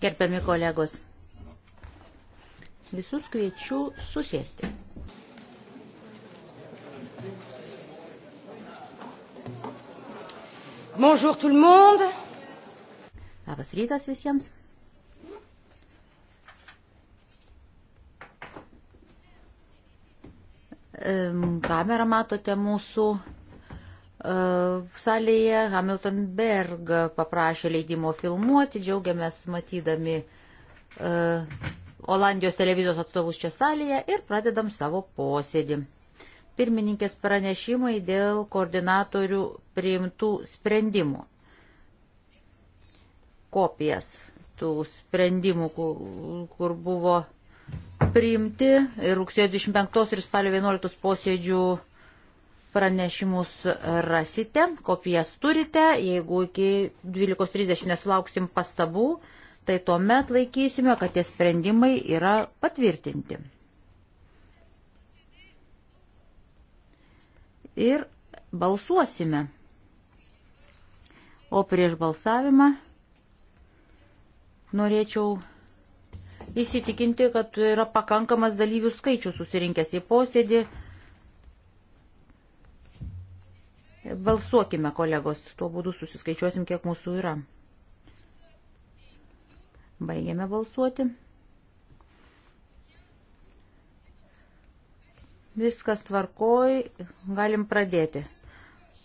Gerbiami kolegos, visus kviečiu susėsti. Bonjour tout le monde. Labas rytas visiems. kamerą matote mūsų e, salėje. Hamilton Berg paprašė leidimo filmuoti, džiaugiamės matydami e, Olandijos televizijos atstovus čia salėje ir pradedam savo posėdį. Pirmininkės pranešimai dėl koordinatorių priimtų sprendimų. Kopijas tų sprendimų, kur buvo priimti ir rugsėjo 25 ir spalio 11 posėdžių pranešimus rasite, kopijas turite, jeigu iki 12.30 nesulauksim pastabų, tai tuomet laikysime, kad tie sprendimai yra patvirtinti. Ir balsuosime. O prieš balsavimą norėčiau įsitikinti, kad yra pakankamas dalyvių skaičius susirinkęs į posėdį. Balsuokime, kolegos, tuo būdu susiskaičiuosim, kiek mūsų yra. Baigiame balsuoti. Viskas tvarkoj, galim pradėti.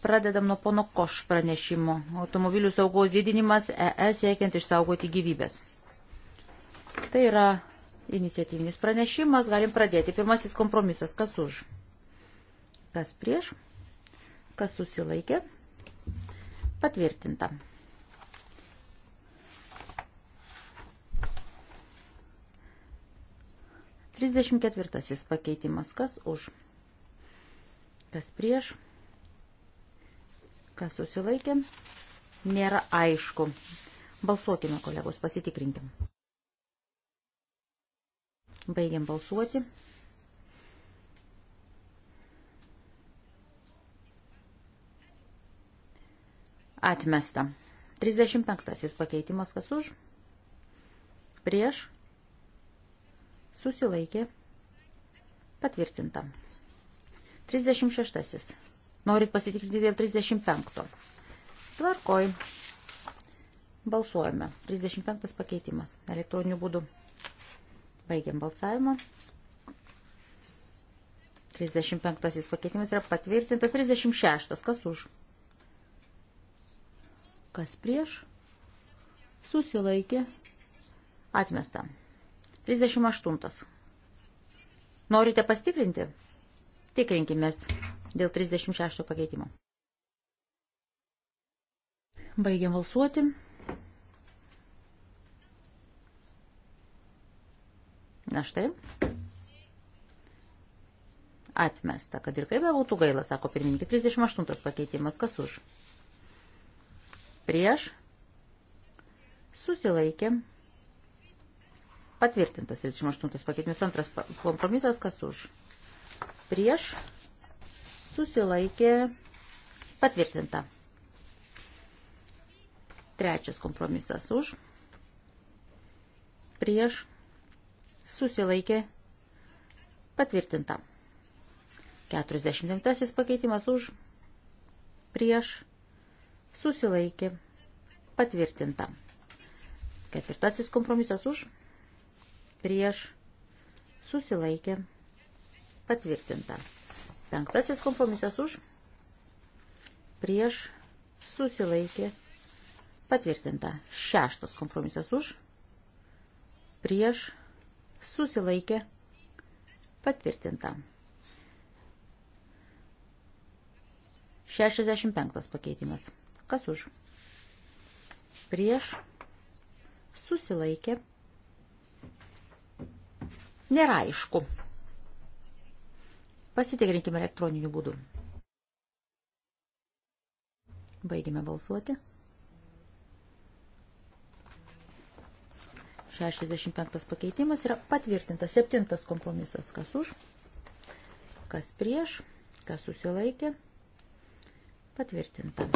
Pradedam nuo pono Koš pranešimo. Automobilių saugos didinimas ES siekiant išsaugoti gyvybės. Tai yra iniciatyvinis pranešimas, galim pradėti. Pirmasis kompromisas, kas už, kas prieš, kas susilaikė, patvirtinta. Trisdešimt ketvirtasis pakeitimas, kas už, kas prieš, kas susilaikė, nėra aišku. Balsuokime, kolegos, pasitikrinkim. Baigiam balsuoti. Atmesta. 35 pakeitimas kas už? Prieš. Susilaikė. Patvirtinta. 36. Norit pasitikrinti dėl 35. Tvarkoj. Balsuojame. 35 pakeitimas elektroniniu būdu. Baigiam balsavimą. 35 pakeitimas yra patvirtintas. 36. Kas už? Kas prieš? Susilaikė. Atmesta. 38. Norite pastikrinti? Tikrinkimės dėl 36 pakeitimo. Baigiam balsuoti. Na štai. Atmesta, kad ir kaip bebūtų gaila, sako pirmininkė. 38 pakeitimas, kas už? Prieš. Susilaikė. Patvirtintas 38 pakeitimas. Antras kompromisas, kas už? Prieš. Susilaikė. Patvirtinta. Trečias kompromisas už. Prieš susilaikė patvirtinta. 49 pakeitimas už prieš susilaikė patvirtinta. Ketvirtasis kompromisas už prieš susilaikė patvirtinta. Penktasis kompromisas už prieš susilaikė patvirtinta. Šeštas kompromisas už prieš susilaikė patvirtinta susilaikė, patvirtinta. 65 pakeitimas. Kas už? Prieš susilaikė. Nėra aišku. Pasitikrinkime elektroniniu būdu. Baigime balsuoti. 65 pakeitimas yra patvirtintas. Septintas kompromisas. Kas už? Kas prieš? Kas susilaikė? Patvirtinta.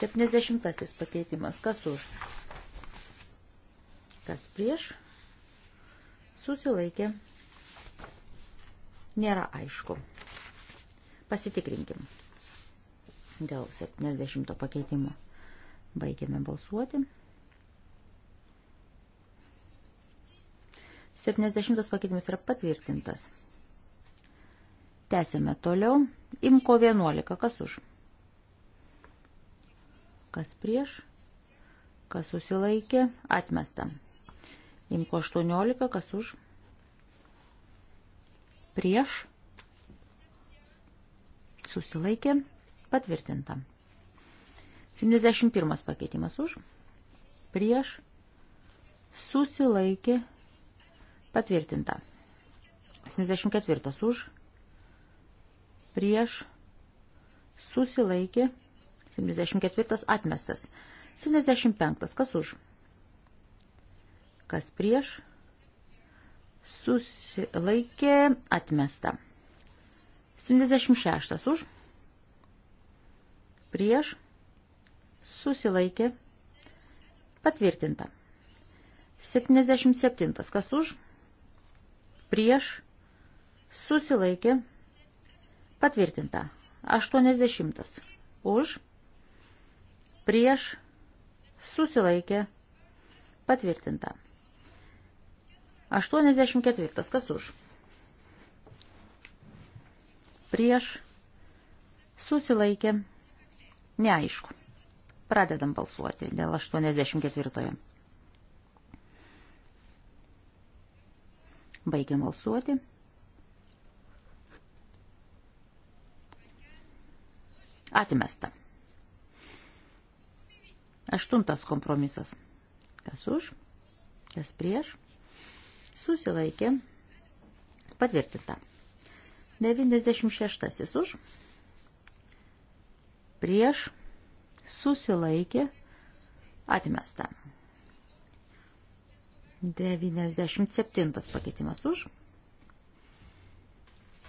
70 pakeitimas. Kas už? Kas prieš? Susilaikė. Nėra aišku. Pasitikrinkim dėl 70 pakeitimo. Baigėme balsuoti. 70 pakeitimas yra patvirtintas. Tęsime toliau. Imko 11. Kas už? Kas prieš? Kas susilaikė? Atmesta. Imko 18. Kas už? Prieš? Susilaikė? Patvirtinta. 71 pakeitimas už. Prieš? Susilaikė? Patvirtinta. 74 už, prieš, susilaikė, 74 atmestas. 75 kas už, kas prieš, susilaikė, atmesta. 76 už, prieš, susilaikė, patvirtinta. 77 kas už, prieš, prieš, susilaikė, patvirtinta. 80 už, prieš, susilaikė, patvirtinta. 84 kas už, prieš, susilaikė, neaišku. Pradedam balsuoti dėl 84. -ojo. Baigiam balsuoti. Atmesta. Aštuntas kompromisas. Kas už, kas prieš. Susilaikė. Patvirtinta. 96 už. Prieš. Susilaikė. Atmesta. 97 pakeitimas už.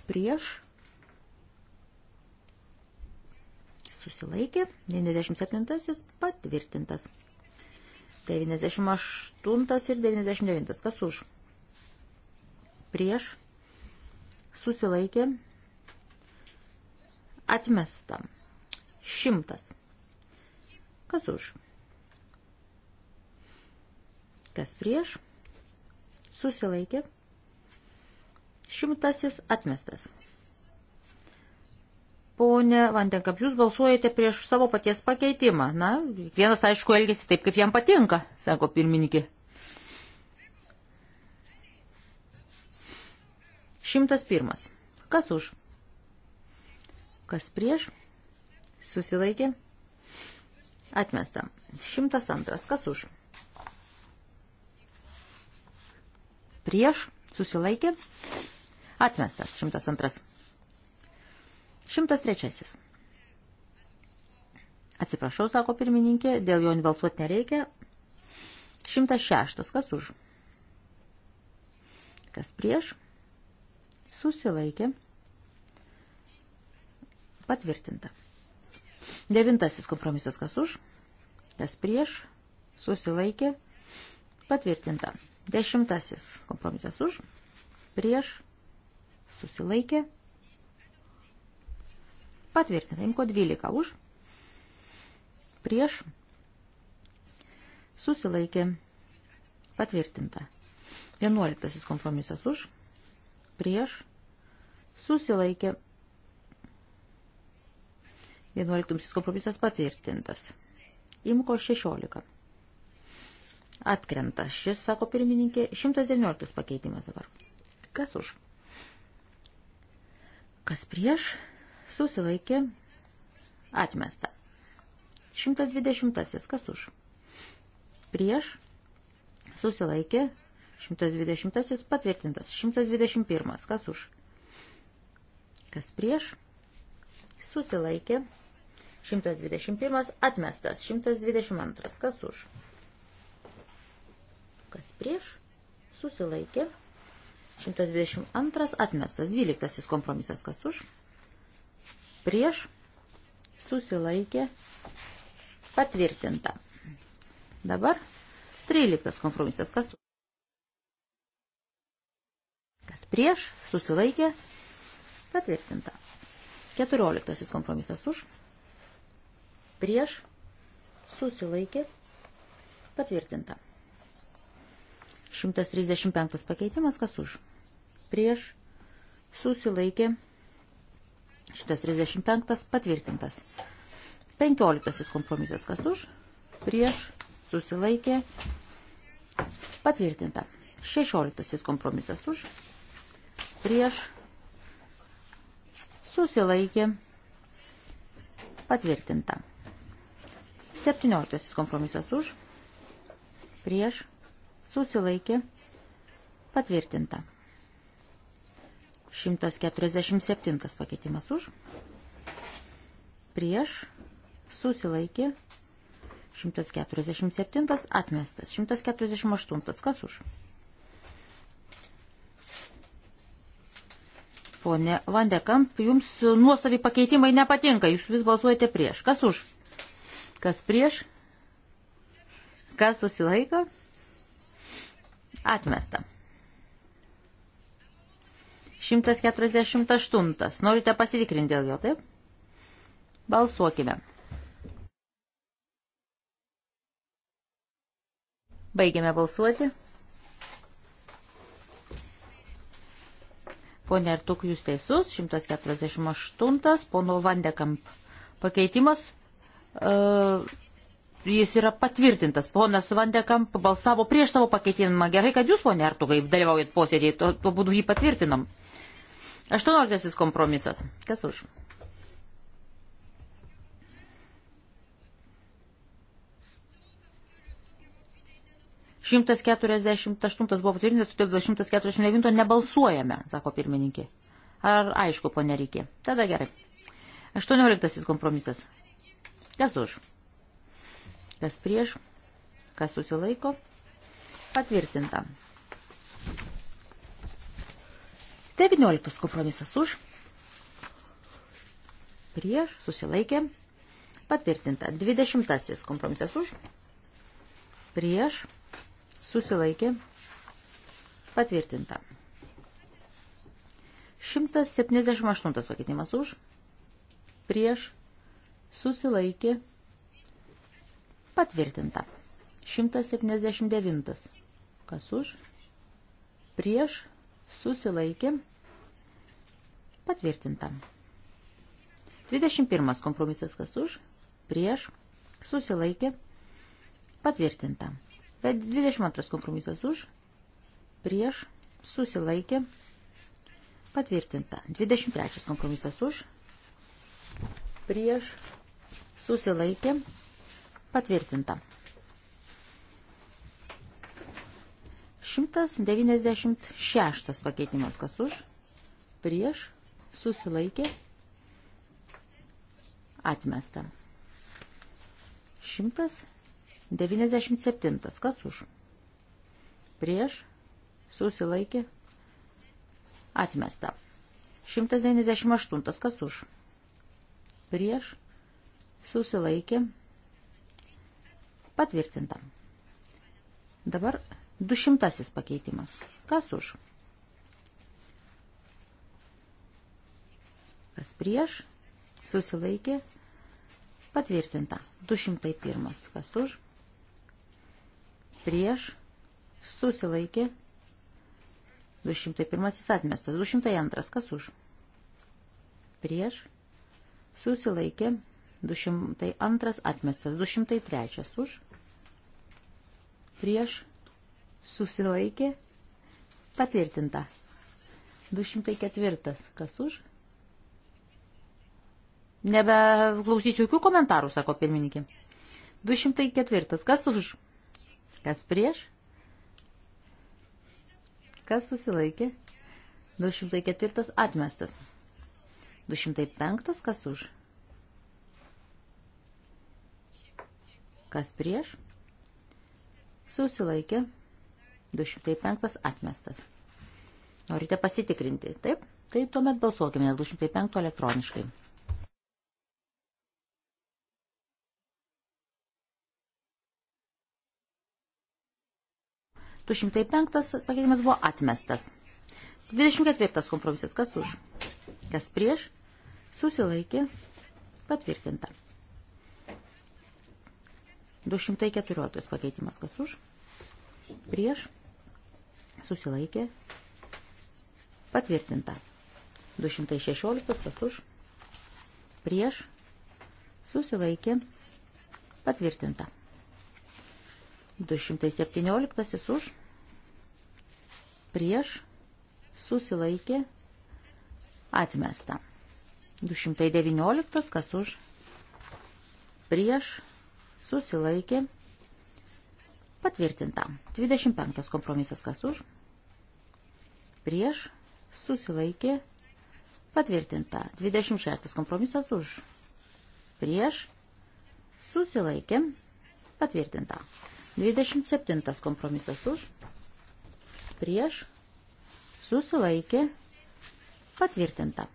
Prieš. Susilaikė. 97 patvirtintas. 98 ir 99. Kas už? Prieš. Susilaikė. Atmesta. Šimtas. Kas už? kas prieš, susilaikė, šimtasis atmestas. Pone Vandenkap, jūs balsuojate prieš savo paties pakeitimą. Na, vienas aišku elgesi taip, kaip jam patinka, sako pirmininkė. 101. Kas už? Kas prieš? Susilaikė. Atmesta. 102. Kas už? prieš, susilaikė, atmestas 102. 103. Atsiprašau, sako pirmininkė, dėl jo balsuoti nereikia. 106. Kas už? Kas prieš? Susilaikė. Patvirtinta. Devintasis kompromisas. Kas už? Kas prieš? Susilaikė. Patvirtinta. Dešimtasis kompromisas už, prieš, susilaikė, patvirtinta. Imko 12 už, prieš, susilaikė, patvirtinta. Vienuoliktasis kompromisas už, prieš, susilaikė, vienuoliktasis kompromisas patvirtintas. Imko 16 Atkrenta šis, sako pirmininkė, 119 pakeitimas dabar. Kas už? Kas prieš? Susilaikė. Atmesta. 120. Kas už? Prieš. Susilaikė. 120. Patvirtintas. 121. Kas už? Kas prieš? Susilaikė. 121. Atmestas. 122. Kas už? prieš, susilaikė. 122 atmestas, 12 kompromisas kas už, prieš, susilaikė, patvirtinta. Dabar 13 kompromisas kas už. Kas prieš, susilaikė, patvirtinta. 14 kompromisas už, prieš, susilaikė, patvirtinta. 135 pakeitimas, kas už. Prieš susilaikė. 135 patvirtintas. 15 kompromisas, kas už. Prieš susilaikė. Patvirtinta. 16 kompromisas už. Prieš susilaikė. Patvirtinta. 17 kompromisas už. Prieš susilaikė, patvirtinta. 147 pakeitimas už, prieš, susilaikė, 147 atmestas, 148 kas už. Pone Vandekamp, jums nuosavi pakeitimai nepatinka, jūs vis balsuojate prieš. Kas už? Kas prieš? Kas susilaiko? Atmesta. 148. Norite pasitikrinti dėl jo, taip? Balsuokime. Baigiame balsuoti. Pone Artuk, jūs teisus, 148, pono Vandekamp pakeitimas. Uh, jis yra patvirtintas. Ponas Vandekamp balsavo prieš savo pakeitinimą. Gerai, kad jūs, ponė Artugai, dalyvaujat posėdėje, tuo, tuo būdu jį patvirtinam. 18 kompromisas. Kas už? Šimtas keturiasdešimt aštuntas buvo patvirtintas, todėl šimtas keturiasdešimt devinto nebalsuojame, sako pirmininkė. Ar aišku, ponė Rykė? Tada gerai. Aštuonioliktasis kompromisas. Kas už? kas prieš, kas susilaiko, patvirtinta. 19 kompromisas už, prieš, susilaikė, patvirtinta. 20 kompromisas už, prieš, susilaikė, patvirtinta. 178 pakeitimas už, prieš, susilaikė, patvirtinta Patvirtinta. 179. Kas už? Prieš susilaikė. Patvirtinta. 21. Kompromisas kas už? Prieš susilaikė. Patvirtinta. 22. Kompromisas už? Prieš susilaikė. Patvirtinta. 23. Kompromisas už? Prieš susilaikė. Patvirtinta Patvirtinta. 196 pakeitimas kas už, prieš, susilaikė, atmesta. 197 kas už, prieš, susilaikė, atmesta. 198 kas už, prieš, susilaikė, atmesta Patvirtinta. Dabar 200 pakeitimas. Kas už? Kas prieš? Susilaikė. Patvirtinta. 201. Kas už? Prieš. Susilaikė. 201 atmestas. 202. Kas už? Prieš. Susilaikė. 202 atmestas. 203 už prieš susilaikė patvirtinta. 204. Kas už? Nebeklausysiu jokių komentarų, sako pirmininkė. 204. Kas už? Kas prieš? Kas susilaikė? 204 atmestas. 205 kas už? Kas prieš? susilaikė, 205 atmestas. Norite pasitikrinti, taip? Tai tuomet balsuokime dėl 205 elektroniškai. Tu 105 pakeitimas buvo atmestas. 24 kompromisas. Kas už? Kas prieš? Susilaikė. Patvirtinta. 214 pakeitimas kas už, prieš, susilaikė, patvirtinta. 216 kas už, prieš, susilaikė, patvirtinta. 217 už, prieš, susilaikė, atmesta. 219 kas už, prieš, susilaikė susilaikė, patvirtinta. 25 kompromisas kas už, prieš, susilaikė, patvirtinta. 26 kompromisas už, prieš, susilaikė, patvirtinta. 27 kompromisas už, prieš, susilaikė, patvirtinta.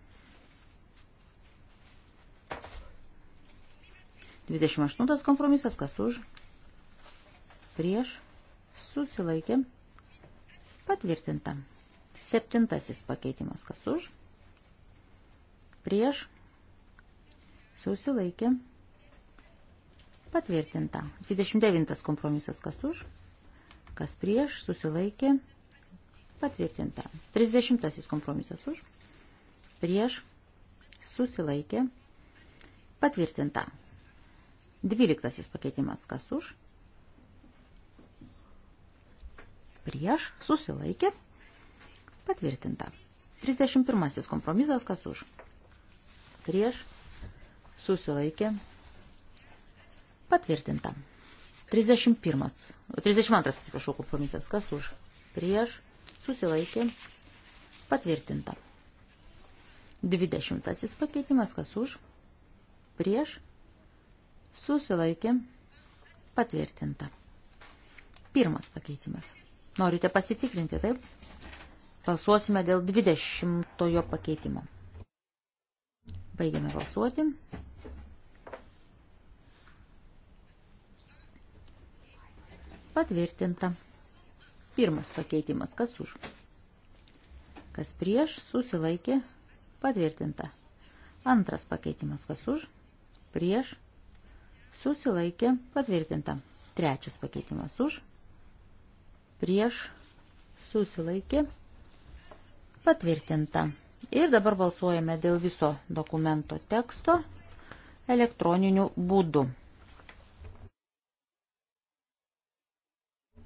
28 kompromisas, kas už, prieš, susilaikė, patvirtinta. Septintasis pakeitimas, kas už, prieš, susilaikė, patvirtinta. 29 kompromisas, kas už, kas prieš, susilaikė, patvirtinta. 30 kompromisas už, prieš, susilaikė, patvirtinta. Dvyliktasis pakeitimas. Kas už? Prieš susilaikė. Patvirtinta. 31 kompromisas. Kas už? Prieš susilaikė. Patvirtinta. 31. 32, atsiprašau, kompromisas. Kas už? Prieš susilaikė. Patvirtinta. 20 pakeitimas. Kas už? Prieš Susilaikė. Patvirtinta. Pirmas pakeitimas. Norite pasitikrinti, taip? Balsuosime dėl 20 pakeitimo. Baigiame balsuoti. Patvirtinta. Pirmas pakeitimas. Kas už? Kas prieš? Susilaikė. Patvirtinta. Antras pakeitimas. Kas už? Prieš? susilaikė patvirtinta. Trečias pakeitimas už, prieš, susilaikė patvirtinta. Ir dabar balsuojame dėl viso dokumento teksto elektroniniu būdu.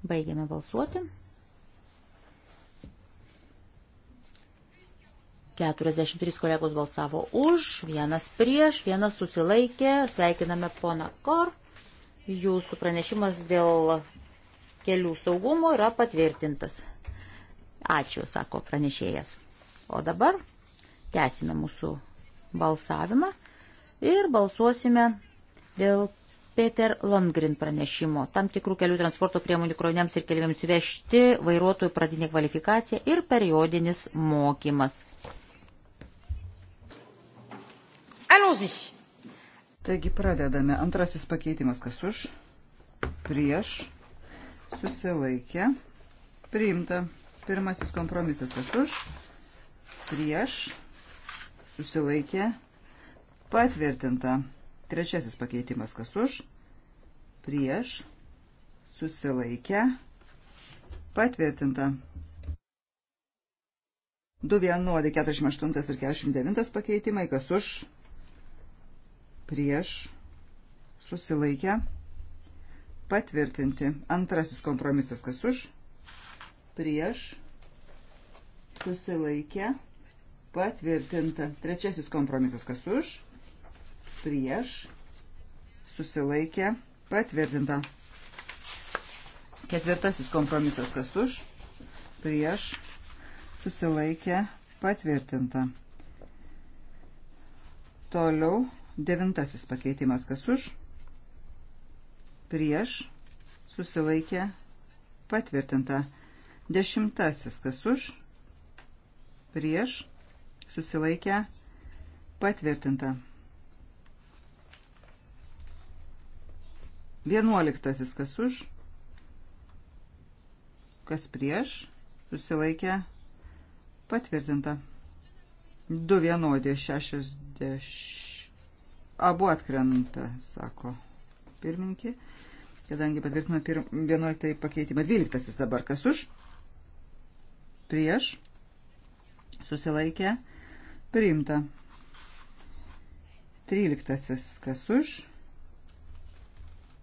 Baigiame balsuoti. 43 kolegos balsavo už, vienas prieš, vienas susilaikė. Sveikiname poną Kor. Jūsų pranešimas dėl kelių saugumo yra patvirtintas. Ačiū, sako pranešėjas. O dabar tęsime mūsų balsavimą ir balsuosime dėl Peter Longrin pranešimo. Tam tikrų kelių transporto priemonių kroviniams ir keliams vežti, vairuotojų pradinė kvalifikacija ir periodinis mokymas. Allons-y. Taigi pradedame. Antrasis pakeitimas kas už? Prieš. Susilaikė. Priimta. Pirmasis kompromisas kas už? Prieš. Susilaikė. Patvirtinta. Trečiasis pakeitimas kas už? Prieš. Susilaikė. Patvirtinta. 2.11.48 ir 49 pakeitimai, kas už prieš susilaikę patvirtinti. Antrasis kompromisas kas už prieš susilaikę patvirtinta. Trečiasis kompromisas kas už prieš susilaikę patvirtinta. Ketvirtasis kompromisas kas už prieš susilaikę patvirtinta. Toliau Devintasis pakeitimas kas už? Prieš susilaikė patvirtinta. Dešimtasis kas už? Prieš susilaikė patvirtinta. Vienuoliktasis kas už, kas prieš, susilaikė, patvirtinta. Du vienodė, šešiasdešimt abu atkrenta, sako pirmininkė, kadangi patvirtino 11 pakeitimą. 12 dabar kas už? Prieš. Susilaikė. Priimta. 13 kas už?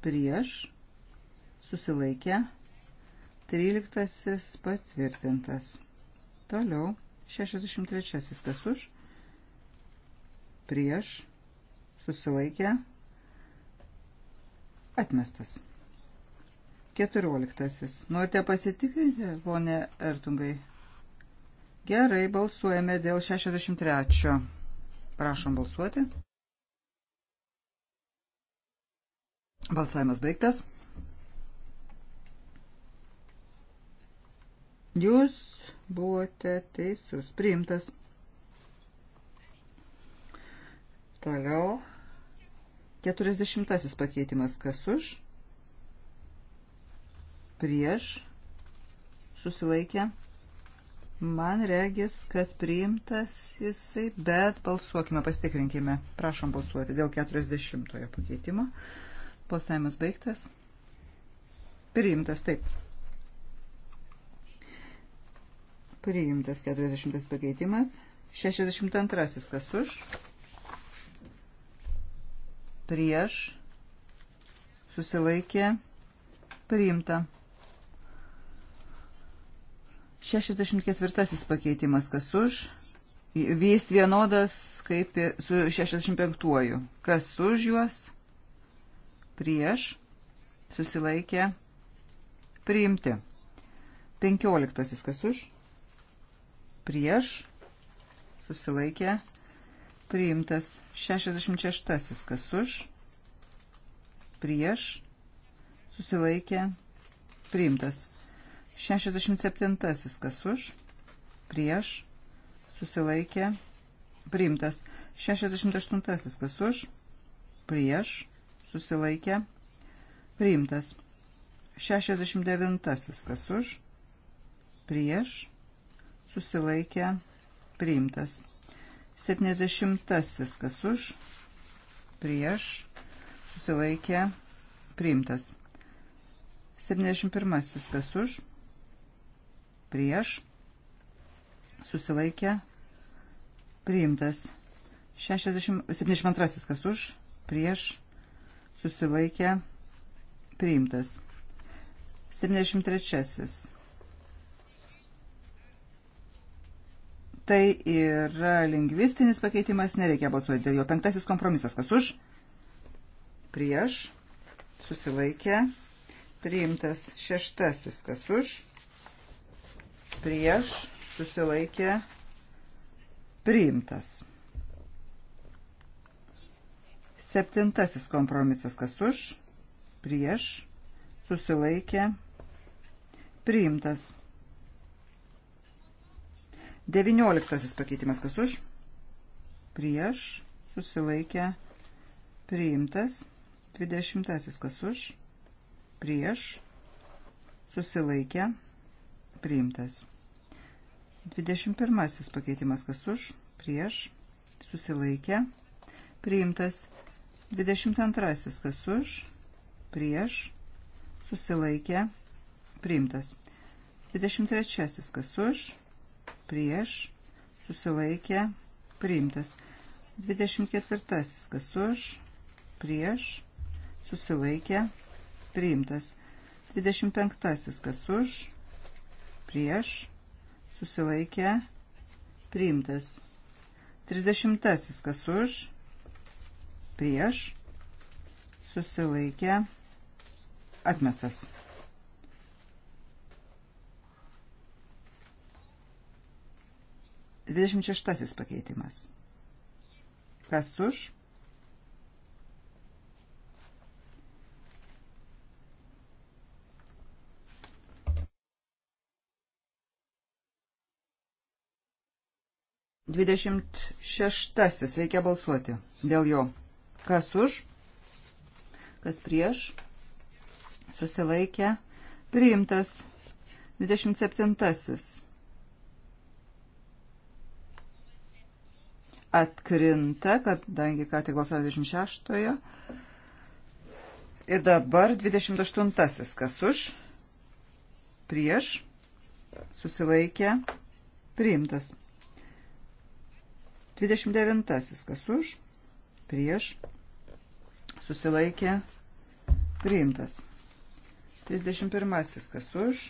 Prieš. Susilaikė. 13 patvirtintas. Toliau. 63 kas už? Prieš susilaikė, atmestas. Keturioliktasis. Norite pasitikrinti, ponė Ertungai? Gerai, balsuojame dėl 63. Prašom balsuoti. Balsavimas baigtas. Jūs buvote teisus, priimtas. Toliau Keturiasdešimtasis pakeitimas kas už, prieš, susilaikę. Man regis, kad priimtas jisai, bet balsuokime, pasitikrinkime. Prašom balsuoti dėl 40 pakeitimo. Balsavimas baigtas. Priimtas, taip. Priimtas 40 pakeitimas. 62 kas už prieš, susilaikė, priimta. 64 pakeitimas kas už, jis vienodas kaip su 65-uoju. Kas už juos, prieš, susilaikė, priimti. 15 kas už, prieš, susilaikė, priimtas. 66. Kas už? Prieš. Susilaikė. Priimtas. 67. Kas už? Prieš. Susilaikė. Priimtas. 68. Kas už? Prieš. Susilaikė. Priimtas. 69. Kas už? Prieš. Susilaikė. Priimtas. 70 kas už, prieš, susilaikė, priimtas. 71 kas už, prieš, susilaikė, priimtas. 60, 72 kas už, prieš, susilaikė, priimtas. 73 Tai yra lingvistinis pakeitimas, nereikia balsuoti dėl jo. Penktasis kompromisas, kas už? Prieš, susilaikė, priimtas. Šeštasis, kas už? Prieš, susilaikė, priimtas. Septintasis kompromisas, kas už? Prieš, susilaikė, priimtas. 19 pakeitimas kas už, prieš, susilaikė, priimtas. 20 kas už, prieš, susilaikė, priimtas. 21 pakeitimas kas už, prieš, susilaikė, priimtas. 22 kas už, prieš, susilaikė, priimtas. 23 kas už, prieš, susilaikė, priimtas. 24. Kas už, prieš, susilaikė, priimtas. 25. Kas už, prieš, susilaikė, priimtas. 30. Kas už, prieš, susilaikė, atmestas. 26 pakeitimas. Kas už? Dvidešimt šeštasis, reikia balsuoti dėl jo. Kas už, kas prieš, susilaikė, priimtas. Dvidešimt septintasis. atkrinta, kadangi ką tik balsavo 26-ojo. Ir dabar 28-asis, kas už, prieš, susilaikė, priimtas. 29-asis, kas už, prieš, susilaikė, priimtas. 31-asis, kas už,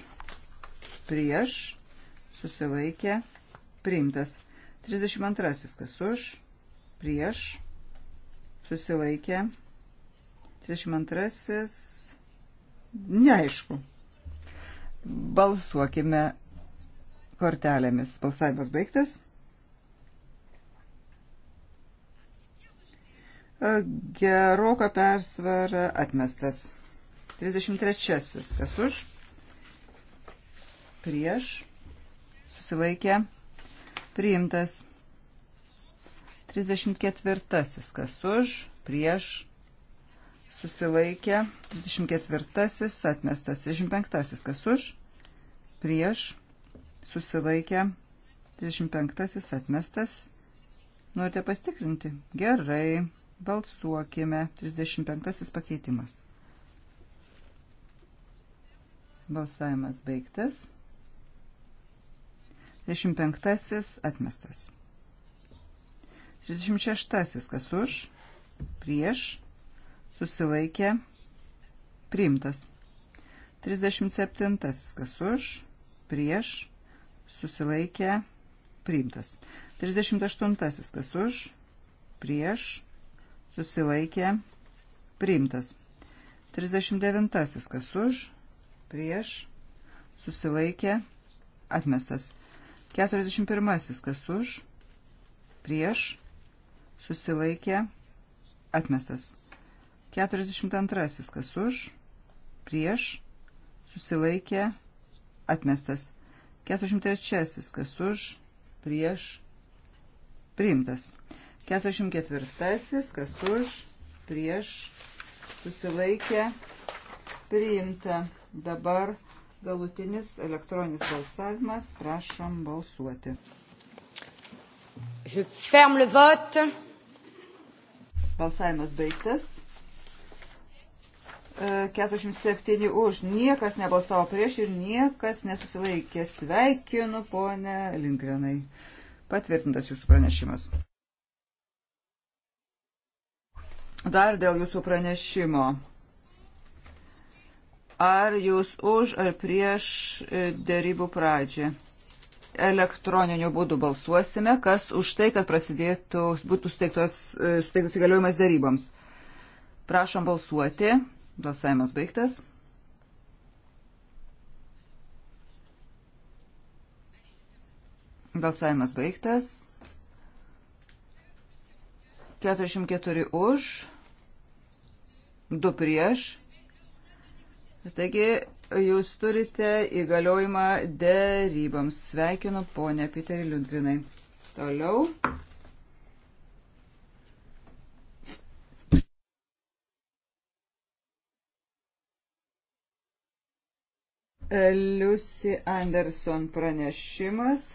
prieš, susilaikė, priimtas. 32 kas už, prieš, susilaikė. 32 neaišku. Balsuokime kortelėmis. Balsavimas baigtas. Geroka persvara atmestas. 33. Kas už? Prieš. Susilaikė priimtas. 34. Kas už, prieš, susilaikė. 34. Atmestas. 35. Kas už, prieš, susilaikė. 35. Atmestas. Norite pastikrinti? Gerai. Balsuokime. 35. pakeitimas. Balsavimas baigtas. 65 atmestas. 36 kas už, prieš, susilaikė, priimtas. 37 kas už, prieš, susilaikė, priimtas. 38 kas už, prieš, susilaikė, priimtas. 39 kas už, prieš, susilaikė, atmestas. 41. Kas už? Prieš. Susilaikė. Atmestas. 42. Kas už? Prieš. Susilaikė. Atmestas. 43. Kas už? Prieš. Priimtas. 44. Kas už? Prieš. Susilaikė. Priimta. Dabar galutinis elektroninis balsavimas. Prašom balsuoti. Je ferme le vote. Balsavimas baigtas. 47 e, už, niekas nebalsavo prieš ir niekas nesusilaikė. Sveikinu, ponė Linkrenai. Patvirtintas jūsų pranešimas. Dar dėl jūsų pranešimo. Ar jūs už ar prieš e, dėrybų pradžią? Elektroniniu būdu balsuosime, kas už tai, kad prasidėtų, būtų e, suteiktas įgaliojimas dėryboms. Prašom balsuoti. Balsavimas baigtas. Balsavimas baigtas. 44 už, 2 prieš, Taigi, jūs turite įgaliojimą dėryboms. Sveikinu, ponė Piterį Liudgrinai. Toliau. Liusi Anderson pranešimas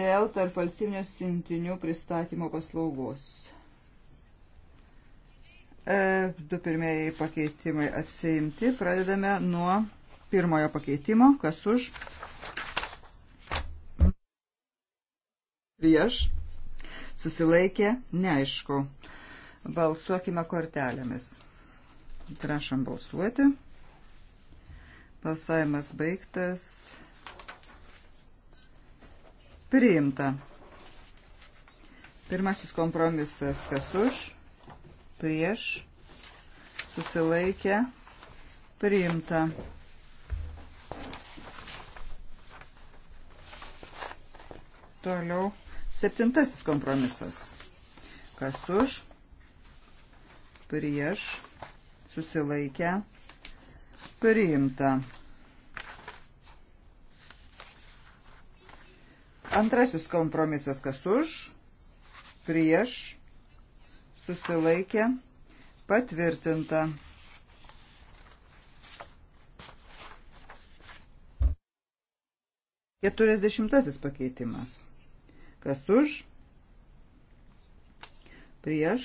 dėl tarpalstybinio siuntinių pristatymo paslaugos. E, du pirmieji pakeitimai atsiimti. Pradedame nuo pirmojo pakeitimo. Kas už? Prieš. Susilaikė. Neaišku. Balsuokime kortelėmis. Prašom balsuoti. Balsavimas baigtas. Priimta. Pirmasis kompromisas. Kas už? prieš, susilaikę, priimta. Toliau septintasis kompromisas. Kas už, prieš, susilaikę, priimta. Antrasis kompromisas kas už, prieš, susilaikė, patvirtinta. Keturiasdešimtasis pakeitimas. Kas už? Prieš.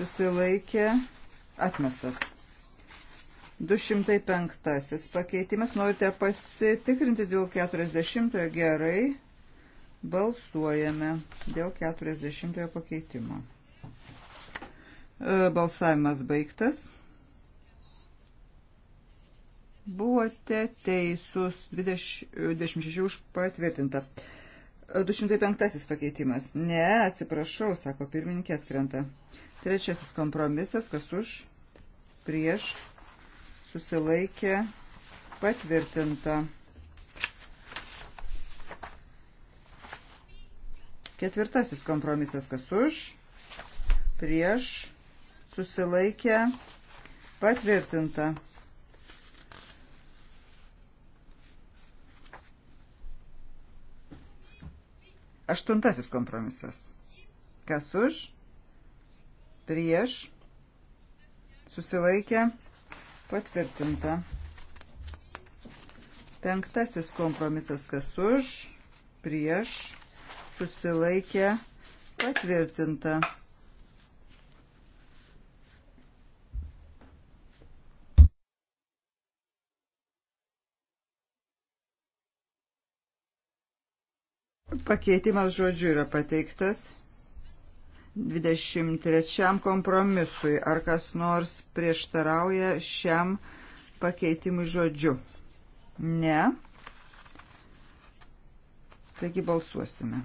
Susilaikė. Atmestas. 205 pakeitimas. Norite pasitikrinti dėl 40 gerai. Balsuojame dėl 40 pakeitimo. E, balsavimas baigtas. Buvote teisus 26 už patvirtinta. 205 e, pakeitimas. Ne, atsiprašau, sako pirmininkė atkrenta. Trečiasis kompromisas, kas už, prieš, susilaikė, patvirtinta. Ketvirtasis kompromisas kas už, prieš, susilaikę, patvirtinta. Aštuntasis kompromisas. Kas už, prieš, susilaikę, patvirtinta. Penktasis kompromisas. Kas už, prieš, susilaikė patvirtinta. Pakeitimas žodžiu yra pateiktas 23 kompromisui. Ar kas nors prieštarauja šiam pakeitimui žodžiu? Ne. Taigi balsuosime.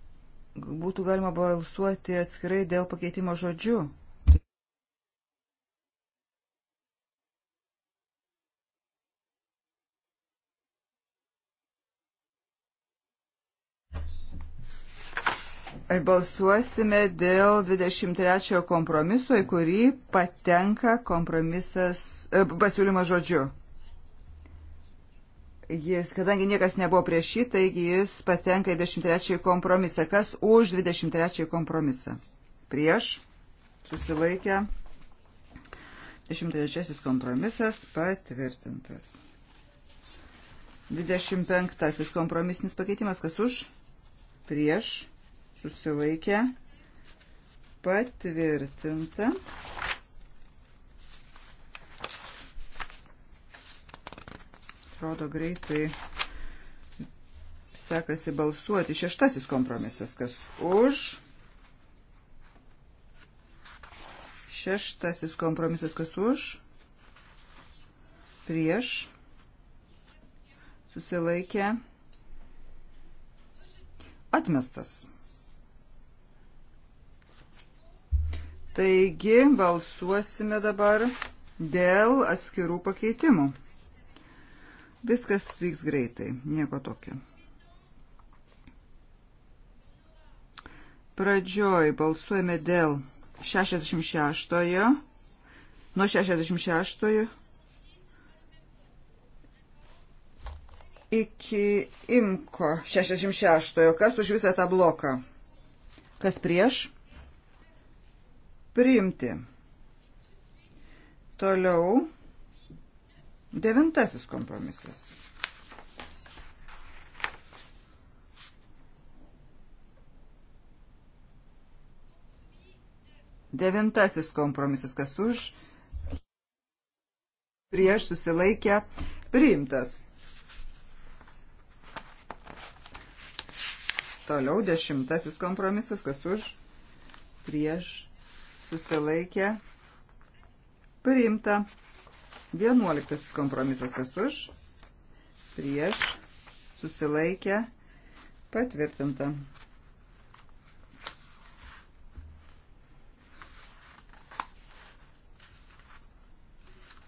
būtų galima balsuoti atskirai dėl pakeitimo žodžių. Balsuosime dėl 23 kompromiso, į kurį patenka kompromisas, e, pasiūlymas žodžiu jis, kadangi niekas nebuvo prieš jį, taigi jis patenka į 23 kompromisą. Kas už 23 kompromisą? Prieš susilaikę. 23 kompromisas patvirtintas. 25 kompromisinis pakeitimas. Kas už? Prieš susilaikę. Patvirtinta. atrodo greitai sekasi balsuoti. Šeštasis kompromisas, kas už. Šeštasis kompromisas, kas už. Prieš. Susilaikė. Atmestas. Taigi balsuosime dabar dėl atskirų pakeitimų. Viskas vyks greitai, nieko tokio. Pradžioj balsuojame dėl 66-ojo, nuo 66-ojo iki imko 66-ojo. Kas už visą tą bloką? Kas prieš? Priimti. Toliau. Devintasis kompromisas. Devintasis kompromisas, kas už, prieš susilaikę, priimtas. Toliau dešimtasis kompromisas, kas už, prieš susilaikę, priimta. Vienuoliktasis kompromisas kas už, prieš, susilaikę, patvirtinta.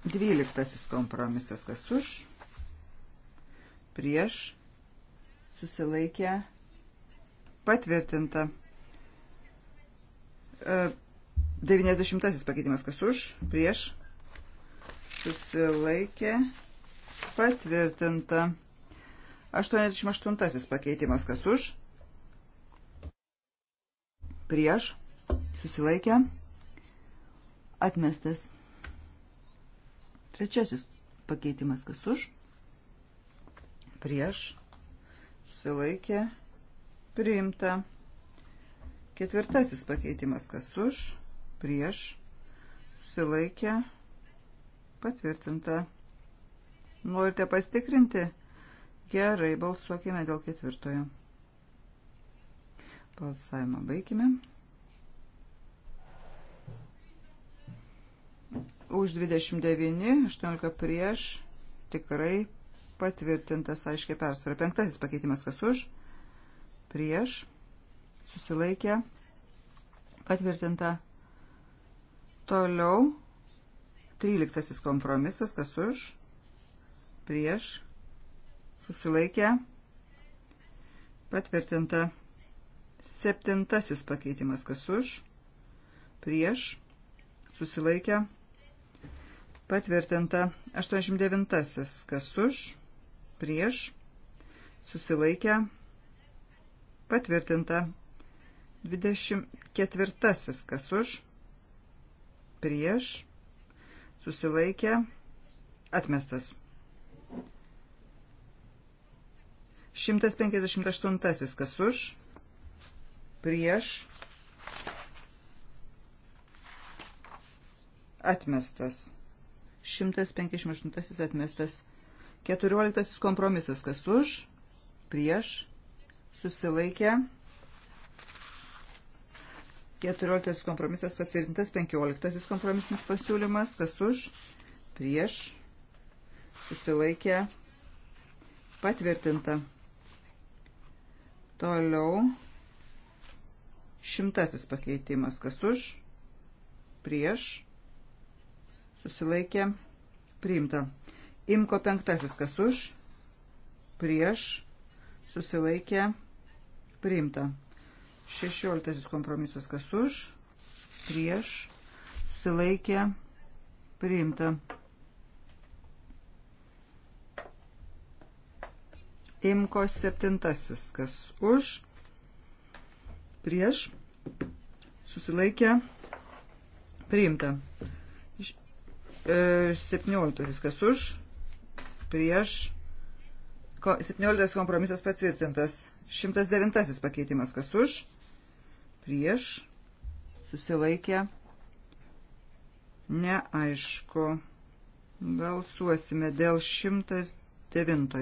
Dvyliktasis kompromisas kas už, prieš, susilaikę, patvirtinta. 90 e, pakeitimas kas už, prieš, susilaikė, patvirtinta. 88 pakeitimas kas už, prieš, susilaikė, atmestas. Trečiasis pakeitimas kas už, prieš, susilaikė, priimta. Ketvirtasis pakeitimas kas už, prieš, susilaikė, Patvirtinta. Norite pastikrinti? Gerai, balsuokime dėl ketvirtojo. Balsavimą baigime. Už 29, 18 prieš, tikrai patvirtintas, aiškiai persvara. Penktasis pakeitimas kas už, prieš, susilaikė, patvirtinta. Toliau Tryliktasis kompromisas, kas už, prieš, susilaikę, patvirtinta. Septintasis pakeitimas, kas už, prieš, susilaikę, patvirtinta. Aštuoniasdešimt devintasis, kas už, prieš, susilaikę, patvirtinta. 24. Kas už? Prieš susilaikė, atmestas. 158 kas už, prieš, atmestas. 158 atmestas. 14 kompromisas kas už, prieš, susilaikė, atmestas 14 kompromisas patvirtintas, 15 kompromisinis pasiūlymas, kas už, prieš, susilaikė, patvirtinta. Toliau, šimtasis pakeitimas, kas už, prieš, susilaikė, priimta. Imko penktasis, kas už, prieš, susilaikė, priimta. Šešioliktasis kompromisas kas už, prieš, susilaikė, priimta. Imko septintasis kas už, prieš, susilaikė, priimta. E, septynioliktasis kas už, prieš, 17 kompromisas patvirtintas. 109 pakeitimas kas už, prieš, susilaikė, neaišku. Balsuosime dėl 109.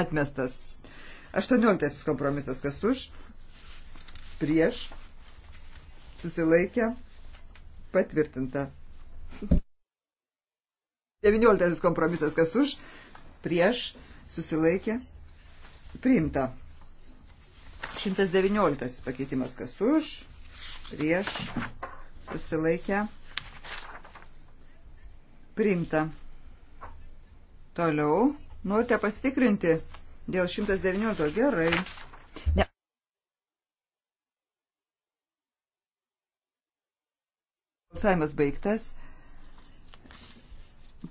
Atmestas. 18 kompromisas kas už, prieš, susilaikė, neaišku patvirtinta. 19 kompromisas, kas už, prieš, susilaikė, priimta. 119 pakeitimas, kas už, prieš, susilaikė, priimta. Toliau, norite pasitikrinti dėl 119, gerai. Ne. Balsavimas baigtas.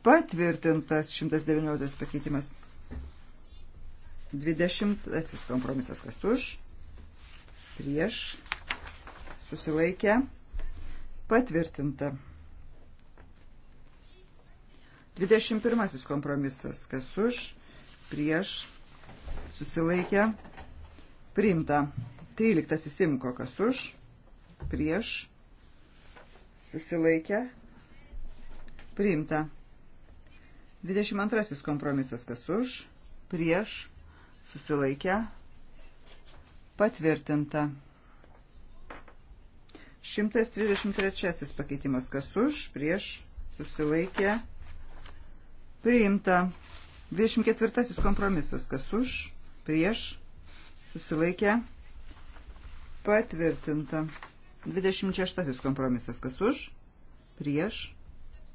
Patvirtintas 119 pakeitimas. 20 kompromisas kas už. Prieš. Susilaikę. Patvirtinta. 21 kompromisas kas už. Prieš. Susilaikę. Priimta. 13 simko kas už. Prieš susilaikę, priimta. 22 kompromisas kas už, prieš, susilaikę, patvirtinta. 133 pakeitimas kas už, prieš, susilaikė, priimta. 24 kompromisas kas už, prieš, susilaikė, patvirtinta. 26 kompromisas. Kas už? Prieš.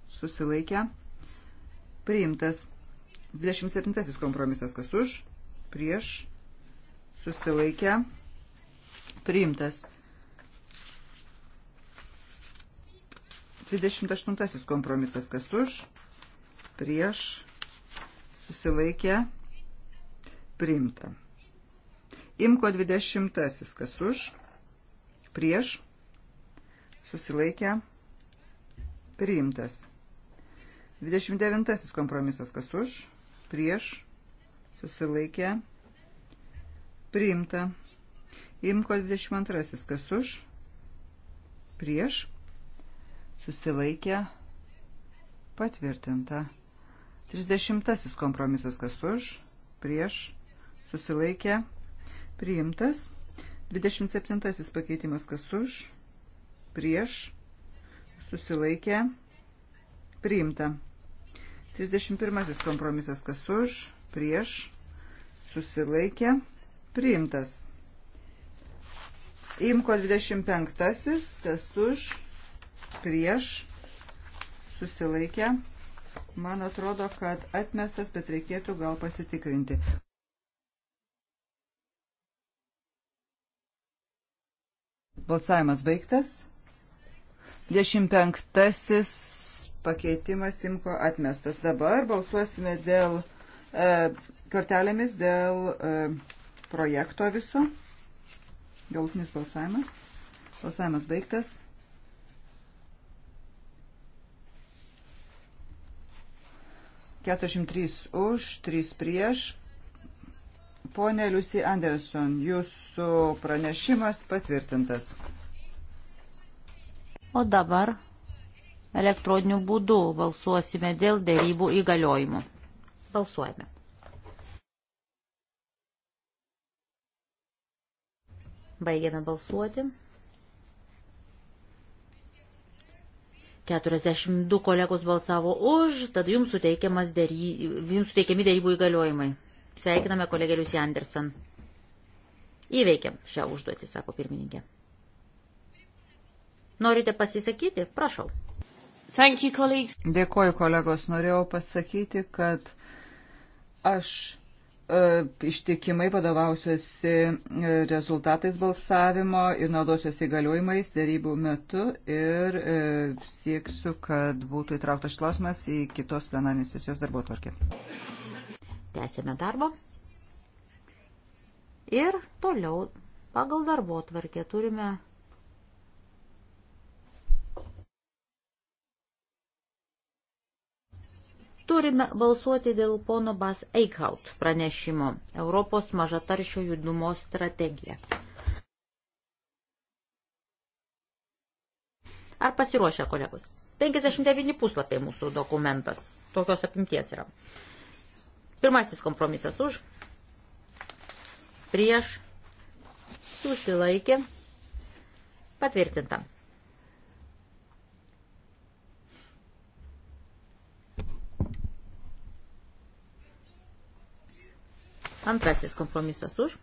Susilaikę. Priimtas. 27 kompromisas. Kas už? Prieš. Susilaikę. Priimtas. 28 kompromisas. Kas už? Prieš. Susilaikę. Priimta. Imko 20. Kas už? Prieš susilaikę, priimtas. 29 kompromisas kas už, prieš, susilaikę, priimta. Imko 22 kas už, prieš, susilaikę, patvirtinta. 30 kompromisas kas už, prieš, susilaikę, priimtas. 27 pakeitimas kas už, prieš, susilaikę, priimta. 31 kompromisas kas už, prieš, susilaikę, priimtas. Imko 25 kas už, prieš, susilaikę. Man atrodo, kad atmestas, bet reikėtų gal pasitikrinti. Balsavimas baigtas. 25 pakeitimas Simko atmestas. Dabar balsuosime dėl e, kortelėmis, dėl e, projekto viso. Galutinis balsavimas. Balsavimas baigtas. Keturiasdešimt trys už, trys prieš. Pone Liusi Anderson, jūsų pranešimas patvirtintas. O dabar elektroniniu būdu balsuosime dėl dėrybų įgaliojimų. Balsuojame. Baigiame balsuoti. 42 kolegos balsavo už, tad jums, dėry, jums suteikiami dėrybų įgaliojimai. Sveikiname kolegėlius Janderson. Įveikėm šią užduotį, sako pirmininkė. Norite pasisakyti? Prašau. Thank you, colleagues. Dėkuoju, kolegos. Norėjau pasakyti, kad aš e, ištikimai vadovausiuosi e, rezultatais balsavimo ir naudosiuosi įgaliojimais dėrybų metu ir e, sieksiu, kad būtų įtrauktas klausimas į kitos plenarinės sesijos darbo tvarkį. Tęsėme darbą. Ir toliau pagal darbo tvarkę turime Turime balsuoti dėl pono Bas Eichhaut pranešimo Europos mažataršio judumo strategija. Ar pasiruošę, kolegos? 59 puslapiai mūsų dokumentas. Tokios apimties yra. Pirmasis kompromisas už. Prieš. Susilaikė. Patvirtinta. Antrasis kompromisas už.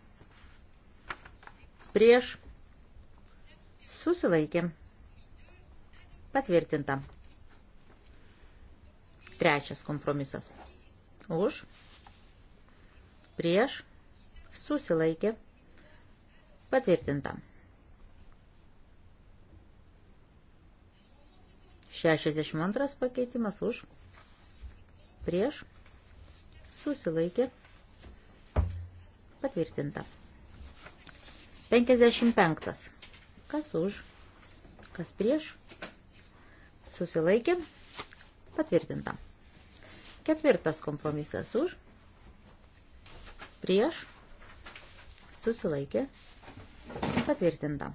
Prieš. Susilaikė. Patvirtinta. Trečias kompromisas. Už. Prieš. Susilaikė. Patvirtinta. 62 pakeitimas už. Prieš. Susilaikė. Patvirtinta. 55. Kas už? Kas prieš? Susilaikė. Patvirtinta. Ketvirtas kompromisas už. Prieš. Susilaikė. Patvirtinta.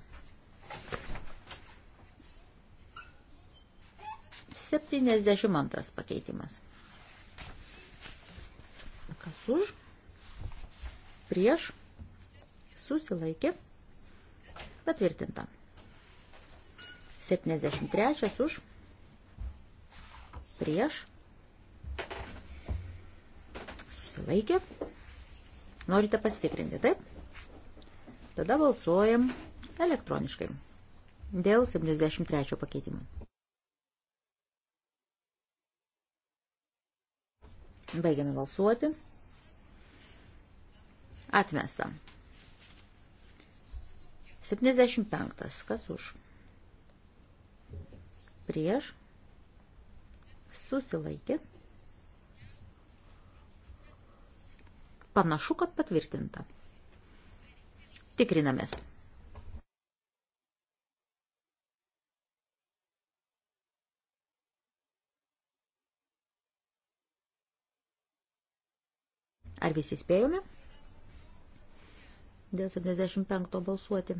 72 pakeitimas. Kas už? prieš, susilaikė, patvirtinta. 73 už, prieš, susilaikė. Norite pasitikrinti, taip? Tada balsuojam elektroniškai dėl 73 pakeitimų. Baigiame balsuoti. Atmesta. 75. Kas už? Prieš. Susilaikė. Panašu, kad patvirtinta. Tikrinamės. Ar visi spėjome? Dėl 75 balsuoti.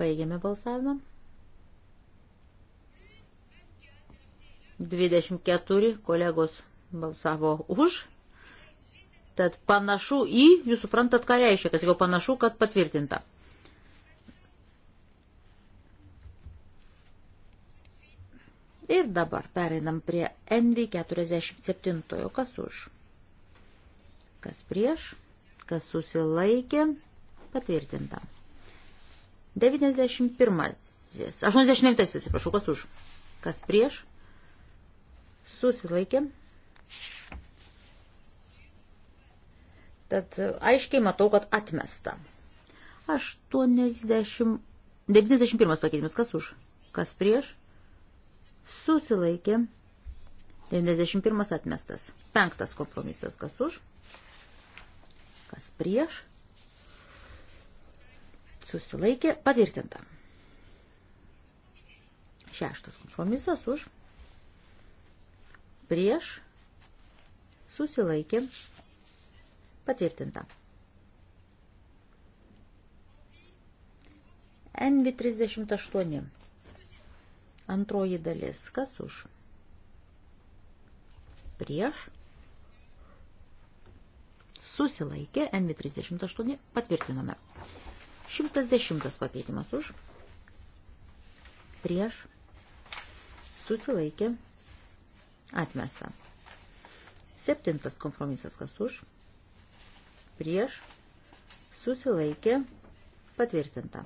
Baigiame balsavimą. 24 kolegos balsavo už. Tad panašu į, jūs suprantat, ką reiškia, kas jau panašu, kad patvirtinta. Ir dabar pereinam prie NV47, kas už, kas prieš kas susilaikė, patvirtinta. 91. 85. Atsiprašau, kas už. Kas prieš? Susilaikė. Tad aiškiai matau, kad atmesta. 80. 91 pakeitimas. Kas už? Kas prieš? Susilaikė. 91 atmestas. Penktas kompromisas. Kas už? kas prieš, susilaikė, patvirtinta. Šeštas kompromisas už, prieš, susilaikė, patvirtinta. NV38. Antroji dalis. Kas už? Prieš susilaikė, NV38 patvirtinome. 110 pakeitimas už, prieš, susilaikė, atmesta. Septintas kompromisas kas už, prieš, susilaikė, patvirtinta.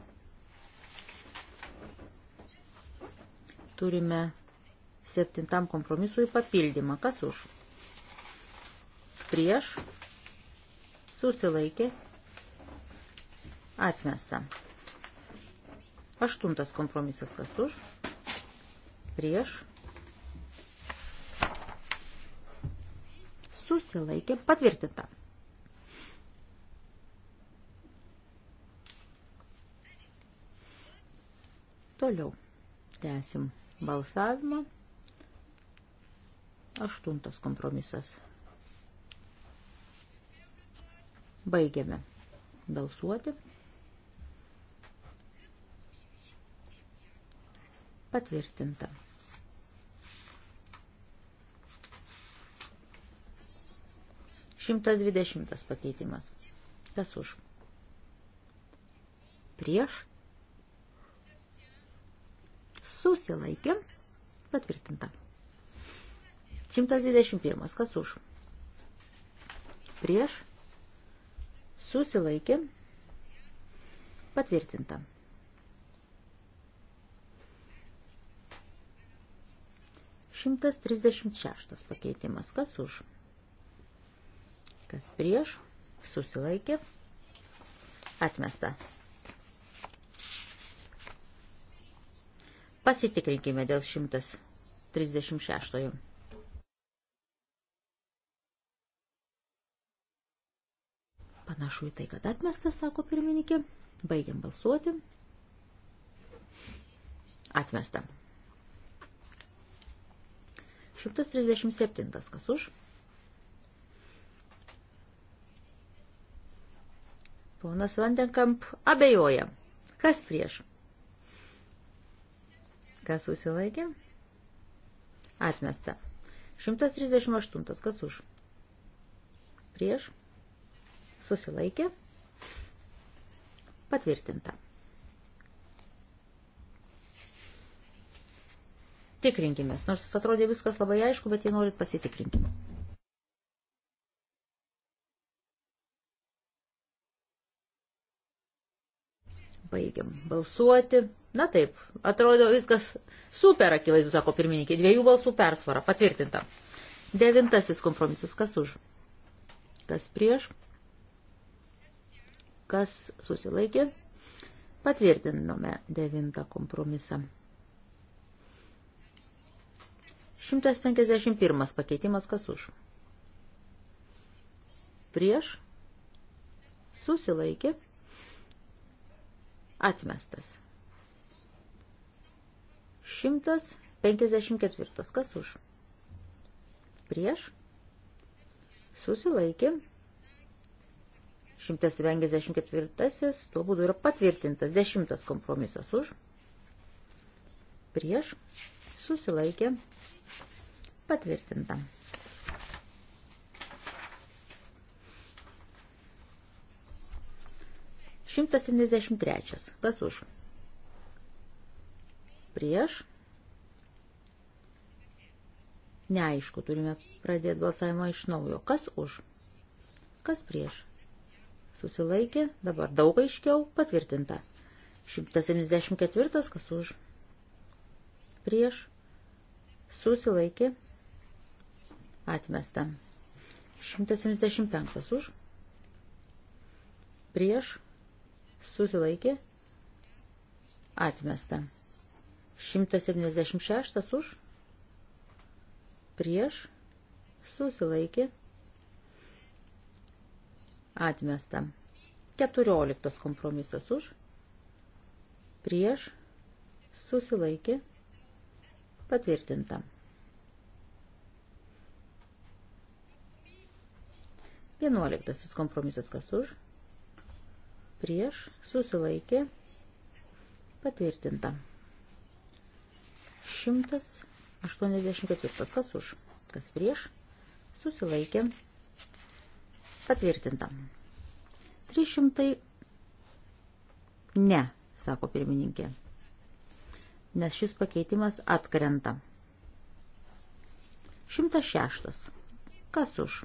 Turime septintam kompromisui papildymą. Kas už? Prieš susilaikė, atmesta. Aštuntas kompromisas kas už, prieš, susilaikė, patvirtinta. Toliau tęsim balsavimą. Aštuntas kompromisas. Baigiame balsuoti. Patvirtinta. Šimtas dvidešimtas pakeitimas. Kas už? Prieš. Susilaikė. Patvirtinta. Šimtas dvidešimt pirmas. Kas už? Prieš susilaikė, patvirtinta. Šimtas trisdešimt šeštas pakeitimas. Kas už? Kas prieš? Susilaikė. Atmesta. Pasitikrinkime dėl šimtas trisdešimt šeštojų. Panašu į tai, kad atmestas, sako pirmininkė. Baigiam balsuoti. Atmesta. 137. Kas už? Ponas Vandenkamp abejoja. Kas prieš? Kas susilaikė? Atmesta. 138. Kas už? Prieš? susilaikė, patvirtinta. Tikrinkimės, nors atrodė viskas labai aišku, bet jei norit pasitikrinkime. Baigiam balsuoti. Na taip, atrodo viskas super akivaizdu, sako pirmininkė. Dviejų balsų persvara patvirtinta. Devintasis kompromisas. Kas už? Kas prieš? kas susilaikė, patvirtinome devintą kompromisą. 151 pakeitimas kas už. Prieš susilaikė atmestas. 154 kas už. Prieš susilaikė 154 tuo būdu yra patvirtintas. Dešimtas kompromisas už. Prieš. Susilaikė. Patvirtinta. Šimtas septyniasdešimt trečias. Kas už? Prieš. Neaišku, turime pradėti balsavimą iš naujo. Kas už? Kas prieš? susilaikė, dabar daug aiškiau patvirtinta. 174, kas už, prieš, susilaikė, atmesta. 175 už, prieš, susilaikė, atmesta. 176 už, prieš, susilaikė, atmesta Atmesta. 14 kompromisas už. Prieš. Susilaikė. Patvirtinta. 11 kompromisas kas už. Prieš. Susilaikė. Patvirtinta. 184 kas už. Kas prieš. Susilaikė. Patvirtinta Patvirtinta. 300. Ne, sako pirmininkė. Nes šis pakeitimas atkrenta. 106. Kas už?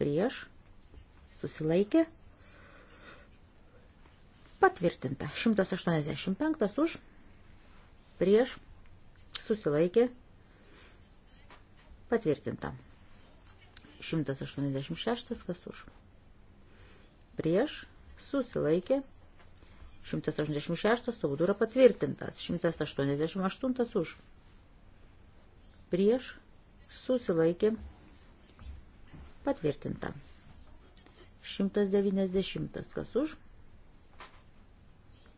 Prieš. Susilaikė. Patvirtinta. 185 už. Prieš. Susilaikė. Patvirtinta. 186 kas už. Prieš susilaikė 186 saudų yra patvirtintas, 188 už. Prieš susilaikė patvirtinta. 190 kas už.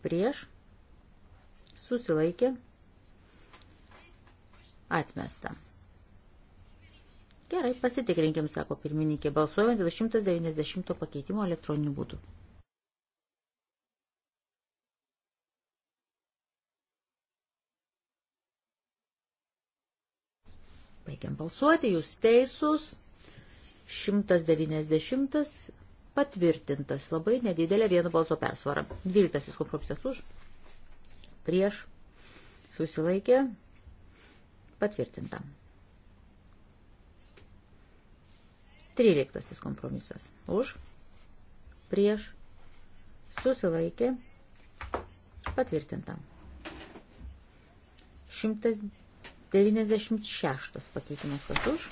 Prieš susilaikė atmesta. Gerai, pasitikrinkim, sako pirmininkė, balsuojant dėl 190 pakeitimo elektroniniu būdu. Baigiam balsuoti, jūs teisūs. 190 patvirtintas labai nedidelė vieno balso persvara. 12 kompromisas už, prieš, susilaikė, patvirtinta. 13 kompromisas. Už, prieš, susilaikė, patvirtinta. 196 pakeitimas kas už,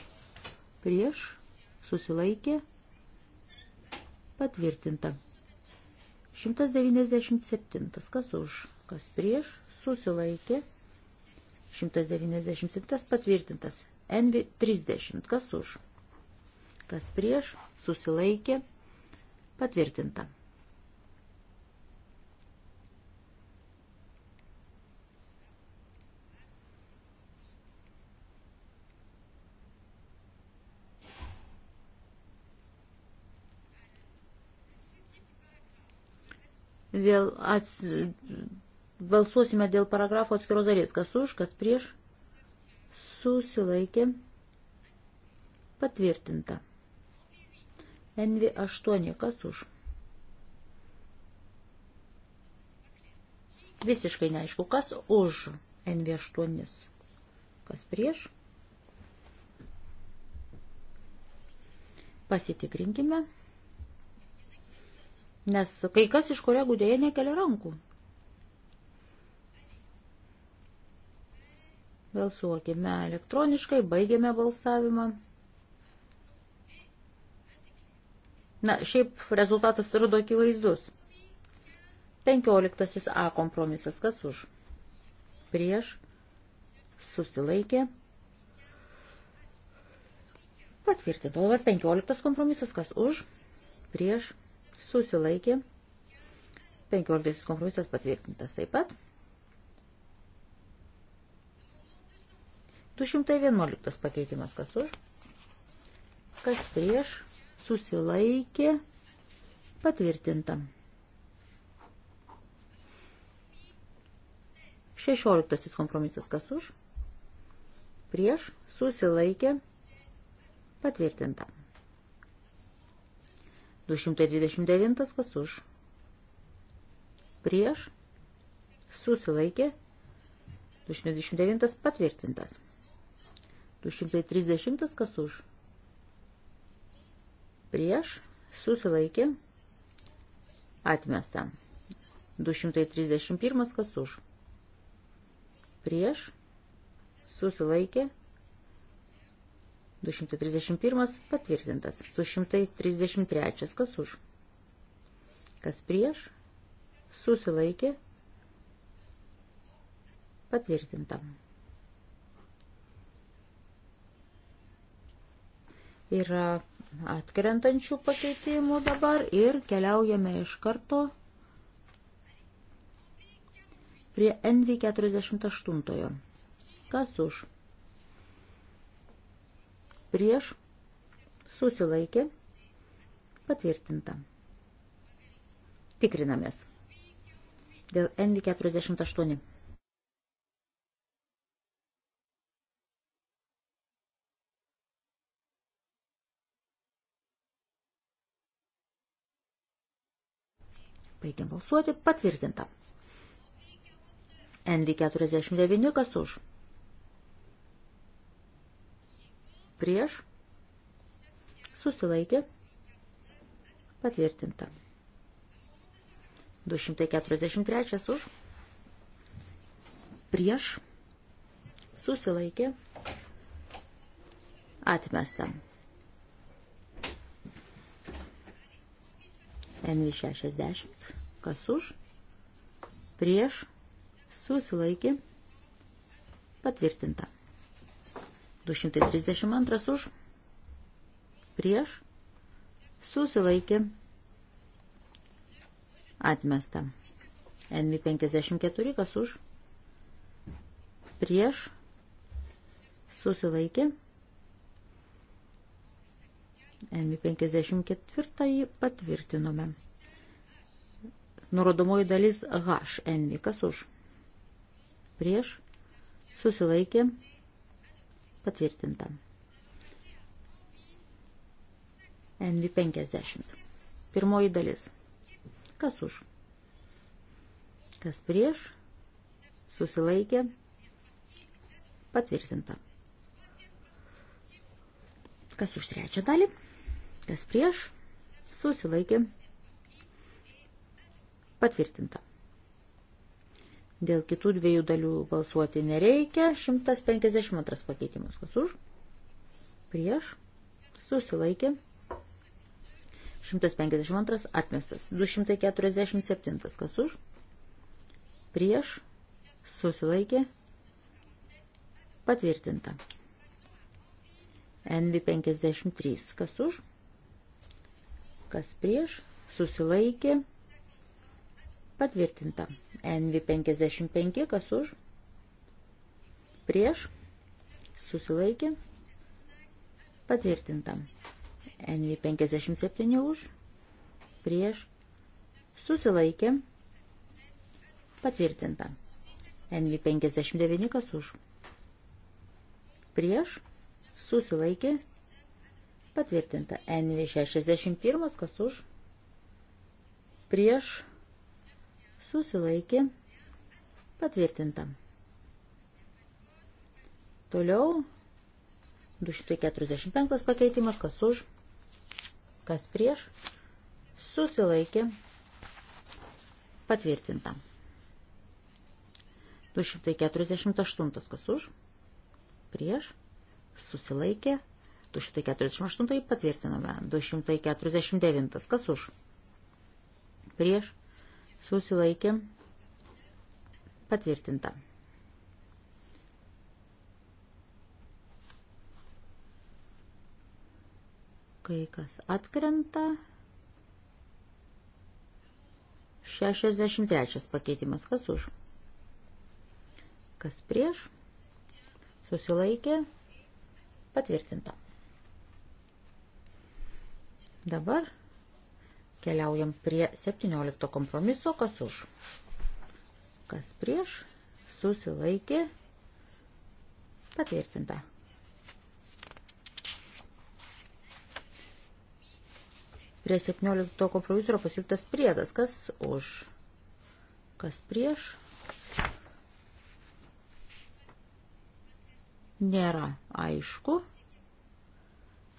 prieš, susilaikė, patvirtinta. 197 kas už, kas prieš, susilaikė, 197 patvirtintas. Envi 30 kas už kas prieš, susilaikė, patvirtinta. Dėl ats... Balsuosime dėl paragrafo atskiros dalies. Kas už, kas prieš, susilaikė, patvirtinta. NV8, kas už? Visiškai neaišku, kas už NV8, kas prieš. Pasitikrinkime, nes kai kas iš kolegų dėja nekelia rankų. Balsuokime elektroniškai, baigiame balsavimą. Na, šiaip rezultatas atrodo akivaizdus. 15 A kompromisas kas už? Prieš susilaikė. Patvirtinta. Dabar 15 kompromisas kas už? Prieš susilaikė. 15 kompromisas patvirtintas taip pat. 211 pakeitimas kas už? Kas prieš? susilaikė, patvirtinta. 16 kompromisas kas už, prieš, susilaikė, patvirtinta. 229 kas už, prieš, susilaikė, 229 patvirtintas. 230 kas už, prieš, susilaikė, atmesta. 231 kas už, prieš, susilaikė, 231 patvirtintas, 233 kas už, kas prieš, susilaikė, patvirtinta. Yra atkrentančių pakeitimų dabar ir keliaujame iš karto prie NV48. Kas už? Prieš susilaikė patvirtinta. Tikrinamės. Dėl NV48. Baigiam balsuoti. Patvirtinta. NV49 kas už. Prieš. Susilaikė. Patvirtinta. 243 už. Prieš. Susilaikė. Atmesta. N60, kas už, prieš, susilaikė, patvirtinta. 232 už, prieš, susilaikė, atmesta. NV54, kas už, prieš, susilaikė, atmesta NV54 patvirtinome. Nurodomoji dalis H. NV kas už? Prieš susilaikė patvirtinta. NV50. Pirmoji dalis. Kas už? Kas prieš? Susilaikė patvirtinta. Kas už trečią dalį? kas prieš, susilaikė, patvirtinta. Dėl kitų dviejų dalių balsuoti nereikia. 152 pakeitimas. Kas už? Prieš. Susilaikė. 152 atmestas. 247. Kas už? Prieš. Susilaikė. Patvirtinta. NV53. Kas už? kas prieš, susilaikė, patvirtinta. NV55, kas už, prieš, susilaikė, patvirtinta. NV57 už, prieš, susilaikė, patvirtinta. NV59 kas už, prieš, susilaikė, patvirtinta Patvirtinta. NV61, kas už? Prieš. Susilaikė. Patvirtinta. Toliau. 245 pakeitimas, kas už? Kas prieš? Susilaikė. Patvirtinta. 248 kas už? Prieš? Susilaikė. 248 patvirtiname. 249. Kas už? Prieš. Susilaikė. Patvirtinta. Kai kas atkrenta. 63 pakeitimas. Kas už? Kas prieš? Susilaikė. Patvirtinta. Dabar keliaujam prie 17 kompromiso, kas už. Kas prieš, susilaikė, patvirtinta. Prie 17 kompromiso yra pasiūlytas priedas, kas už. Kas prieš, nėra aišku.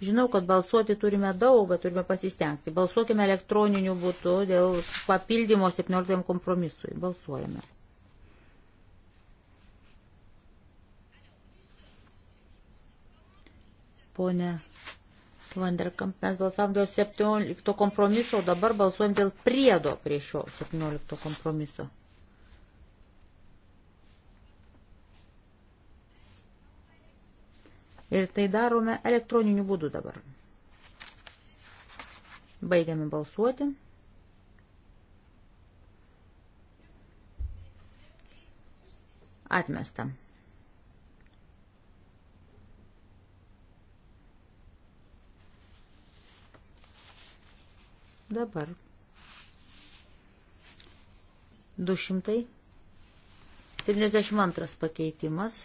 Žinau, kad balsuoti turime daug, bet turime pasistengti. Balsuokime elektroniniu būdu dėl papildymo 17 kompromisui. Balsuojame. Pone Vanderkamp, mes balsavom dėl 17 kompromiso, o dabar balsuojam dėl priedo prie šio 17 kompromiso. Ir tai darome elektroniniu būdu dabar. Baigiame balsuoti. Atmesta. Dabar. 272 pakeitimas.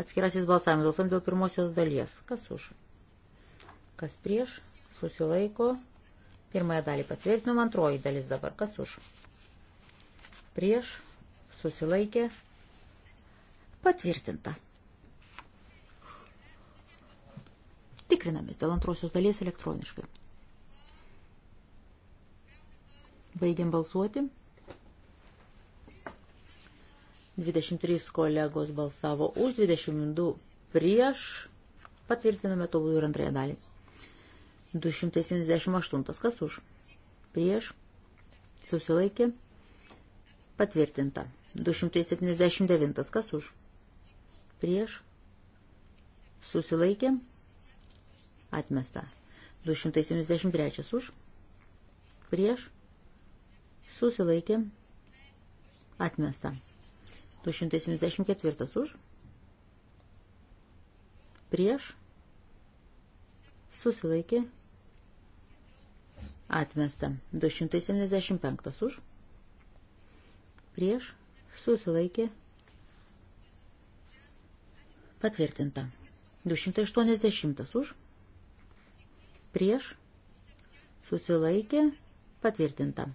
Atskirasis balsavimas. Balsuojam dėl pirmosios dalies. Kas už? Kas prieš? Susilaiko. Pirmąją dalį patvirtinom. Antroji dalis dabar. Kas už? Prieš. Susilaikė. Patvirtinta. Tikrinamės dėl antrosios dalies elektroniškai. Baigiam balsuoti. 23 kolegos balsavo už, 22 prieš, patvirtiname to būdų ir antrąją dalį. 278, kas už? Prieš, susilaikė, patvirtinta. 279, kas už? Prieš, susilaikė, atmesta. 273 už, prieš, susilaikė, atmesta. 274 už. Prieš. Susilaikė. Atmesta. 275 už. Prieš. Susilaikė. Patvirtinta. 280 už. Prieš. Susilaikė. Patvirtinta.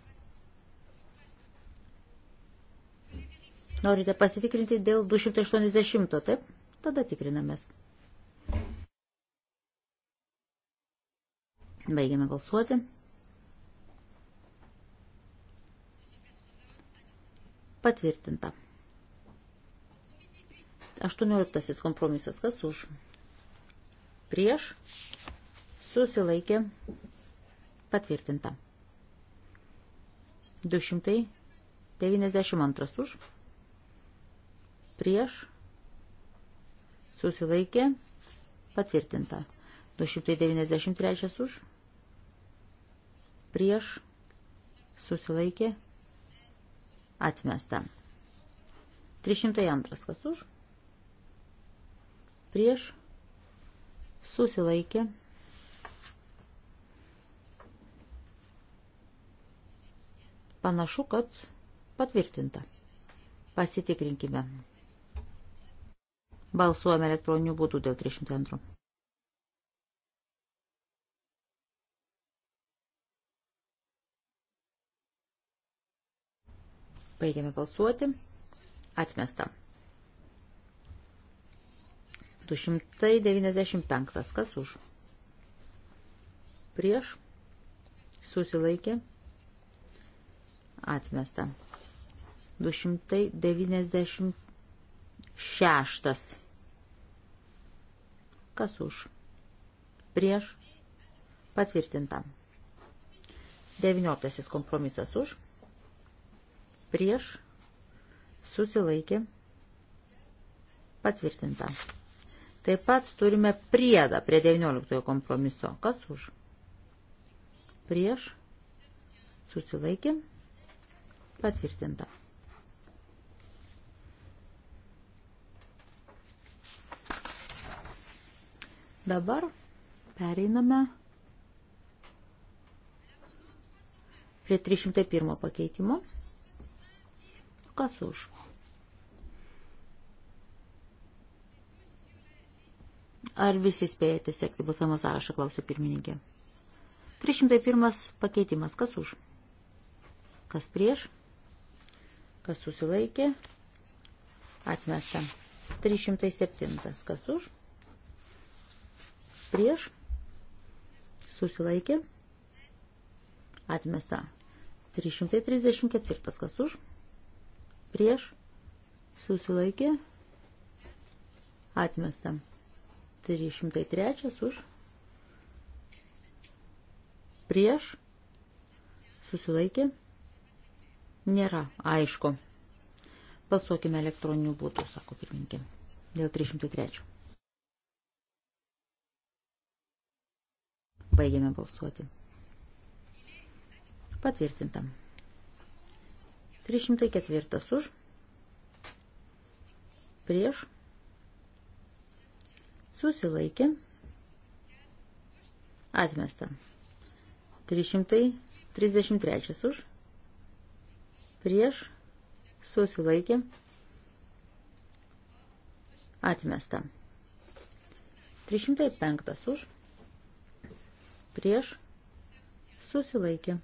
Norite pasitikrinti dėl 280, taip? Tada tikrinamės. Baigiame balsuoti. Patvirtinta. 18 kompromisas. Kas už? Prieš. Susilaikė. Patvirtinta. 292 už prieš, susilaikė, patvirtinta. 293 už, prieš, susilaikė, atmesta. 302 kas už, prieš, susilaikė, panašu, kad patvirtinta. Pasitikrinkime. Balsuojame elektroniniu būdu dėl 302. Baigiame balsuoti. Atmesta. 295. Kas už? Prieš. Susilaikė. Atmesta. 296. Kas už? Prieš. Patvirtinta. 19 kompromisas už. Prieš. Susilaikė. Patvirtinta. Taip pat turime priedą prie 19 kompromiso. Kas už? Prieš. Susilaikė. Patvirtinta. Dabar pereiname prie 301 pakeitimo. Kas už? Ar visi spėjate sekti balsavimo sąrašą, klausiu pirmininkė. 301 pakeitimas. Kas už? Kas prieš? Kas susilaikė? Atmesta. 307. Kas už? prieš, susilaikė, atmesta. 334 kas už, prieš, susilaikė, atmesta. 303 už, prieš, susilaikė, nėra aišku. Pasuokime elektroninių būdų, sako pirminkė, dėl 303. Baigėme balsuoti. Patvirtinta. 304 už. Prieš. Susilaikė. Atmesta. 333 už. Prieš. Susilaikė. Atmesta. 305 už prieš susilaikė.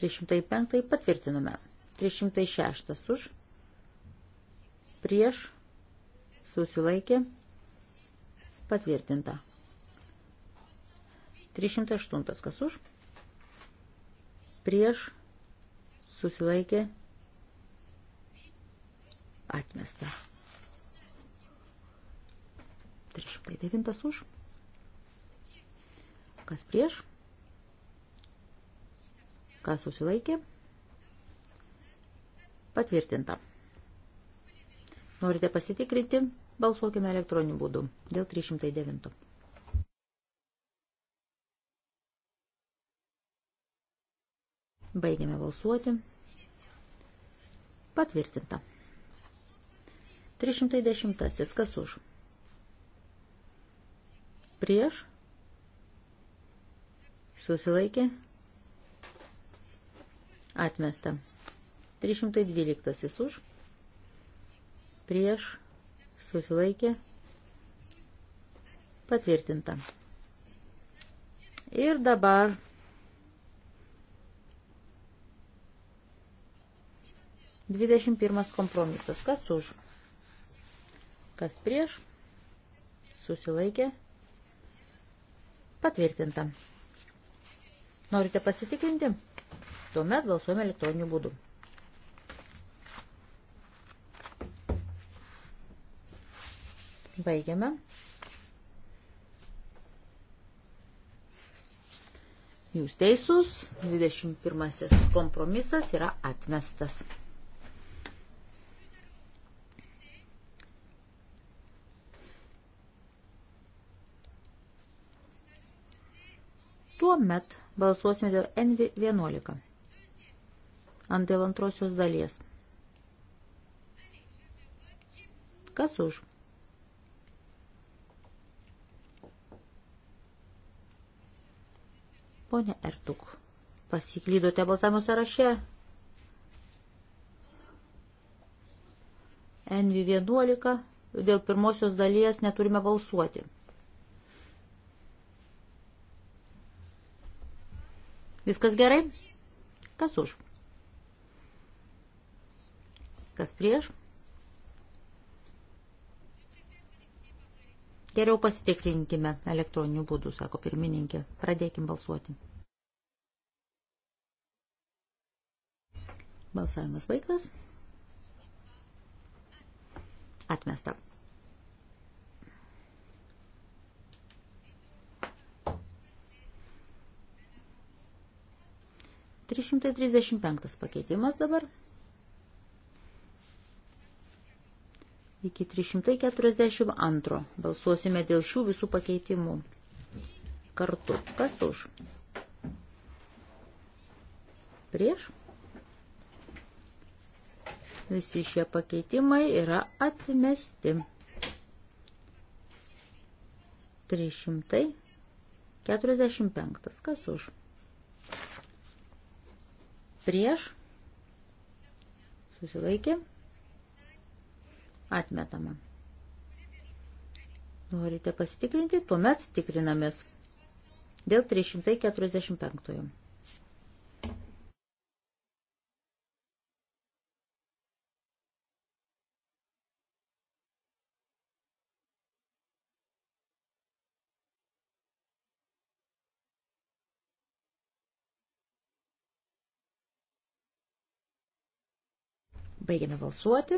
305 patvirtinome. 306 už prieš susilaikė patvirtinta. 308 kas už prieš susilaikė atmesta. 309 už Kas prieš? Kas susilaikė? Patvirtinta. Norite pasitikrinti? Balsuokime elektroniniu būdu dėl 309. Baigiame balsuoti. Patvirtinta. 310. Kas už? Prieš? Susilaikė. Atmesta. 312 už. Prieš. Susilaikė. Patvirtinta. Ir dabar Dvidešimt pirmas kompromisas. Kas už? Kas prieš? Susilaikė. Patvirtinta. Norite pasitikrinti? Tuomet balsuojame elektroniniu būdu. Baigiame. Jūs teisūs, 21 kompromisas yra atmestas. Tuomet balsuosime dėl NV11. Ant dėl antrosios dalies. Kas už? Pone Ertuk, pasiklydote balsavimo sąraše? NV11 dėl pirmosios dalies neturime balsuoti. Viskas gerai? Kas už? Kas prieš? Geriau pasitikrinkime elektroniniu būdu, sako pirmininkė. Pradėkim balsuoti. Balsavimas baigtas. Atmesta. 335 pakeitimas dabar. Iki 342 balsuosime dėl šių visų pakeitimų. Kartu. Kas už? Prieš? Visi šie pakeitimai yra atmesti. 345. Kas už? prieš, susilaikė, atmetama. Norite pasitikrinti, tuomet tikrinamės dėl 345. Baigiame balsuoti.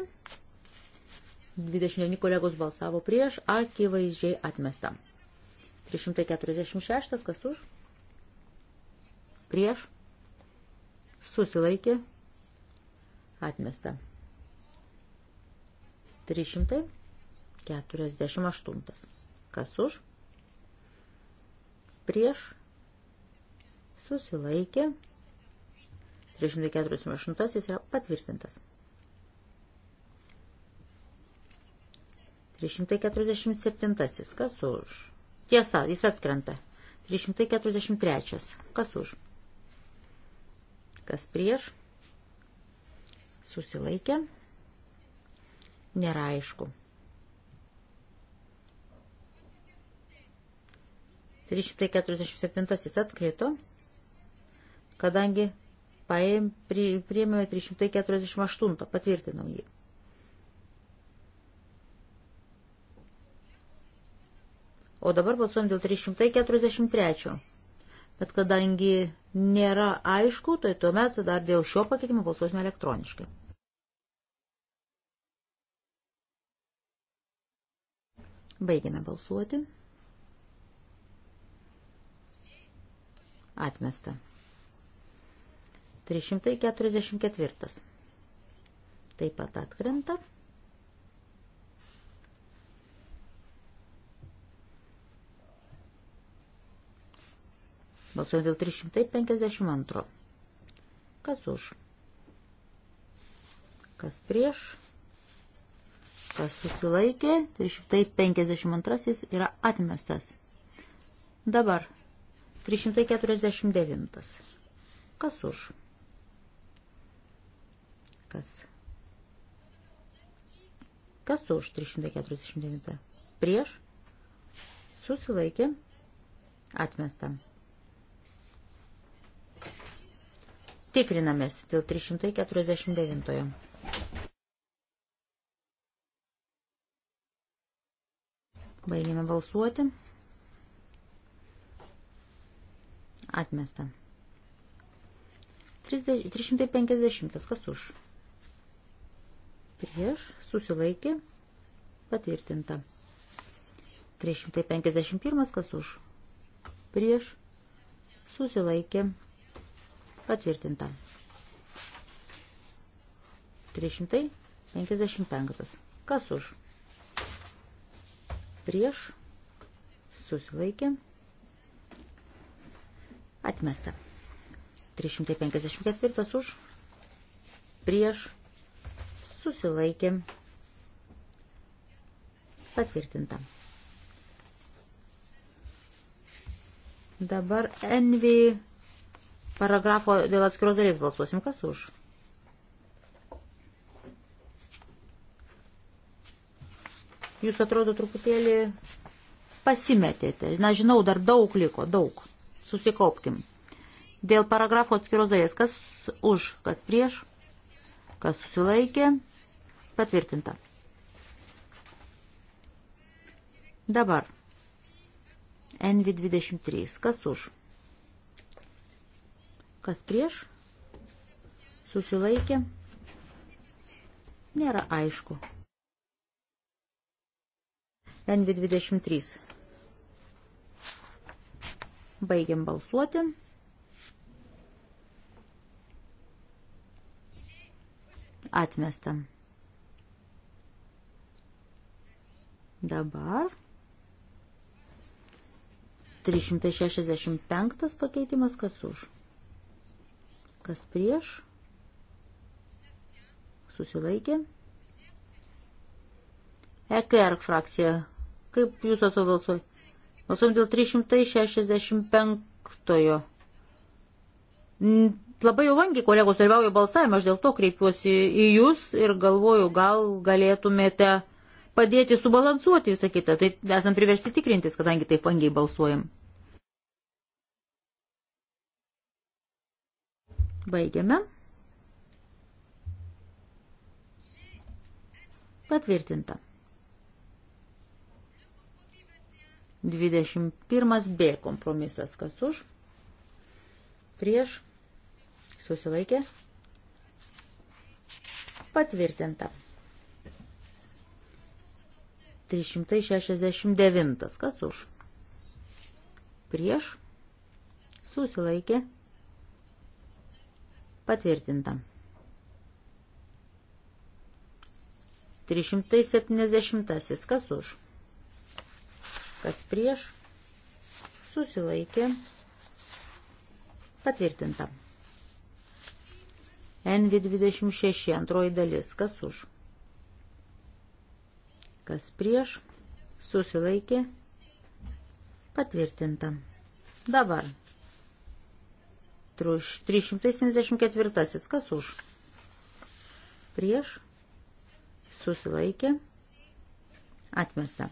29 kolegos balsavo prieš, akivaizdžiai atmesta. 346, kas už? Prieš. Susilaikė. Atmesta. 348. Kas už? Prieš. Susilaikė. 348 jis yra patvirtintas. 347. Kas už? Tiesa, jis atkrenta. 343. Kas už? Kas prieš? Susilaikė. Nėra aišku. 347 atkrito, kadangi paėm, pri, priėmėme 348, patvirtinau jį. O dabar balsuojam dėl 343. Bet kadangi nėra aišku, tai tuomet dar dėl šio pakeitimo balsuosime elektroniškai. Baigiame balsuoti. Atmesta. 344. Taip pat atkrenta. Balsuojant dėl 352. Kas už? Kas prieš? Kas susilaikė? 352 yra atmestas. Dabar 349. Kas už? Kas? Kas už 349? Prieš? Susilaikė? Atmestam. Tikrinamės dėl 349. Baigėme balsuoti. Atmesta. 350. Kas už? Prieš. Susilaikė. Patvirtinta. 351. Kas už? Prieš. Susilaikė. Patvirtinta Patvirtinta. 355. Kas už? Prieš. Susilaikė. Atmesta. 354 už. Prieš. Susilaikė. Patvirtinta. Dabar NV paragrafo dėl atskiros dalies balsuosim. Kas už? Jūs atrodo truputėlį pasimetėte. Na, žinau, dar daug liko, daug. Susikaupkim. Dėl paragrafo atskiros dalies, kas už, kas prieš, kas susilaikė, patvirtinta. Dabar. NV23. Kas už? Kas prieš? Susilaikė. Nėra aišku. NV23. Baigiam balsuoti. Atmestam. Dabar 365 pakeitimas kas už. Kas prieš? Susilaikė. EKR frakcija. Kaip jūs esu balsuoj? Balsuojam dėl 365-ojo. Labai jau vangiai kolegos dalyvauja balsavimą, aš dėl to kreipiuosi į jūs ir galvoju, gal galėtumėte padėti subalansuoti visą kitą. Tai esam priversti tikrintis, kadangi taip vangiai balsuojam. Baigiame. Patvirtinta. 21 B kompromisas. Kas už? Prieš. Susilaikė. Patvirtinta. 369. Kas už? Prieš. Susilaikė. Patvirtinta. 370. Kas už? Kas prieš? Susilaikė. Patvirtinta. NV26 antroji dalis. Kas už? Kas prieš? Susilaikė. Patvirtinta. Dabar 374. Kas už? Prieš. Susilaikė. Atmesta.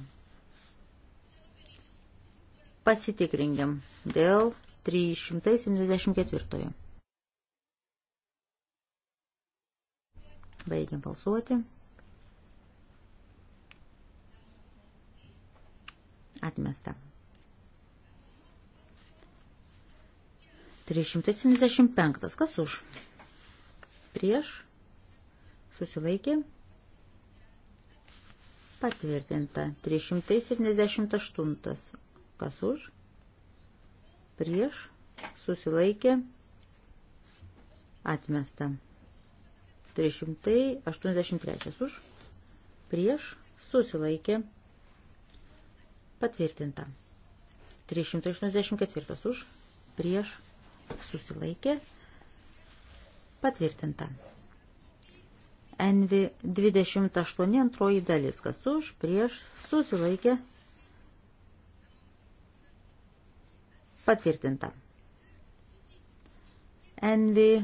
Pasitikringiam dėl 374. Baigiam balsuoti. Atmesta. 375. Kas už? Prieš. Susilaikė. Patvirtinta. 378. Kas už? Prieš. Susilaikė. Atmesta. 383 už. Prieš. Susilaikė. Patvirtinta. 384 už. Prieš susilaikė, patvirtinta. Envi 28 antroji dalis, kas už, prieš, susilaikė, patvirtinta. Envi e,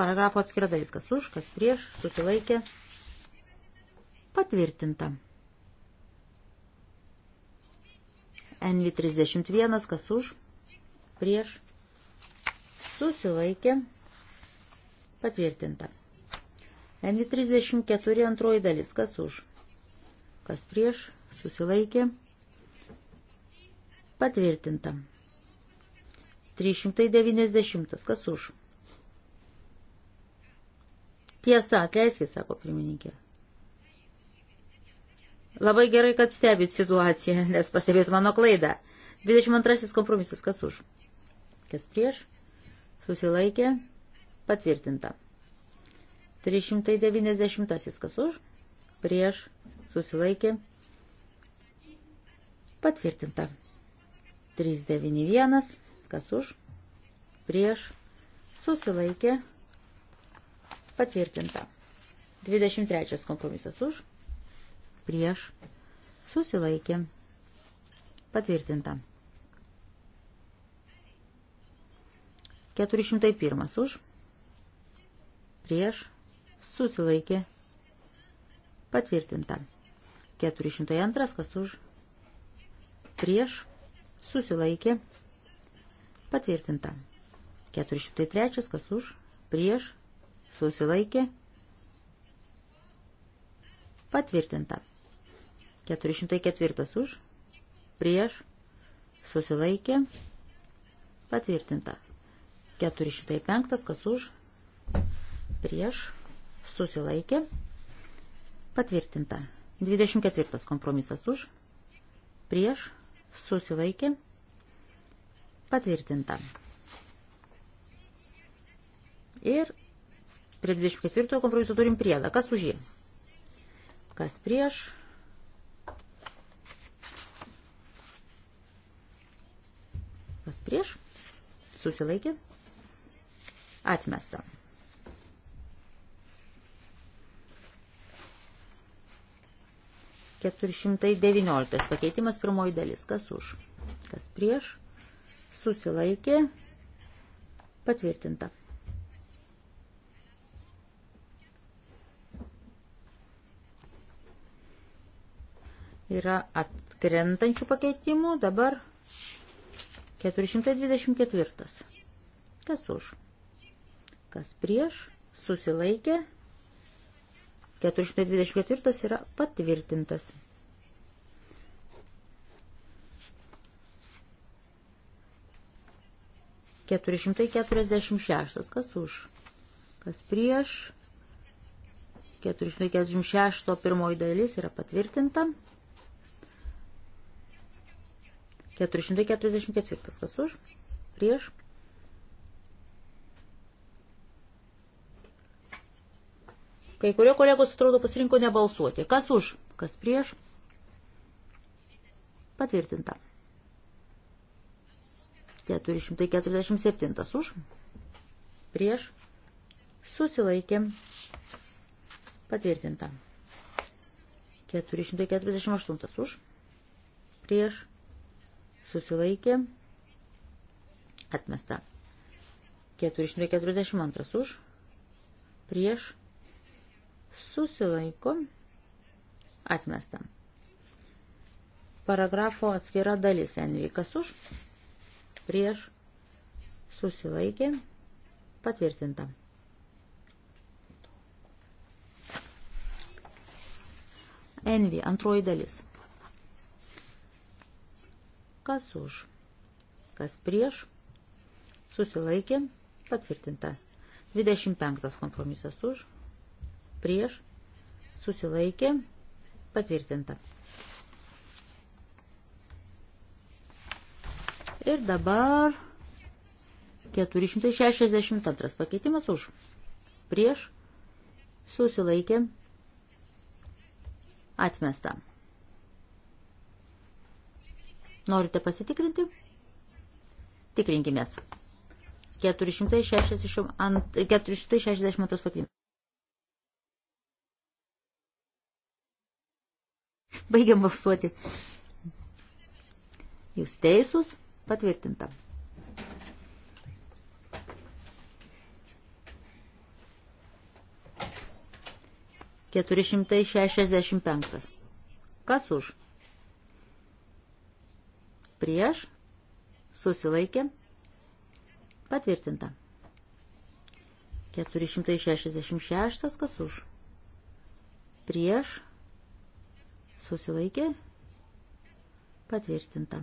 paragrafo atskira dalis, kas už, kas prieš, susilaikė, patvirtinta. NV31, kas už, prieš, susilaikė patvirtinta. NV34 antroji dalis, kas už, kas prieš, susilaikė patvirtinta. 390, kas už. Tiesa, atleiskit, sako pirmininkė. Labai gerai, kad stebit situaciją, nes pastebėt mano klaidą. 22 kompromisas, kas už? Kas prieš? susilaikė, patvirtinta. 390 kas už, prieš, susilaikė, patvirtinta. 391 kas už, prieš, susilaikė, patvirtinta. 23 kompromisas už, prieš, susilaikė, patvirtinta. 401 už, prieš, susilaikė, patvirtinta. 402 kas už, prieš, susilaikė, patvirtinta. 403 kas už, prieš, susilaikė, patvirtinta. 404 už, prieš, susilaikė, patvirtinta. 405, kas už, prieš, susilaikė, patvirtinta. 24 kompromisas už, prieš, susilaikė, patvirtinta. Ir prie 24 kompromiso turim priedą. Kas už jį? Kas prieš? Kas prieš? Susilaikė. Atmesta. Keturšimtai devynioliktas pakeitimas pirmoji dalis. Kas už? Kas prieš? Susilaikė. Patvirtinta. Yra atkrentančių pakeitimų. Dabar 424. Kas už? kas prieš, susilaikė, 424 yra patvirtintas. Keturišimtai keturiasdešimt šeštas, kas už, kas prieš, 446 pirmoji dalis yra patvirtinta. 444 kas už, prieš, Kai kurie kolegos, atrodo, pasirinko nebalsuoti. Kas už, kas prieš? Patvirtinta. 447 už. Prieš. Susilaikė. Patvirtinta. 448 už. Prieš. Susilaikė. Atmesta. 442 už. Prieš susilaiko atmesta. Paragrafo atskira dalis envykas už, prieš, susilaikė, patvirtinta. Envy, antroji dalis. Kas už, kas prieš, susilaikė, patvirtinta. 25 kompromisas už, prieš, susilaikė, patvirtinta. Ir dabar 462 pakeitimas už, prieš, susilaikė, atmesta. Norite pasitikrinti? Tikrinkimės. 462 pakeitimas. Baigiam balsuoti. Jūs teisūs, patvirtinta. Keturi šimtai šešiasdešimt penktas. Kas už? Prieš? Susilaikė? Patvirtinta. 466 kas už. Prieš susilaikė, patvirtinta.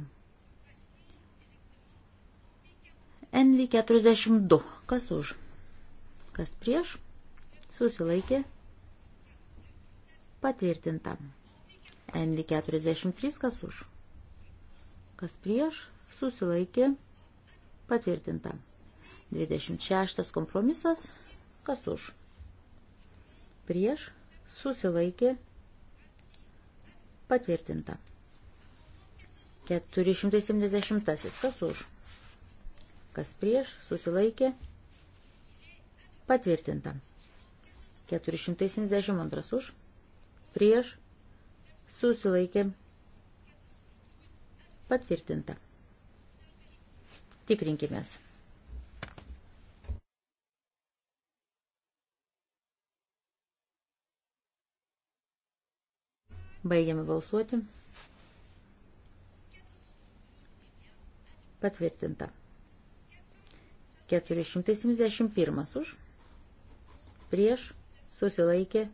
NV42, kas už, kas prieš, susilaikė, patvirtinta. NV43, kas už, kas prieš, susilaikė, patvirtinta. 26 kompromisas, kas už, prieš, susilaikė, patvirtinta Patvirtinta. 470. Kas už? Kas prieš? Susilaikė. Patvirtinta. 472 už. Prieš. Susilaikė. Patvirtinta. Tikrinkimės. Baigiame balsuoti. Patvirtinta. 471 už. Prieš susilaikė.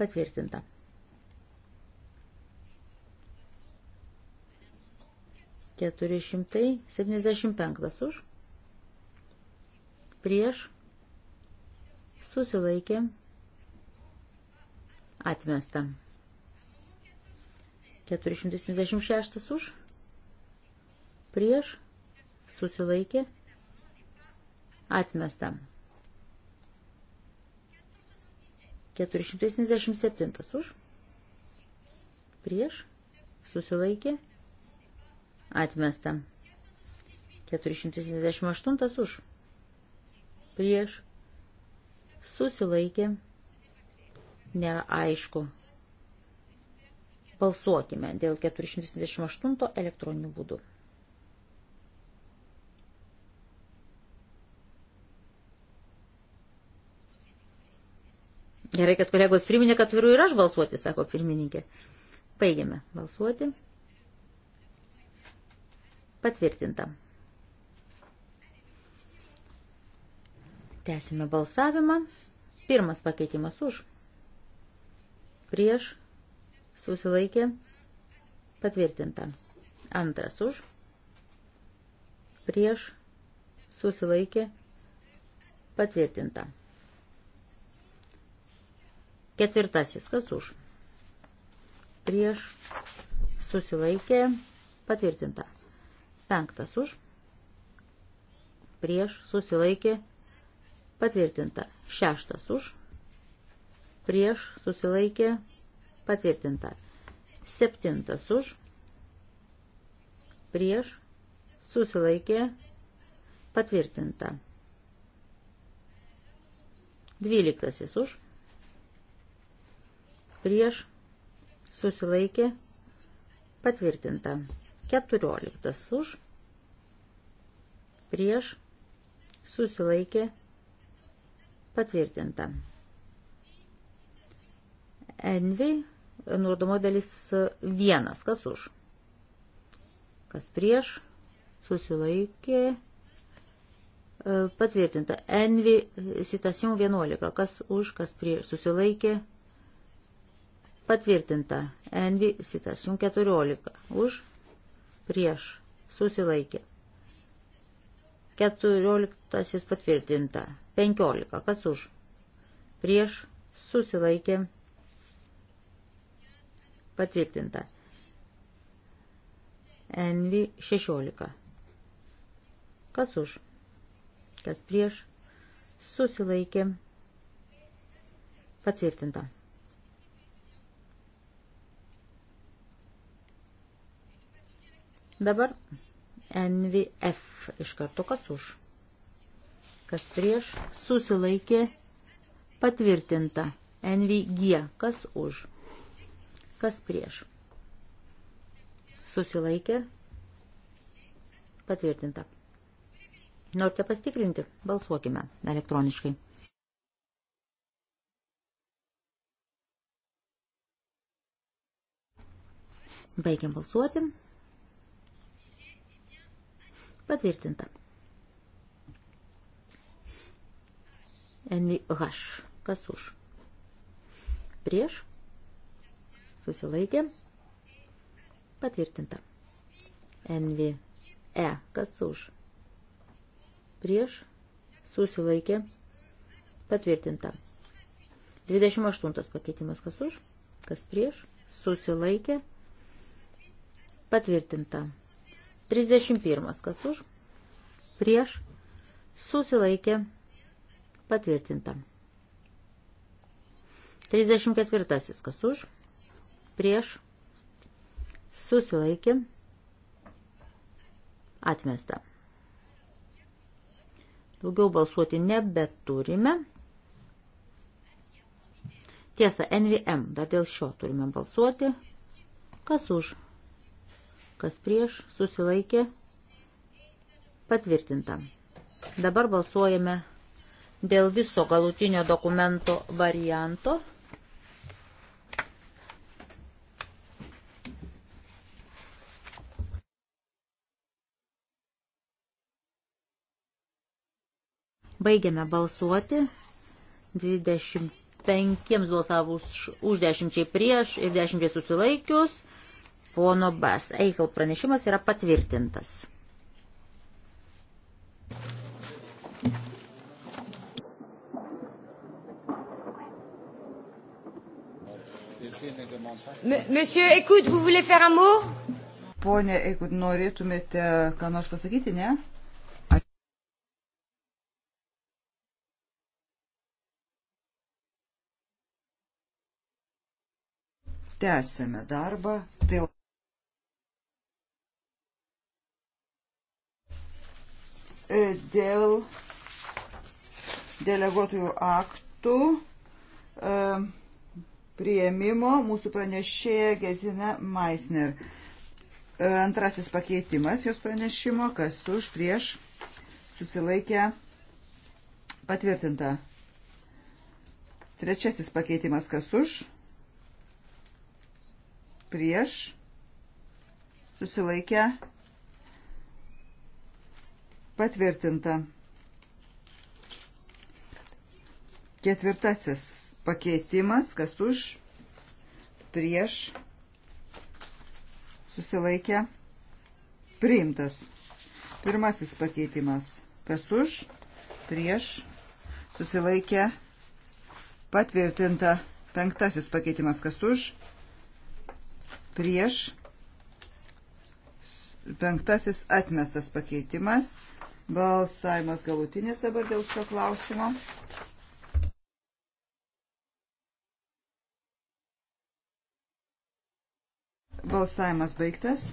Patvirtinta. Keturi šimtai septyniasdešimt penktas už. Prieš susilaikė. Atmesta. 476 už. Prieš. Susilaikė. Atmesta. 477 už. Prieš. Susilaikė. Atmesta. 478 už. Prieš. Susilaikė nėra aišku. Balsuokime dėl 428 elektroninių būdų. Gerai, kad kolegos priminė, kad turiu ir aš balsuoti, sako pirmininkė. Baigiame balsuoti. Patvirtinta. Tęsime balsavimą. Pirmas pakeitimas už prieš, susilaikė, patvirtinta. Antras už, prieš, susilaikė, patvirtinta. Ketvirtasis, kas už, prieš, susilaikė, patvirtinta. Penktas už, prieš, susilaikė, patvirtinta. Šeštas už, prieš susilaikė patvirtinta. Septintas už, prieš susilaikė patvirtinta. Dvyliktasis už, prieš susilaikė patvirtinta. Keturioliktas už, prieš susilaikė patvirtinta. Envy, nurodomo dalis 1, e, kas už, kas prieš, susilaikė, patvirtinta. Envy, citacijon 11, kas už, kas prieš, susilaikė, patvirtinta. Envy, citacijon 14, už, prieš, susilaikė. 14 patvirtinta. 15. Kas už? Prieš susilaikė patvirtinta. Envi 16. Kas už? Kas prieš? Susilaikė. Patvirtinta. Dabar NVF iš karto kas už. Kas prieš susilaikė patvirtinta. NVG kas už. Kas prieš? Susilaikė. Patvirtinta. Norite pastikrinti? Balsuokime elektroniškai. Baigiam balsuoti. Patvirtinta. NH. Kas už? Prieš susilaikė, patvirtinta. NVE, kas už, prieš, susilaikė, patvirtinta. 28 pakeitimas, kas už, kas prieš, susilaikė, patvirtinta. 31, kas už, prieš, susilaikė, patvirtinta. 34, kas už, prieš, susilaikė, atmesta. Daugiau balsuoti nebeturime. Tiesa, NVM, dar dėl šio turime balsuoti. Kas už? Kas prieš? Susilaikė. Patvirtinta. Dabar balsuojame dėl viso galutinio dokumento varianto. Baigiame balsuoti. 25 balsavus už 10 prieš ir 10 susilaikius. Pono Bas Eichel pranešimas yra patvirtintas. Monsieur, écoute, vous voulez faire un mot? Pone, jeigu norėtumėte ką nors pasakyti, ne? tęsėme darbą dėl. Tai dėl deleguotųjų aktų e, prieimimo mūsų pranešėja Gezina Maisner. E, antrasis pakeitimas jos pranešimo, kas už prieš susilaikė patvirtinta. Trečiasis pakeitimas, kas už prieš, susilaikę, patvirtinta. Ketvirtasis pakeitimas, kas už, prieš, susilaikę, priimtas. Pirmasis pakeitimas, kas už, prieš, susilaikę, patvirtinta. Penktasis pakeitimas, kas už, prieš, penktasis atmestas pakeitimas, balsavimas galutinis dabar dėl šio klausimo. Balsavimas baigtas.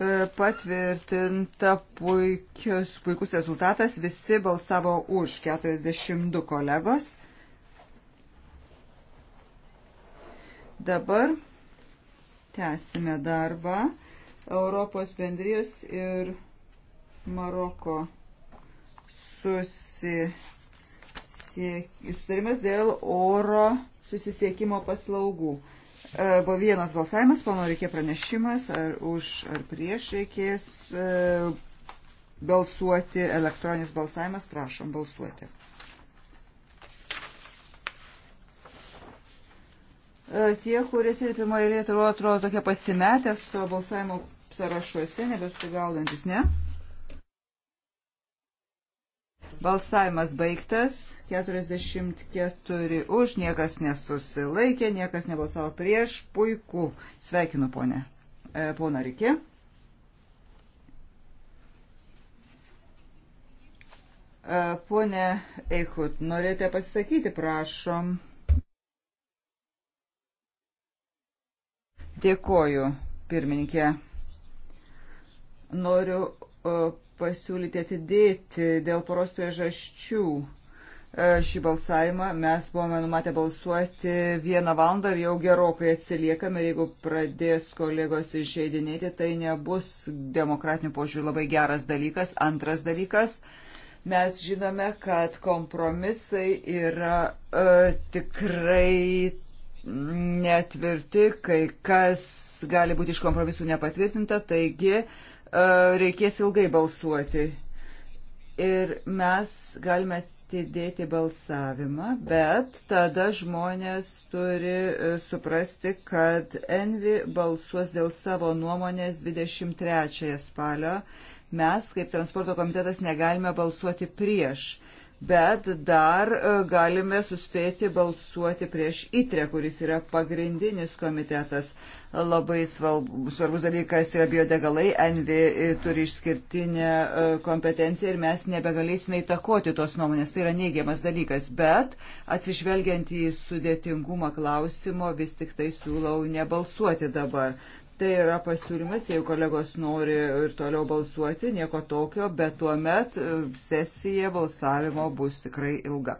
E, patvirtinta puikius, puikus rezultatas, visi balsavo už 42 kolegos. Dabar tęsime darbą Europos bendrijos ir Maroko susitarimas dėl oro susisiekimo paslaugų. E, buvo vienas balsavimas, pono reikė pranešimas, ar už ar prieš reikės e, balsuoti, elektroninis balsavimas, prašom balsuoti. E, tie, kurie sėdi pirmoje eilėje, atrodo, atrodo tokie pasimetę savo balsavimo sąrašuose, nebesugaudantis, ne? Balsavimas baigtas, 44 už, niekas nesusilaikė, niekas nebalsavo prieš, puiku. Sveikinu, ponė. E, pona Rikė. E, Pone Eichut, norite pasisakyti, prašom. Dėkoju, pirmininkė. Noriu e, pasiūlyti atidėti dėl poros priežasčių e, šį balsavimą. Mes buvome numatę balsuoti vieną valandą ir jau gerokai atsiliekame. Ir jeigu pradės kolegos išeidinėti, tai nebus demokratinių požiūrių labai geras dalykas. Antras dalykas. Mes žinome, kad kompromisai yra e, tikrai netvirti, kai kas gali būti iš kompromisų nepatvirtinta, taigi e, reikės ilgai balsuoti. Ir mes galime atidėti balsavimą, bet tada žmonės turi e, suprasti, kad Envi balsuos dėl savo nuomonės 23 spalio. Mes, kaip transporto komitetas, negalime balsuoti prieš bet dar e, galime suspėti balsuoti prieš ITRE, kuris yra pagrindinis komitetas. Labai svarbus dalykas yra biodegalai, NV e, turi išskirtinę e, kompetenciją ir mes nebegalėsime įtakoti tos nuomonės. Tai yra neigiamas dalykas, bet atsižvelgiant į sudėtingumą klausimo, vis tik tai siūlau nebalsuoti dabar. Tai yra pasiūlymas, jeigu kolegos nori ir toliau balsuoti, nieko tokio, bet tuo met e, sesija balsavimo bus tikrai ilga.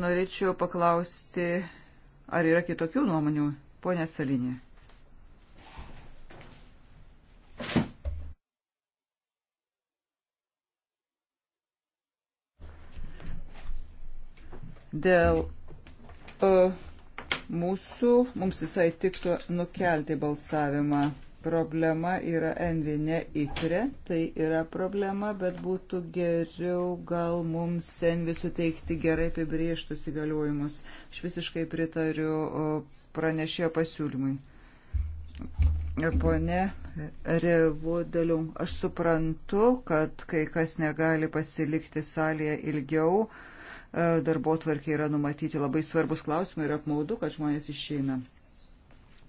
Norėčiau paklausti, ar yra kitokių nuomonių, ponė Salinė. Dėl uh, Mūsų, mums visai tiktų nukelti balsavimą. Problema yra envi, ne itre, tai yra problema, bet būtų geriau gal mums envi suteikti gerai apibrieštus įgaliojimus. Aš visiškai pritariu pranešėjo pasiūlymui. Pone Revudaliu, aš suprantu, kad kai kas negali pasilikti salėje ilgiau, E, darbo tvarkė yra numatyti labai svarbus klausimai ir apmaudu, kad žmonės išeina.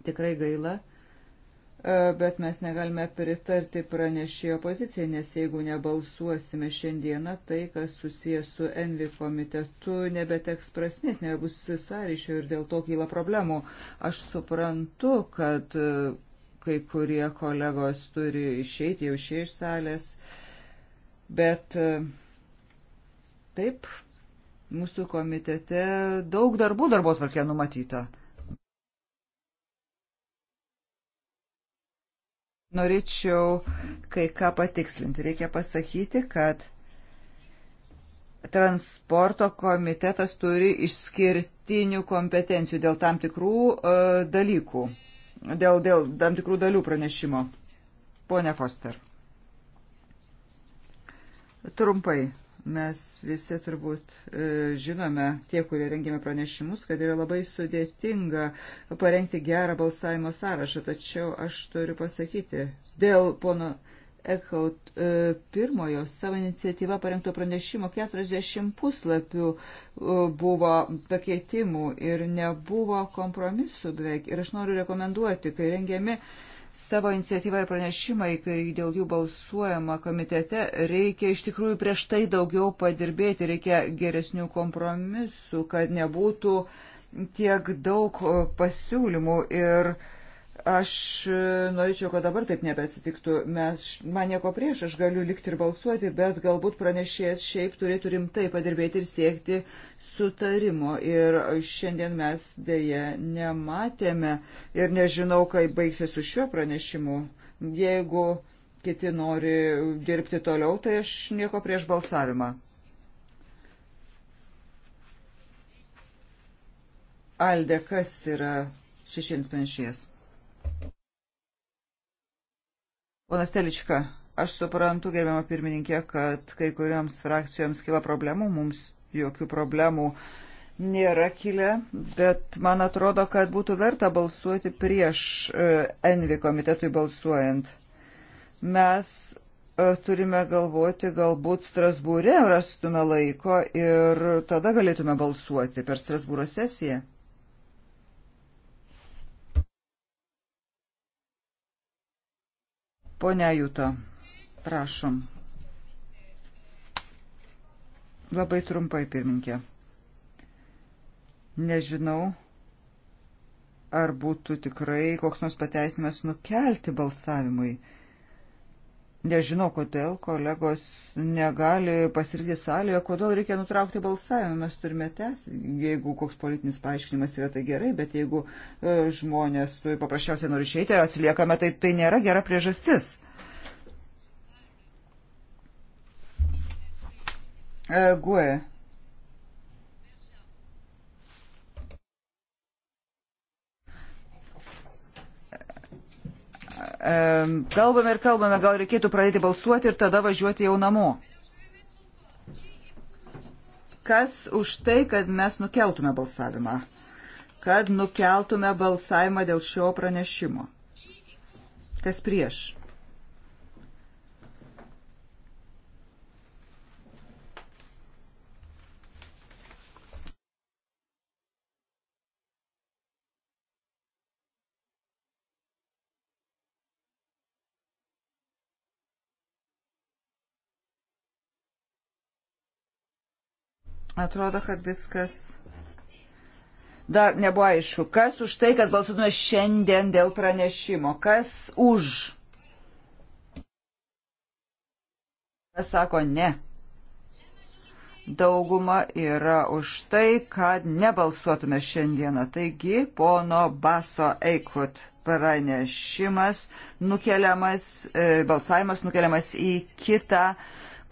Tikrai gaila, e, bet mes negalime pritarti pranešėjo poziciją, nes jeigu nebalsuosime šiandieną, tai, kas susijęs su Envi komitetu, nebeteks prasmės, nebebus sąryšio ir dėl to kyla problemų. Aš suprantu, kad e, kai kurie kolegos turi išeiti jau išėję iš salės, bet taip Mūsų komitete daug darbų darbo tvarkė numatyta. Norėčiau kai ką patikslinti. Reikia pasakyti, kad transporto komitetas turi išskirtinių kompetencijų dėl tam tikrų uh, dalykų, dėl, dėl tam tikrų dalių pranešimo. Pone Foster. Trumpai Mes visi turbūt e, žinome, tie, kurie rengėme pranešimus, kad yra labai sudėtinga parengti gerą balsavimo sąrašą. Tačiau aš turiu pasakyti, dėl pono Eckhout e, pirmojo savo iniciatyvą parengto pranešimo 40 puslapių e, buvo pakeitimų ir nebuvo kompromisų beveik. Ir aš noriu rekomenduoti, kai rengiami uh, savo iniciatyvą ir pranešimą, kai dėl jų balsuojama komitete, reikia iš tikrųjų prieš tai daugiau padirbėti, reikia geresnių kompromisų, kad nebūtų tiek daug pasiūlymų ir uh, Aš e, norėčiau, kad dabar taip nebesitiktų. Mes, man nieko prieš, aš galiu likti ir balsuoti, bet galbūt pranešėjas šiaip turėtų rimtai padirbėti ir siekti sutarimo. Ir šiandien mes dėje nematėme ir nežinau, kaip baigsis su šiuo pranešimu. Jeigu kiti nori dirbti toliau, tai aš nieko prieš balsavimą. Alde, kas yra šešiems penšies? Ponas Telička, aš suprantu, gerbiamą pirmininkę, kad kai kuriams frakcijoms kila problemų, mums jokių problemų nėra kilę, bet man atrodo, kad būtų verta balsuoti prieš e, Envi komitetui balsuojant. Mes e, turime galvoti, galbūt Strasbūre rastume laiko ir tada galėtume balsuoti per Strasbūro sesiją. Pone Juto, prašom. Labai trumpai, pirminkė. Nežinau, ar būtų tikrai koks nors pateisinimas nukelti balsavimui. Nežinau, kodėl kolegos negali pasirinkti salėje, kodėl reikia nutraukti balsavimą. Mes turime tęsti, jeigu koks politinis paaiškinimas yra, tai gerai, bet jeigu e, žmonės paprasčiausiai nori išeiti ir atsiliekame, tai tai nėra gera priežastis. E, Gue Kalbame ir kalbame, gal reikėtų pradėti balsuoti ir tada važiuoti jau namo. Kas už tai, kad mes nukeltume balsavimą? Kad nukeltume balsavimą dėl šio pranešimo? Kas prieš? Atrodo, kad viskas dar nebuvo aišku. Kas už tai, kad balsuotume šiandien dėl pranešimo? Kas už? Kas sako ne? Dauguma yra už tai, kad nebalsuotume šiandieną. Taigi, pono Baso Eikut pranešimas nukeliamas, e, balsavimas nukeliamas į kitą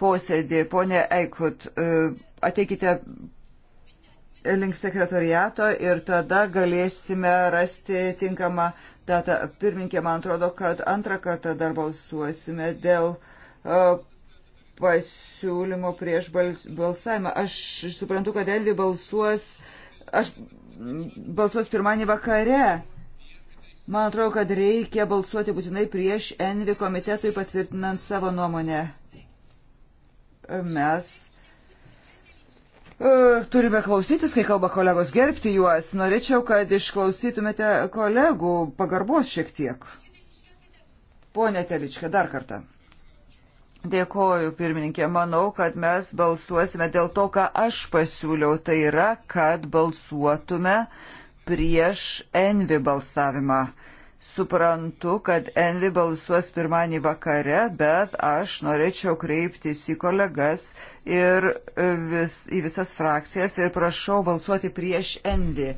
posėdį. Pone Eikut, e, ateikite link sekretoriato ir tada galėsime rasti tinkamą datą. Pirminkė, man atrodo, kad antrą kartą dar balsuosime dėl e, pasiūlymo prieš balsavimą. Aš suprantu, kad Elvi balsuos, aš balsuos pirmąjį vakare. Man atrodo, kad reikia balsuoti būtinai prieš Envi komitetui patvirtinant savo nuomonę mes e, turime klausytis, kai kalba kolegos, gerbti juos. Norėčiau, kad išklausytumėte kolegų pagarbos šiek tiek. Pone Teličke, dar kartą. Dėkoju, pirmininkė. Manau, kad mes balsuosime dėl to, ką aš pasiūliau. Tai yra, kad balsuotume prieš Envi balsavimą suprantu, kad Envi balsuos pirmąjį vakare, bet aš norėčiau kreiptis į kolegas ir e, vis, į visas frakcijas ir prašau balsuoti prieš Envi e,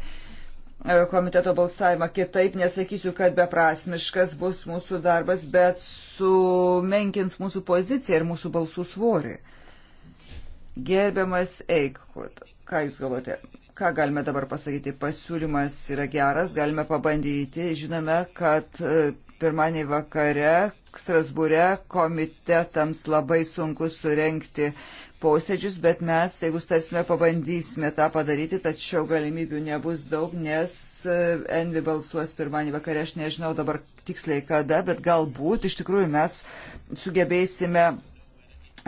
komiteto balsavimą. Kitaip nesakysiu, kad beprasmiškas bus mūsų darbas, bet sumenkins mūsų poziciją ir mūsų balsų svorį. Gerbiamas Eikhut, ką Jūs galvote? Ką galime dabar pasakyti? Pasiūlymas yra geras, galime pabandyti. Žinome, kad e, pirmąjį vakare Strasbūre komitetams labai sunku surenkti posėdžius, bet mes, jeigu starsime, pabandysime tą padaryti, tačiau galimybių nebus daug, nes e, Envi balsuos pirmąjį vakarę, aš nežinau dabar tiksliai kada, bet galbūt iš tikrųjų mes sugebėsime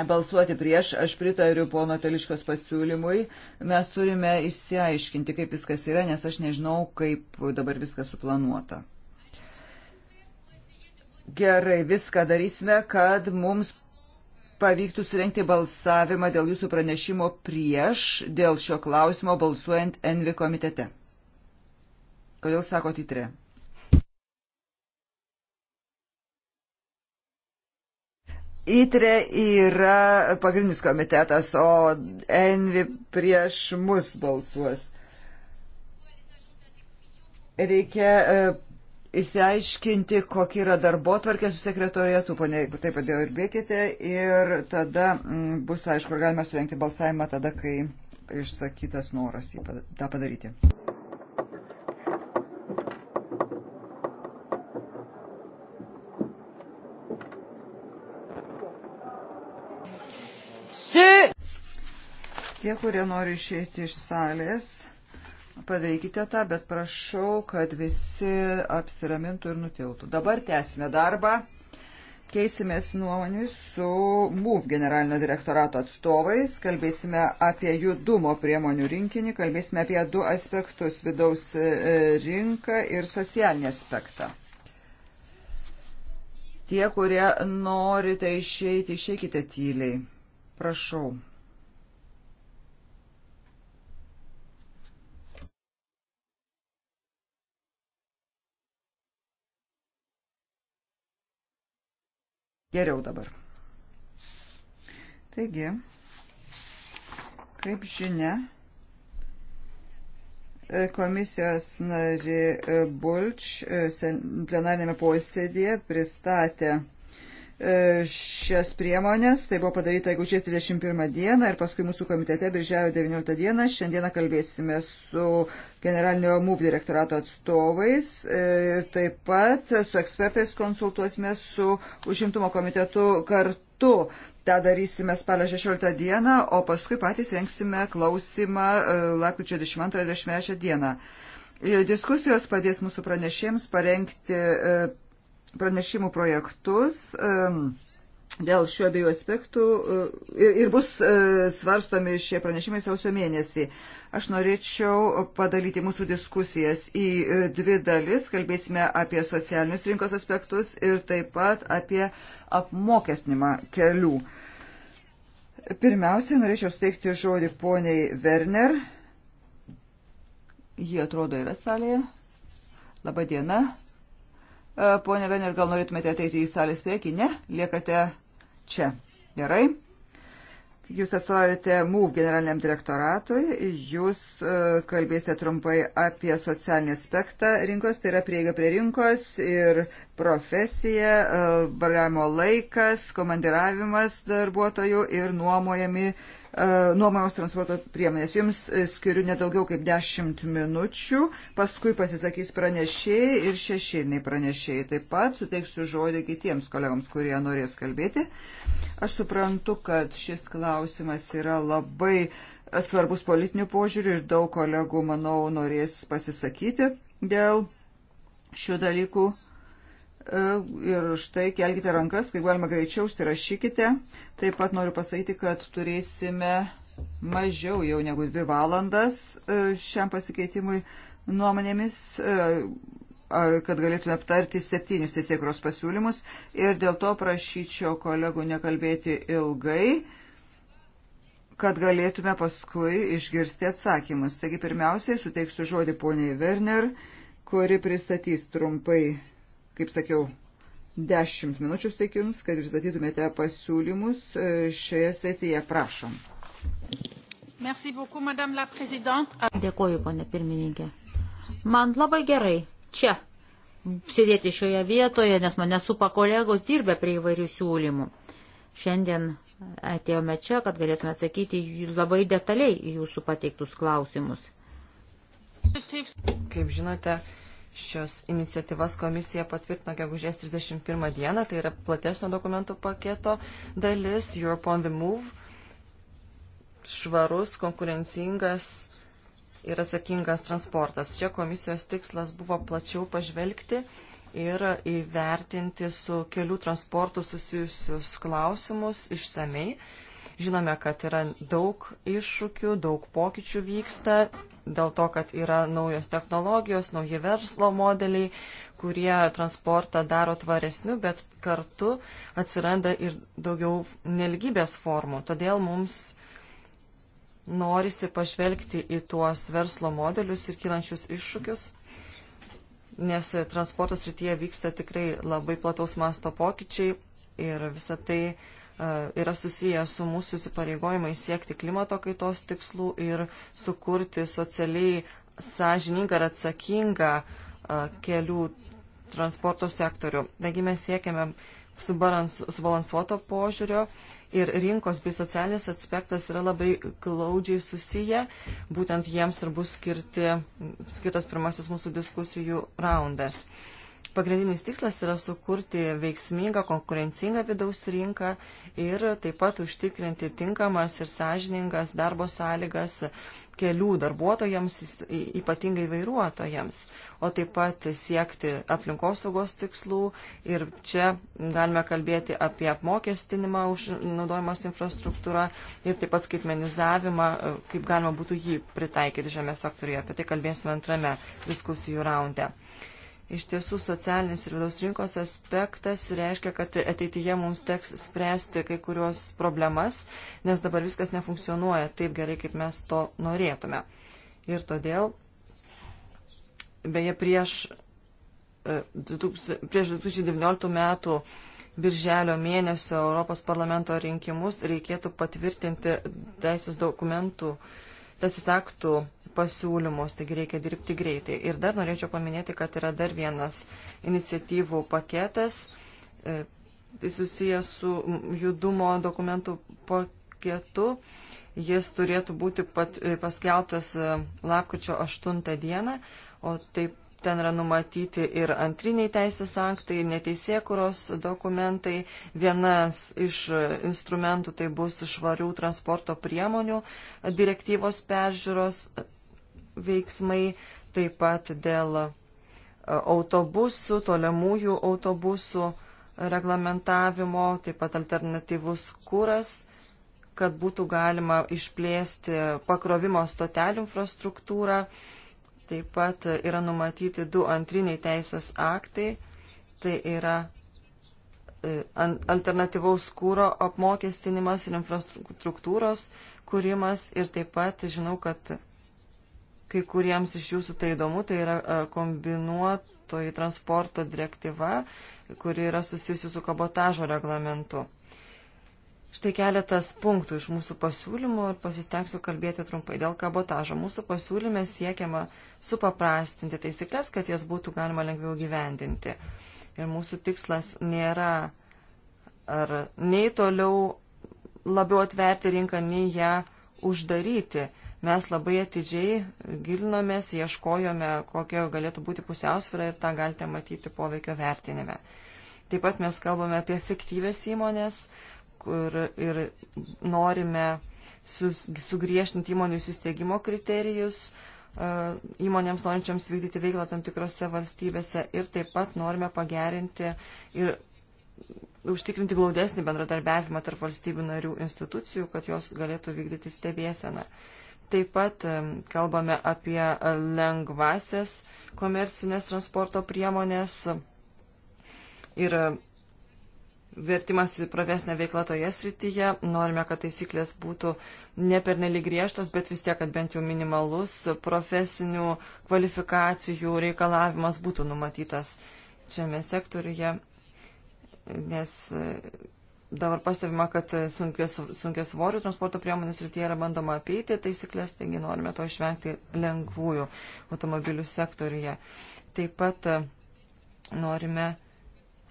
balsuoti prieš. Aš pritariu pono Teliškos pasiūlymui. Mes turime išsiaiškinti, kaip viskas yra, nes aš nežinau, kaip dabar viskas suplanuota. Gerai, viską darysime, kad mums pavyktų surenkti balsavimą dėl jūsų pranešimo prieš dėl šio klausimo balsuojant Envi komitete. Kodėl sako titre? ITRE yra pagrindinis komitetas, o ENVI prieš mus balsuos. Reikia įsiaiškinti, e, kokia yra darbo tvarkė su sekretorietu, ponė, jeigu taip padėjo ir bėkite, ir tada m, mm, bus aišku, ar galime surenkti balsavimą tada, kai išsakytas noras tą padaryti. Su. Tie, kurie nori išėti iš salės, padarykite tą, bet prašau, kad visi apsiramintų ir nutiltų. Dabar tęsime darbą. Keisimės nuomonėmis su MUV generalinio direktorato atstovais, kalbėsime apie judumo priemonių rinkinį, kalbėsime apie du aspektus - vidaus e, rinką ir socialinį aspektą. Tie, kurie norite išeiti, išeikite tyliai. Prašau. Geriau dabar. Taigi, kaip žinia, komisijos narė Bulč e, plenarinėme posėdėje pristatė E, šias priemonės. Tai buvo padaryta gegužės 31 dieną ir paskui mūsų komitete birželio 19 dieną. Šiandieną kalbėsime su generalinio MUV direktorato atstovais e, ir taip pat su ekspertais konsultuosime su užimtumo komitetu kartu. Ta darysime spalio 16 dieną, o paskui patys rengsime klausimą e, lapkričio 22-23 dieną. Diskusijos padės mūsų pranešėjams parengti pranešimų projektus dėl šių abiejų aspektų e, ir, ir bus e, svarstomi šie pranešimai sausio mėnesį. Aš norėčiau padalyti mūsų diskusijas į e, dvi dalis. Kalbėsime apie socialinius rinkos aspektus ir taip pat apie apmokesnimą kelių. Pirmiausiai norėčiau steigti žodį poniai Werner. Jie atrodo yra salėje. Labadiena. E, Pone Vener, gal norėtumėte ateiti į salės priekį? Ne, liekate čia. Gerai. Jūs atstovaujate MUV generaliniam direktoratui, jūs e, kalbėsite trumpai apie socialinį aspektą rinkos, tai yra prieiga prie rinkos ir profesija, variavimo e, laikas, komandiravimas darbuotojų ir nuomojami uh, E, nuomojamos transporto priemonės. Jums e, skiriu nedaugiau kaip 10 minučių, paskui pasisakys pranešėjai ir šešiliniai pranešėjai. Taip pat suteiksiu žodį kitiems kolegams, kurie norės kalbėti. Aš suprantu, kad šis klausimas yra labai svarbus politinių požiūrių ir daug kolegų, manau, norės pasisakyti dėl šių dalykų. E, ir štai kelkite rankas, kai galima greičiau užsirašykite. Taip pat noriu pasakyti, kad turėsime mažiau jau negu dvi valandas e, šiam pasikeitimui nuomonėmis e, kad galėtume aptarti septynius teisėkros pasiūlymus ir dėl to prašyčiau kolegų nekalbėti ilgai, kad galėtume paskui išgirsti atsakymus. Taigi pirmiausiai suteiksiu žodį poniai Werner, kuri pristatys trumpai kaip sakiau, 10 minučių steikiums, kad pristatytumėte pasiūlymus e, šioje srityje. Prašom. Dėkuoju, ponė pirmininkė. Man labai gerai čia sėdėti šioje vietoje, nes mane supa kolegos dirbę prie įvairių siūlymų. Šiandien atėjome čia, kad galėtume atsakyti labai detaliai į jūsų pateiktus klausimus. Kaip žinote, Šios iniciatyvas komisija patvirtino gegužės 31 dieną, tai yra platesnio dokumentų paketo dalis Europe on the Move, švarus, konkurencingas ir atsakingas transportas. Čia komisijos tikslas buvo plačiau pažvelgti ir įvertinti su kelių transportų susijusius klausimus išsamei. Žinome, kad yra daug iššūkių, daug pokyčių vyksta dėl to, kad yra naujos technologijos, nauji verslo modeliai, kurie transportą daro tvaresniu, bet kartu atsiranda ir daugiau nelgybės formų. Todėl mums norisi pažvelgti į tuos verslo modelius ir kylančius iššūkius, nes transporto srityje vyksta tikrai labai plataus masto pokyčiai ir visa tai E, yra susijęs su mūsų įsipareigojimai siekti klimato kaitos tikslų ir sukurti socialiai sąžiningą ir atsakingą e, kelių transporto sektorių. Taigi mes siekiame subalansuoto požiūrio ir rinkos bei socialinis aspektas yra labai glaudžiai susiję, būtent jiems ir bus skirti, skirtas pirmasis mūsų diskusijų raundas. Uh, Pagrindinis tikslas yra sukurti veiksmingą, konkurencingą vidaus rinką ir taip pat užtikrinti tinkamas ir sąžiningas darbo sąlygas kelių darbuotojams, ypatingai vairuotojams, o taip pat siekti aplinkosaugos tikslų ir čia galime kalbėti apie apmokestinimą už naudojimas infrastruktūrą ir taip pat skaitmenizavimą, kaip galima būtų jį pritaikyti žemės sektoriuje. Apie tai kalbėsime antrame diskusijų raunde. Iš tiesų, socialinis ir vidaus rinkos aspektas reiškia, kad ateityje mums teks spręsti kai kurios problemas, nes dabar viskas nefunkcionuoja taip gerai, kaip mes to norėtume. Ir todėl, beje, prieš, e, prieš 2019 metų Birželio mėnesio Europos parlamento rinkimus reikėtų patvirtinti teisės dokumentų, teisės aktų pasiūlymus, taigi reikia dirbti greitai. Ir dar norėčiau paminėti, kad yra dar vienas iniciatyvų paketas e, tai susijęs su judumo dokumentų paketu. Jis turėtų būti pat, e, paskelbtas e, lapkričio 8 dieną, o taip ten yra numatyti ir antriniai teisės aktai, neteisėkuros dokumentai. Vienas iš e, instrumentų tai bus švarių transporto priemonių direktyvos peržiūros veiksmai, taip pat dėl e, autobusų, tolimųjų autobusų reglamentavimo, taip pat alternatyvus kūras, kad būtų galima išplėsti pakrovimo stotelių infrastruktūrą. Taip pat yra numatyti du antriniai teisės aktai, tai yra e, alternatyvaus kūro apmokestinimas ir infrastruktūros kūrimas ir taip pat žinau, kad kai kuriems iš jūsų tai įdomu, tai yra e, kombinuotoji transporto direktyva, kuri yra susijusi su kabotažo reglamentu. Štai keletas punktų iš mūsų pasiūlymų ir pasistengsiu kalbėti trumpai dėl kabotažo. Mūsų pasiūlyme siekiama supaprastinti taisyklės, kad jas būtų galima lengviau gyvendinti. Ir mūsų tikslas nėra ar nei toliau labiau atverti rinką, nei ją uždaryti. Mes labai atidžiai gilinomės, ieškojome, kokia galėtų būti pusiausvyrą ir tą galite matyti poveikio vertinime. Taip pat mes kalbame apie fiktyvės įmonės kur, ir norime su, sugriešinti įmonių įsisteigimo kriterijus e, įmonėms norinčiams vykdyti veiklą tam tikrose valstybėse ir taip pat norime pagerinti ir užtikrinti glaudesnį bendradarbiavimą tarp valstybių narių institucijų, kad jos galėtų vykdyti stebėseną. Taip pat kalbame apie lengvasias komercinės transporto priemonės ir vertimas į pravesnę veiklą toje srityje. Norime, kad taisyklės būtų nepernelyg griežtos, bet vis tiek, kad bent jau minimalus profesinių kvalifikacijų reikalavimas būtų numatytas šiame sektoriuje, nes dabar pastebima, kad sunkės, sunkės svorių transporto priemonės rytyje yra bandoma apeiti taisyklės, taigi norime to išvengti lengvųjų automobilių sektoriuje. Taip pat e, norime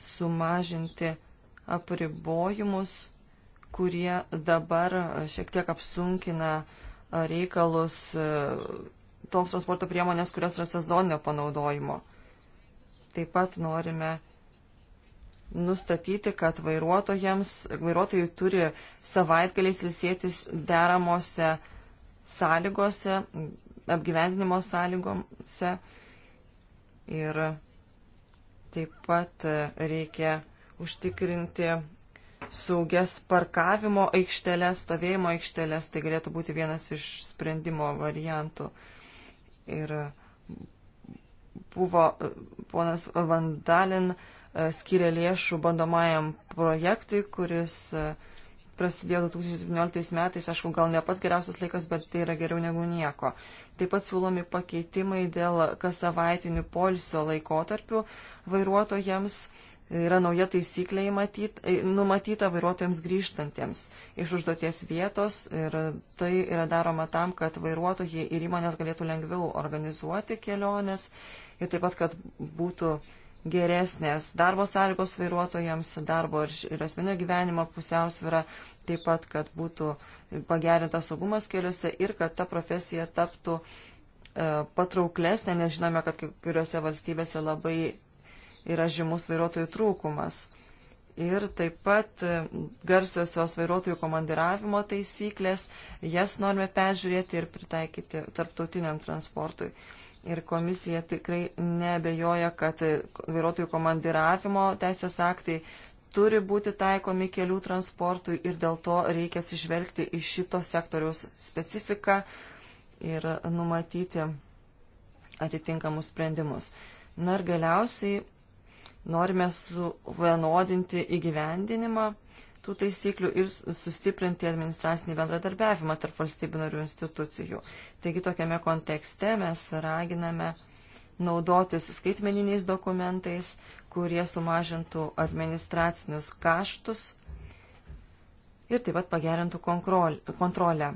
sumažinti apribojimus, kurie dabar e, šiek tiek apsunkina e, reikalus toms transporto priemonės, kurios yra sezoninio panaudojimo. Taip pat norime nustatyti, kad vairuotojai turi savaitgaliais ilsėtis deramose sąlygose, apgyvendinimo sąlygose. Ir taip pat reikia užtikrinti saugias parkavimo aikšteles, stovėjimo aikšteles. Tai galėtų būti vienas iš sprendimo variantų. Ir buvo ponas Vandalin E, skiria lėšų bandomajam projektui, kuris e, prasidėjo 2017 metais, aišku, gal ne pats geriausias laikas, bet tai yra geriau negu nieko. Taip pat siūlomi pakeitimai dėl kas savaitinių polsio laikotarpių vairuotojams. Yra nauja taisyklė e, numatyta vairuotojams grįžtantiems iš užduoties vietos ir tai yra daroma tam, kad vairuotojai ir įmonės galėtų lengviau organizuoti keliones ir taip pat, kad būtų uh, geresnės darbo sąlygos vairuotojams, darbo ir asmenio gyvenimo pusiausvyrą, taip pat, kad būtų pagerintas saugumas keliuose ir kad ta profesija taptų e, patrauklesnė, nes žinome, kad kai kuriuose valstybėse labai yra žymus vairuotojų trūkumas. Ir taip pat e, garsiosios vairuotojų komandiravimo taisyklės, jas norime peržiūrėti ir pritaikyti tarptautiniam transportui. E, ir komisija tikrai nebejoja, kad vairuotojų komandiravimo teisės aktai turi būti taikomi kelių transportui ir dėl to reikia atsižvelgti į šito sektoriaus specifiką ir numatyti atitinkamus sprendimus. Na ir galiausiai norime suvienodinti įgyvendinimą tų taisyklių ir sustiprinti administracinį bendradarbiavimą tarp valstybių narių institucijų. Taigi tokiame kontekste mes raginame naudotis skaitmeniniais dokumentais, kurie sumažintų administracinius kaštus ir taip pat pagerintų kontrolę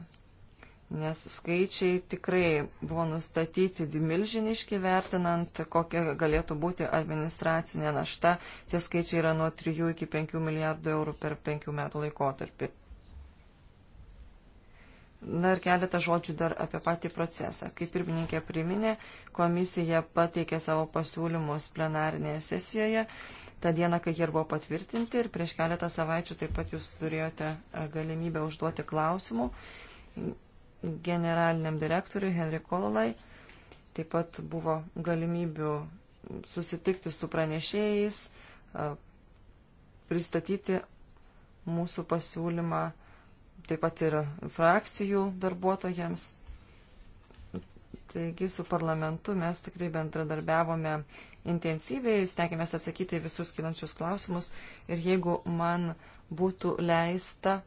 nes skaičiai tikrai buvo nustatyti milžiniški vertinant, kokia galėtų būti administracinė našta. Tie skaičiai yra nuo 3 iki 5 milijardų eurų per 5 metų laikotarpį. Dar keletą žodžių dar apie patį procesą. Kaip pirmininkė priminė, komisija pateikė savo pasiūlymus plenarinėje sesijoje. Ta diena, kai jie buvo patvirtinti ir prieš keletą savaičių taip pat jūs turėjote e, galimybę užduoti klausimų generaliniam direktoriui Henry Kololai. Taip pat buvo galimybių susitikti su pranešėjais, pristatyti mūsų pasiūlymą, taip pat ir frakcijų darbuotojams. Taigi su parlamentu mes tikrai bendradarbiavome intensyviai, stengiamės atsakyti visus kilančius klausimus ir jeigu man būtų leista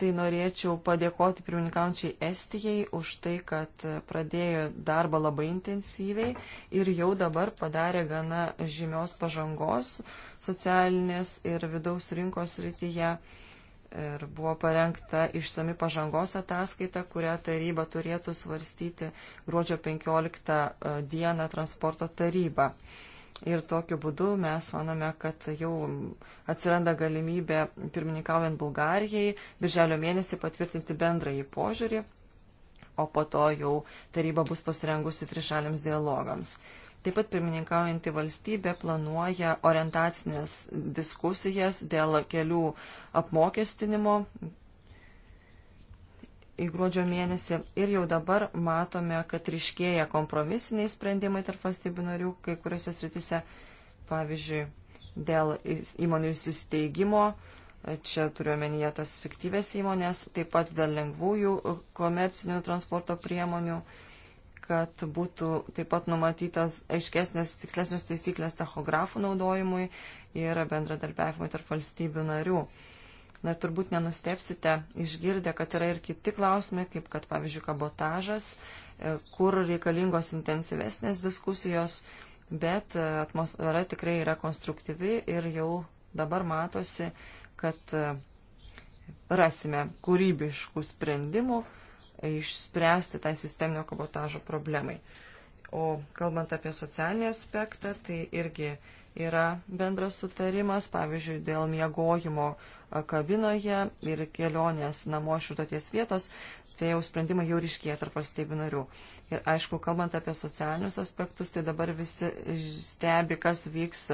tai norėčiau padėkoti pirmininkaujančiai Estijai už tai, kad pradėjo darbą labai intensyviai ir jau dabar padarė gana žymios pažangos socialinės ir vidaus rinkos rytyje. Ir buvo parengta išsami pažangos ataskaita, kurią taryba turėtų svarstyti gruodžio 15 e, dieną transporto taryba. Uh, Ir tokiu būdu mes manome, kad jau atsiranda galimybė pirmininkaujant Bulgarijai birželio mėnesį patvirtinti bendrąjį požiūrį, o po to jau taryba bus pasirengusi trišaliams dialogams. Taip pat pirmininkaujanti valstybė planuoja orientacinės diskusijas dėl kelių apmokestinimo, į gruodžio mėnesį ir jau dabar matome, kad ryškėja kompromisiniai sprendimai tarp valstybių narių kai kuriuose sritise, pavyzdžiui, dėl įmonių įsisteigimo, čia turiuomenyje tas fiktyvės įmonės, taip pat dėl lengvųjų e, komercinių transporto priemonių, kad būtų taip pat numatytas aiškesnės, tikslesnės taisyklės tachografų naudojimui ir bendradarbiavimui tarp valstybių narių. Na ir turbūt nenustepsite išgirdę, kad yra ir kiti klausimai, kaip kad, pavyzdžiui, kabotažas, e, kur reikalingos intensyvesnės diskusijos, bet e, atmosfera tikrai yra konstruktyvi ir jau dabar matosi, kad e, rasime kūrybiškų sprendimų išspręsti tą tai sisteminio kabotažo problemai. O kalbant apie socialinį aspektą, tai irgi yra bendras sutarimas, pavyzdžiui, dėl miegojimo kabinoje ir kelionės namo iš užduoties vietos, tai jau sprendimai jau ryškėja tarp valstybių narių. Ir aišku, kalbant apie socialinius aspektus, tai dabar visi stebi, kas vyks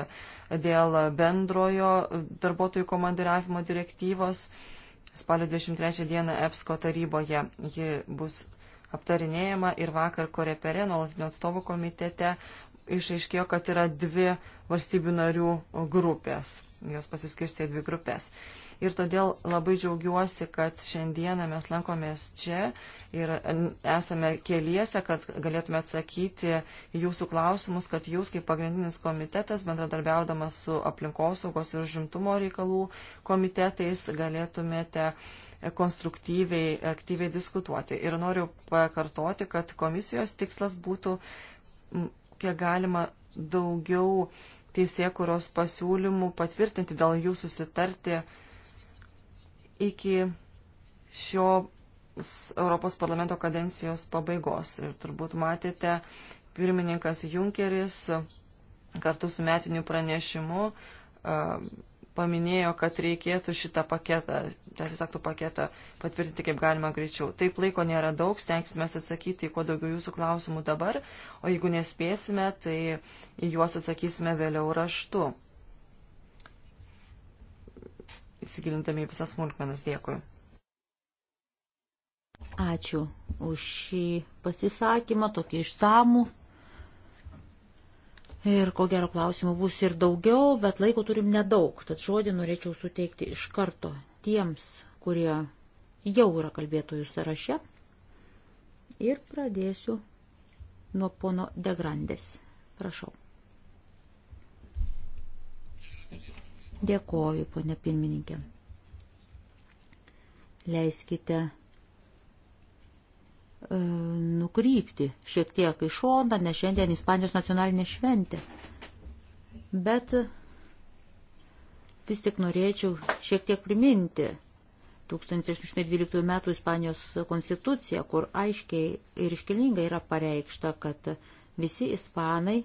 dėl bendrojo darbuotojų komandiravimo direktyvos. Spalio 23 dieną EPSCO taryboje ji bus aptarinėjama ir vakar Korepere, nuolatinio atstovų komitete, išaiškėjo, kad yra dvi valstybių narių grupės. Jos pasiskirstė į dvi grupės. Ir todėl labai džiaugiuosi, kad šiandieną mes lankomės čia ir esame keliese, kad galėtume atsakyti jūsų klausimus, kad jūs kaip pagrindinis komitetas, bendradarbiaudamas su aplinkosaugos ir žimtumo reikalų komitetais, galėtumėte konstruktyviai, aktyviai diskutuoti. Ir noriu pakartoti, kad komisijos tikslas būtų kiek galima daugiau teisėkuros pasiūlymų patvirtinti, dėl jų susitarti iki šio Europos parlamento kadencijos pabaigos. Ir turbūt matėte, pirmininkas Junkeris kartu su metiniu pranešimu paminėjo, kad reikėtų šitą paketą teisės aktų paketą patvirtinti kaip galima greičiau. Taip laiko nėra daug, stengsime atsakyti į kuo daugiau jūsų klausimų dabar, o jeigu nespėsime, tai į juos atsakysime vėliau raštu. Įsigilintami į visas smulkmenas, dėkui. Ačiū už šį pasisakymą, tokį išsamų. Ir ko gero klausimų bus ir daugiau, bet laiko turim nedaug, tad žodį norėčiau suteikti iš karto tiems, kurie jau yra kalbėtojų sąraše. Ir pradėsiu nuo pono Degrandės. Prašau. Dėkoju, ponė pirmininkė. Leiskite e, nukrypti šiek tiek į šoną, nes šiandien Ispanijos nacionalinė šventė. Bet vis tik norėčiau šiek tiek priminti 1812 m. Ispanijos konstituciją, kur aiškiai ir iškilmingai yra pareikšta, kad visi ispanai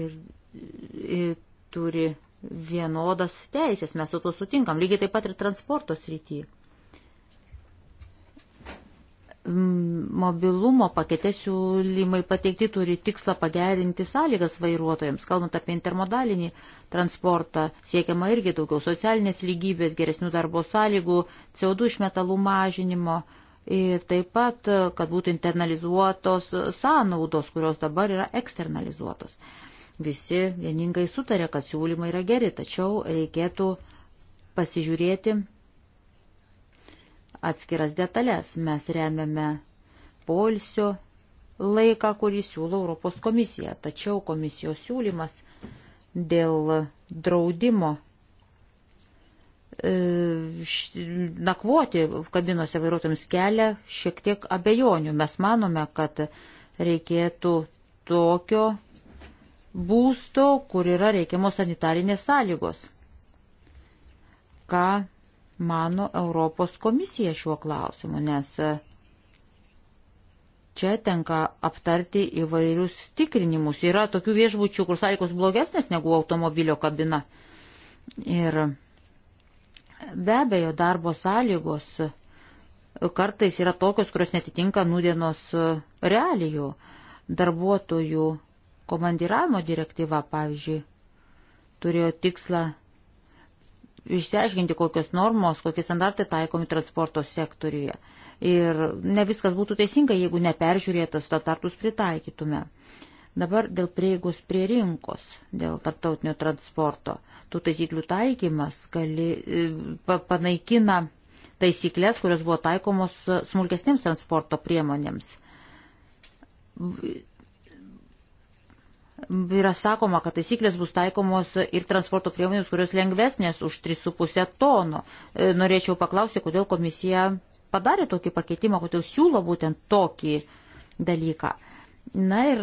ir, ir turi vienodas teisės, mes su to sutinkam, lygiai taip pat ir transporto srityje mobilumo pakete siūlymai pateikti turi tikslą pagerinti sąlygas vairuotojams. Kalbant apie intermodalinį transportą, siekiama irgi daugiau socialinės lygybės, geresnių darbo sąlygų, CO2 išmetalų mažinimo ir taip pat, kad būtų internalizuotos sąnaudos, kurios dabar yra eksternalizuotos. Visi vieningai sutarė, kad siūlymai yra geri, tačiau reikėtų pasižiūrėti atskiras detalės. Mes remiame polsio laiką, kurį siūlo Europos komisija. Tačiau komisijos siūlymas dėl draudimo e, nakvoti kabinose vairuotojams kelia šiek tiek abejonių. Mes manome, kad reikėtų tokio būsto, kur yra reikiamos sanitarinės sąlygos. Ką mano Europos komisija šiuo klausimu, nes e, čia tenka aptarti įvairius tikrinimus. Yra tokių viešbučių, kur sąlygos blogesnės negu automobilio kabina. Ir be abejo, darbo sąlygos e, kartais yra tokios, kurios netitinka nudienos e, realijų. Darbuotojų komandiravimo direktyva, pavyzdžiui, turėjo tikslą išsiaiškinti, kokios normos, kokie standartai taikomi transporto sektoriuje. Ir ne viskas būtų teisinga, jeigu neperžiūrėtas standartus pritaikytume. Dabar dėl prieigos prie rinkos, dėl tarptautinio transporto. Tų taisyklių taikymas gali, e, pa, panaikina taisyklės, kurios buvo taikomos smulkesnėms transporto priemonėms yra sakoma, kad taisyklės bus taikomos ir transporto priemonėms, kurios lengvesnės už 3,5 tonų. E, norėčiau paklausyti, kodėl komisija padarė tokį pakeitimą, kodėl siūlo būtent tokį dalyką. Na ir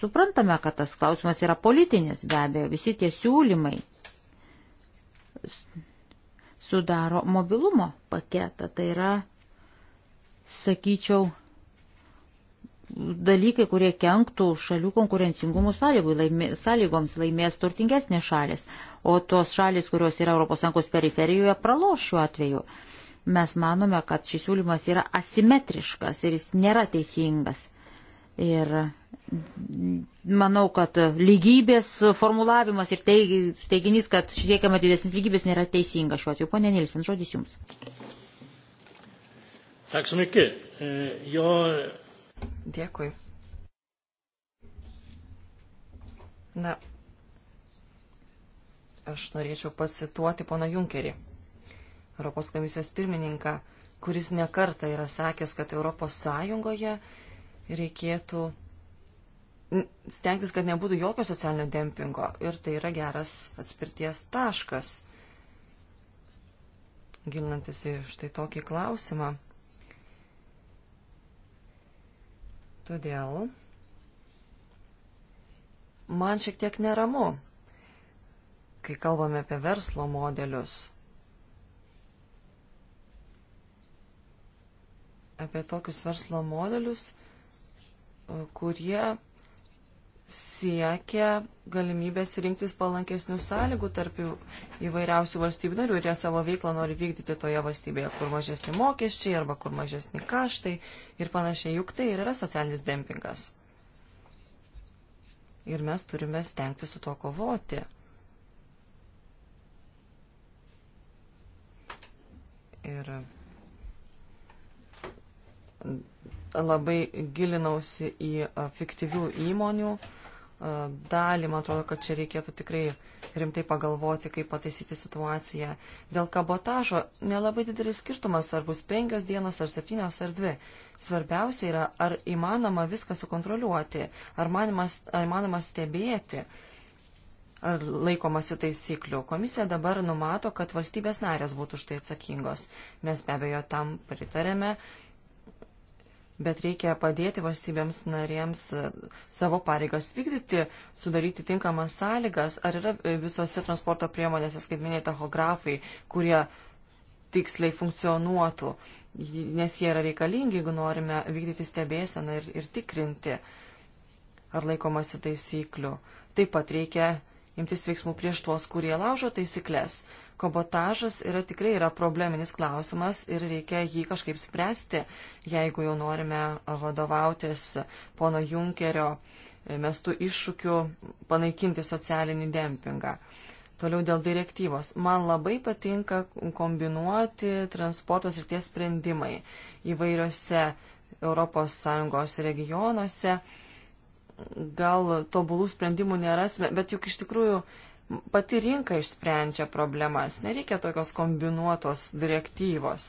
suprantame, kad tas klausimas yra politinis, be abejo, visi tie siūlymai sudaro mobilumo paketą. Tai yra, sakyčiau, dalykai, kurie kenktų šalių konkurencingumų laimė, sąlygoms, laimės turtingesnės šalis, o tos šalis, kurios yra ES periferijoje, praloš šiuo atveju. Mes manome, kad šis siūlymas yra asimetriškas ir jis nėra teisingas. Ir manau, kad lygybės formulavimas ir teiginys, kad siekiama didesnis lygybės nėra teisingas šiuo atveju. Pone Nilsen, žodis jums. Tack så mycket. Eh, jag Dėkui. Na, aš norėčiau pasituoti pono Junkerį, Europos komisijos pirmininką, kuris nekarta yra sakęs, kad Europos Sąjungoje reikėtų stengtis, kad nebūtų jokio socialinio dempingo. Ir tai yra geras atspirties taškas. Gilinantis į štai tokį klausimą, Todėl man šiek tiek neramu, kai kalbame apie verslo modelius, apie tokius verslo modelius, kurie siekia galimybės rinktis palankesnių sąlygų tarp įvairiausių valstybių narių ir jie savo veiklą nori vykdyti toje valstybėje, kur mažesni mokesčiai arba kur mažesni kaštai ir panašiai, juk tai ir yra socialinis dempingas. Ir mes turime stengti su to kovoti. Ir labai gilinausi į fiktyvių įmonių dalį, man atrodo, kad čia reikėtų tikrai rimtai pagalvoti, kaip pataisyti situaciją. Dėl kabotažo nelabai didelis skirtumas, ar bus penkios dienos, ar septynios, ar dvi. Svarbiausia yra, ar įmanoma viską sukontroliuoti, ar, manimas, ar įmanoma stebėti, ar laikomasi taisyklių. Komisija dabar numato, kad valstybės narės būtų už tai atsakingos. Mes be abejo tam pritarėme, bet reikia padėti valstybėms narėms e, savo pareigas vykdyti, sudaryti tinkamas sąlygas. Ar yra e, visose transporto priemonėse skaitminiai tachografai, kurie tiksliai funkcionuotų, nes jie yra reikalingi, jeigu norime vykdyti stebėseną ir, ir tikrinti, ar laikomasi taisyklių. Taip pat reikia imtis veiksmų prieš tuos, kurie laužo taisyklės. Kabotažas yra tikrai yra probleminis klausimas ir reikia jį kažkaip spręsti, jeigu jau norime vadovautis pono Junkerio e, mestų iššūkių panaikinti socialinį dempingą. Toliau dėl direktyvos. Man labai patinka kombinuoti transportos ir tie sprendimai įvairiose ES regionuose. Gal tobulų sprendimų nerasime, bet juk iš tikrųjų Pati rinka išsprendžia problemas, nereikia tokios kombinuotos direktyvos.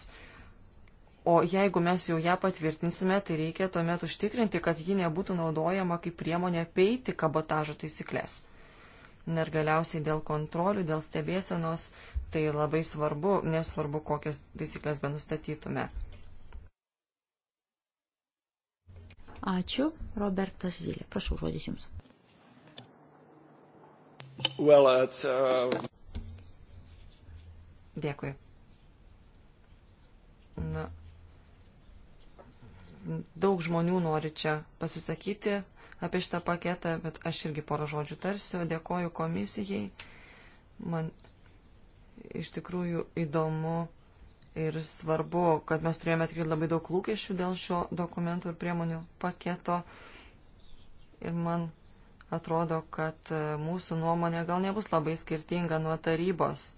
O jeigu mes jau ją patvirtinsime, tai reikia tuomet užtikrinti, kad ji nebūtų naudojama kaip priemonė peiti kabotažo taisyklės. Ir galiausiai dėl kontrolių, dėl stebėsenos, tai labai svarbu, nesvarbu, kokias taisyklės benustatytume. Ačiū, Robertas Zylė. Prašau, žodis Jums. Well, it's, uh... Dėkui. Na, daug žmonių nori čia pasisakyti apie šitą paketą, bet aš irgi porą žodžių tarsiu. Dėkoju komisijai. Man iš tikrųjų įdomu ir svarbu, kad mes turėjome tikrai labai daug lūkesčių dėl šio dokumentų ir priemonių paketo. Ir man atrodo, kad e, mūsų nuomonė gal nebus labai skirtinga nuo tarybos e,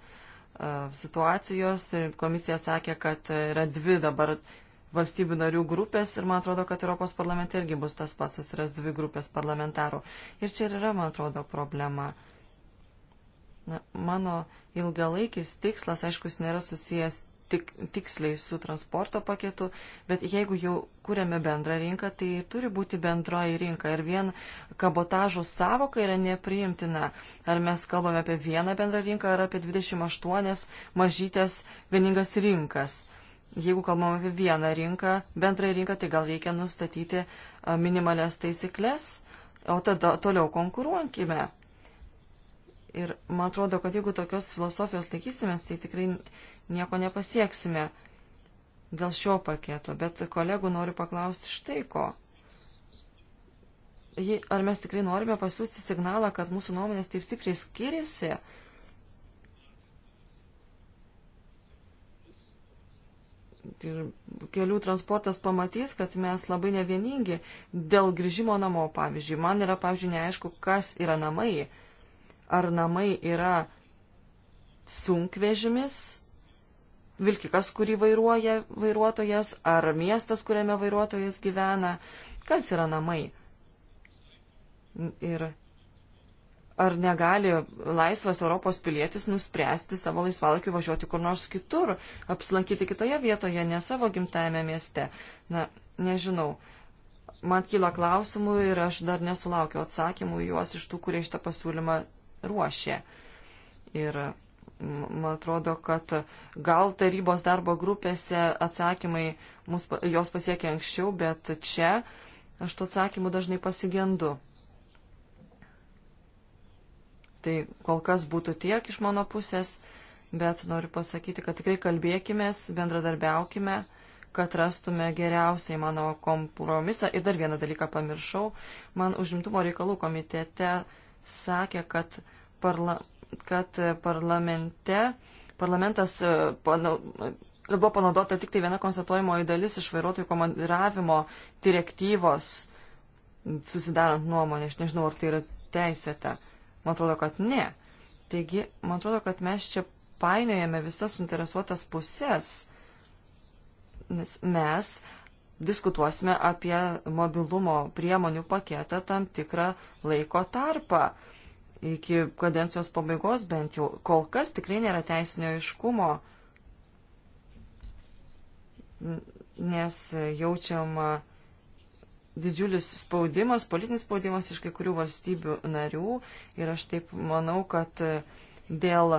situacijos. Komisija sakė, kad e, yra dvi dabar valstybių narių grupės ir man atrodo, kad Europos parlamente irgi bus tas pats, atsiras dvi grupės parlamentarų. Ir čia ir yra, man atrodo, problema. Na, mano ilgalaikis tikslas, aišku, jis nėra susijęs tik, tiksliai su transporto paketu, bet jeigu jau kūrėme bendrą rinką, tai turi būti bendroji rinka. Ir vien kabotažo savoka yra nepriimtina. Ar mes kalbame apie vieną bendrą rinką, ar apie 28 mažytės vieningas rinkas. Jeigu kalbame apie vieną rinką, bendrąją rinką, tai gal reikia nustatyti minimalias taisyklės, o tada toliau konkuruokime. Ir man atrodo, kad jeigu tokios filosofijos laikysimės, tai tikrai nieko nepasieksime dėl šio paketo, bet kolegų noriu paklausti štai ko. Ar mes tikrai norime pasiūsti signalą, kad mūsų nuomonės taip stipriai skiriasi? Ir kelių transportas pamatys, kad mes labai nevieningi dėl grįžimo namo, pavyzdžiui. Man yra, pavyzdžiui, neaišku, kas yra namai. Ar namai yra sunkvežimis, vilkikas, kurį vairuoja vairuotojas, ar miestas, kuriame vairuotojas gyvena, kas yra namai. Ir ar negali laisvas Europos pilietis nuspręsti savo laisvalaikiu važiuoti kur nors kitur, apsilankyti kitoje vietoje, ne savo gimtajame mieste. Na, nežinau. Man kyla klausimų ir aš dar nesulaukiu atsakymų juos iš tų, kurie šitą pasiūlymą ruošė. Ir man atrodo, kad gal tarybos darbo grupėse atsakymai mus, jos pasiekia anksčiau, bet čia aš tų atsakymų dažnai pasigendu. Tai kol kas būtų tiek iš mano pusės, bet noriu pasakyti, kad tikrai kalbėkime, bendradarbiaukime, kad rastume geriausiai mano kompromisą. Ir dar vieną dalyką pamiršau. Man užimtumo reikalų komitete sakė, kad parlamentas kad parlamente, parlamentas, e, kad buvo panaudota tik tai viena konstatuojamoji dalis iš vairuotojų komandiravimo direktyvos, susidarant nuomonę, aš nežinau, ar tai yra teisėta. Man atrodo, kad ne. Taigi, man atrodo, kad mes čia painiojame visas suinteresuotas pusės, nes mes diskutuosime apie mobilumo priemonių paketą tam tikrą laiko tarpą iki kadencijos pabaigos bent jau. Kol kas tikrai nėra teisinio iškumo, nes jaučiama didžiulis spaudimas, politinis spaudimas iš kai kurių valstybių narių ir aš taip manau, kad dėl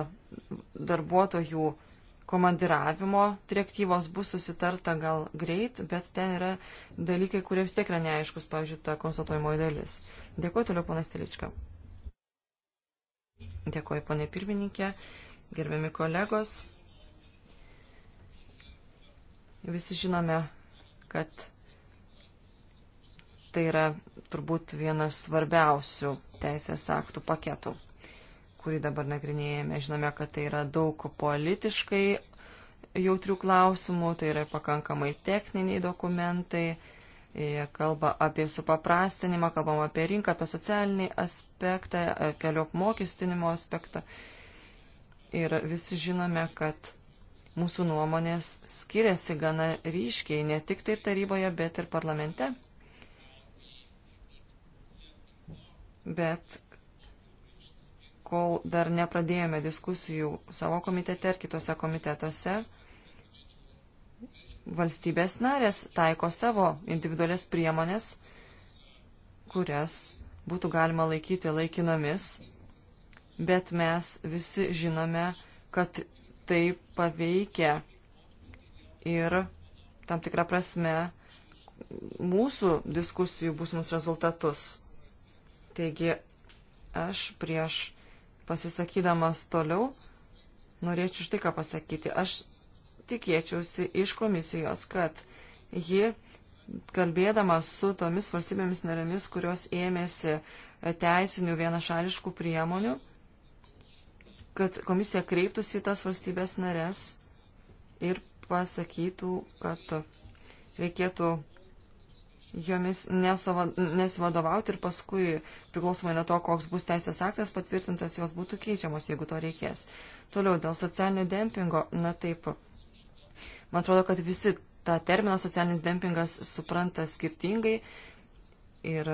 darbuotojų komandiravimo direktyvos bus susitarta gal greit, bet ten yra dalykai, kurie vis tiek yra neaiškus, pavyzdžiui, ta konstatuojamoji dalis. Dėkuoju toliau, panas Telička. Dėkuoju, ponė pirmininkė, gerbiami kolegos. Visi žinome, kad tai yra turbūt vienas svarbiausių teisės aktų paketų, kurį dabar nagrinėjame. Žinome, kad tai yra daug politiškai jautrių klausimų, tai yra pakankamai techniniai dokumentai, Jie kalba apie supaprastinimą, kalbam apie rinką, apie socialinį aspektą, e, kelių apmokestinimo aspektą. Ir visi žinome, kad mūsų nuomonės skiriasi gana ryškiai, ne tik tai taryboje, bet ir parlamente. Bet kol dar nepradėjome diskusijų savo komitete ir kitose komitetuose, valstybės narės taiko savo individualias priemonės, kurias būtų galima laikyti laikinomis, bet mes visi žinome, kad tai paveikia ir tam tikrą prasme mūsų diskusijų būsimus rezultatus. Taigi aš prieš pasisakydamas toliau norėčiau štai ką pasakyti. Aš tikėčiausi iš komisijos, kad ji, kalbėdama su tomis valstybėmis narėmis, kurios ėmėsi e, teisinių vienašališkų priemonių, kad komisija kreiptųsi į tas valstybės narės ir pasakytų, kad reikėtų jomis nesivadovauti ir paskui, priklausomai nuo to, koks bus teisės aktas patvirtintas, jos būtų keičiamos, jeigu to reikės. Toliau, dėl socialinio dempingo, na taip, Man atrodo, kad visi tą terminą socialinis dempingas supranta skirtingai ir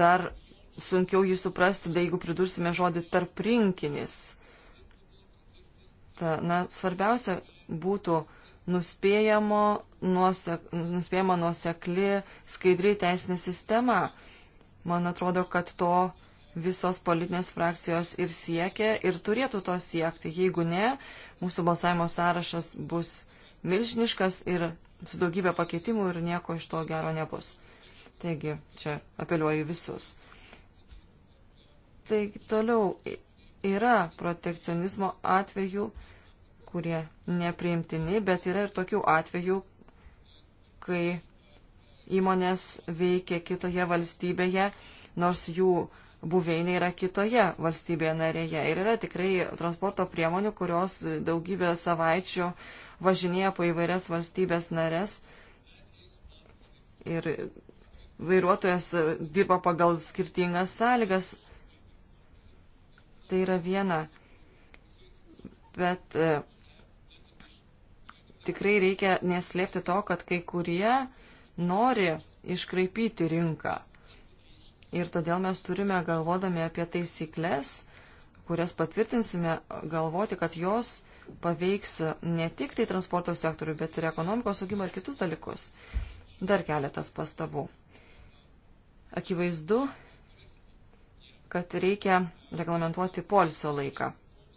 dar sunkiau jį suprasti, da, jeigu pridursime žodį tarp rinkinis. Ta, na, svarbiausia būtų nuspėjamo, nuosek, nuspėjama nuosekli, skaidri teisinė sistema. Man atrodo, kad to visos politinės frakcijos ir siekia ir turėtų to siekti. Jeigu ne, mūsų balsavimo sąrašas bus milžiniškas ir su daugybė pakeitimų ir nieko iš to gero nebus. Taigi, čia apeliuoju visus. Taigi, toliau yra protekcionizmo atvejų, kurie nepriimtini, bet yra ir tokių atvejų, kai įmonės veikia kitoje valstybėje, nors jų buveinė yra kitoje valstybėje narėje. Ir yra tikrai transporto priemonių, kurios daugybę savaičių uh, važinėja po įvairias valstybės narės ir vairuotojas dirba pagal skirtingas sąlygas. Tai yra viena. Bet e, tikrai reikia neslėpti to, kad kai kurie nori iškraipyti rinką. Ir todėl mes turime, galvodami apie taisyklės, kurias patvirtinsime, galvoti, kad jos paveiks ne tik tai transporto sektorių, bet ir ekonomikos augimą ir kitus dalykus. Dar keletas pastabų. Akivaizdu, kad reikia reglamentuoti polsio laiką.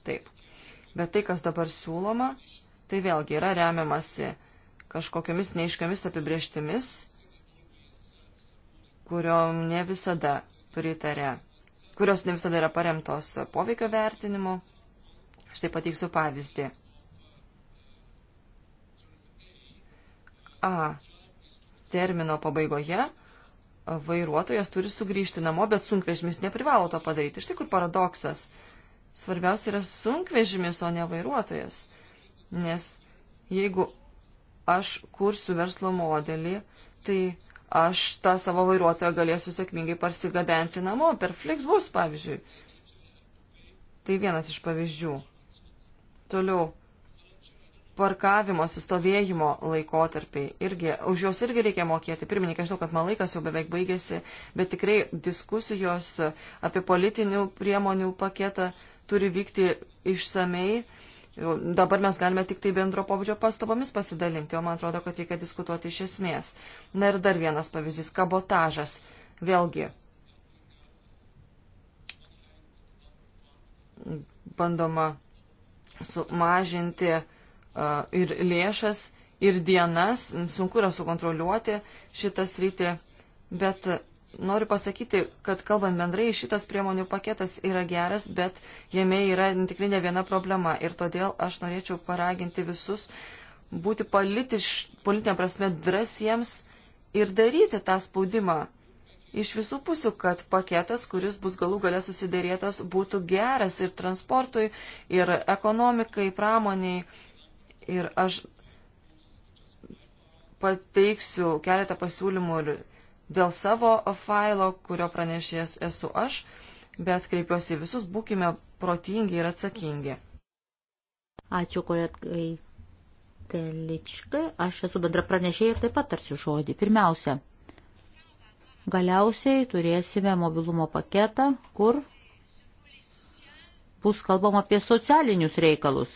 Taip. Bet tai, kas dabar siūloma, tai vėlgi yra remiamasi kažkokiamis neiškiamis apibrieštimis, kuriom ne visada pritarė, kurios ne visada yra paremtos poveikio vertinimu Štai pateiksiu pavyzdį. A. Termino pabaigoje vairuotojas turi sugrįžti namo, bet sunkvežimis neprivalo to padaryti. Štai kur paradoksas. Svarbiausia yra sunkvežimis, o ne vairuotojas. Nes jeigu aš kursiu verslo modelį, tai aš tą savo vairuotoją galėsiu sėkmingai parsigabenti namo per Flixbus, pavyzdžiui. Tai vienas iš pavyzdžių. Toliau parkavimo, sustovėjimo laikotarpiai. Irgi, už juos irgi reikia mokėti. Pirmininkai, aš žinau, kad man laikas jau beveik baigėsi, bet tikrai diskusijos apie politinių priemonių paketą turi vykti išsamei. Dabar mes galime tik tai bendro pobūdžio pastabomis pasidalinti, o man atrodo, kad reikia diskutuoti iš esmės. Na ir dar vienas pavyzdys - kabotažas. Vėlgi. Bandoma sumažinti ir lėšas, ir dienas, sunku yra sukontroliuoti šitą sritį, bet noriu pasakyti, kad kalbant bendrai, šitas priemonių paketas yra geras, bet jame yra tikrai ne viena problema ir todėl aš norėčiau paraginti visus būti politiš, politinė prasme drąsiems ir daryti tą spaudimą iš visų pusių, kad paketas, kuris bus galų gale susidarėtas, būtų geras ir transportui, ir ekonomikai, pramoniai. Ir aš pateiksiu keletą pasiūlymų ir dėl savo failo, kurio pranešės esu aš, bet kreipiuosi visus, būkime protingi ir atsakingi. Ačiū, kolegai Teličkai. Aš esu bendra pranešėja ir taip pat tarsiu žodį. Pirmiausia, Galiausiai turėsime mobilumo paketą, kur bus kalbama apie socialinius reikalus.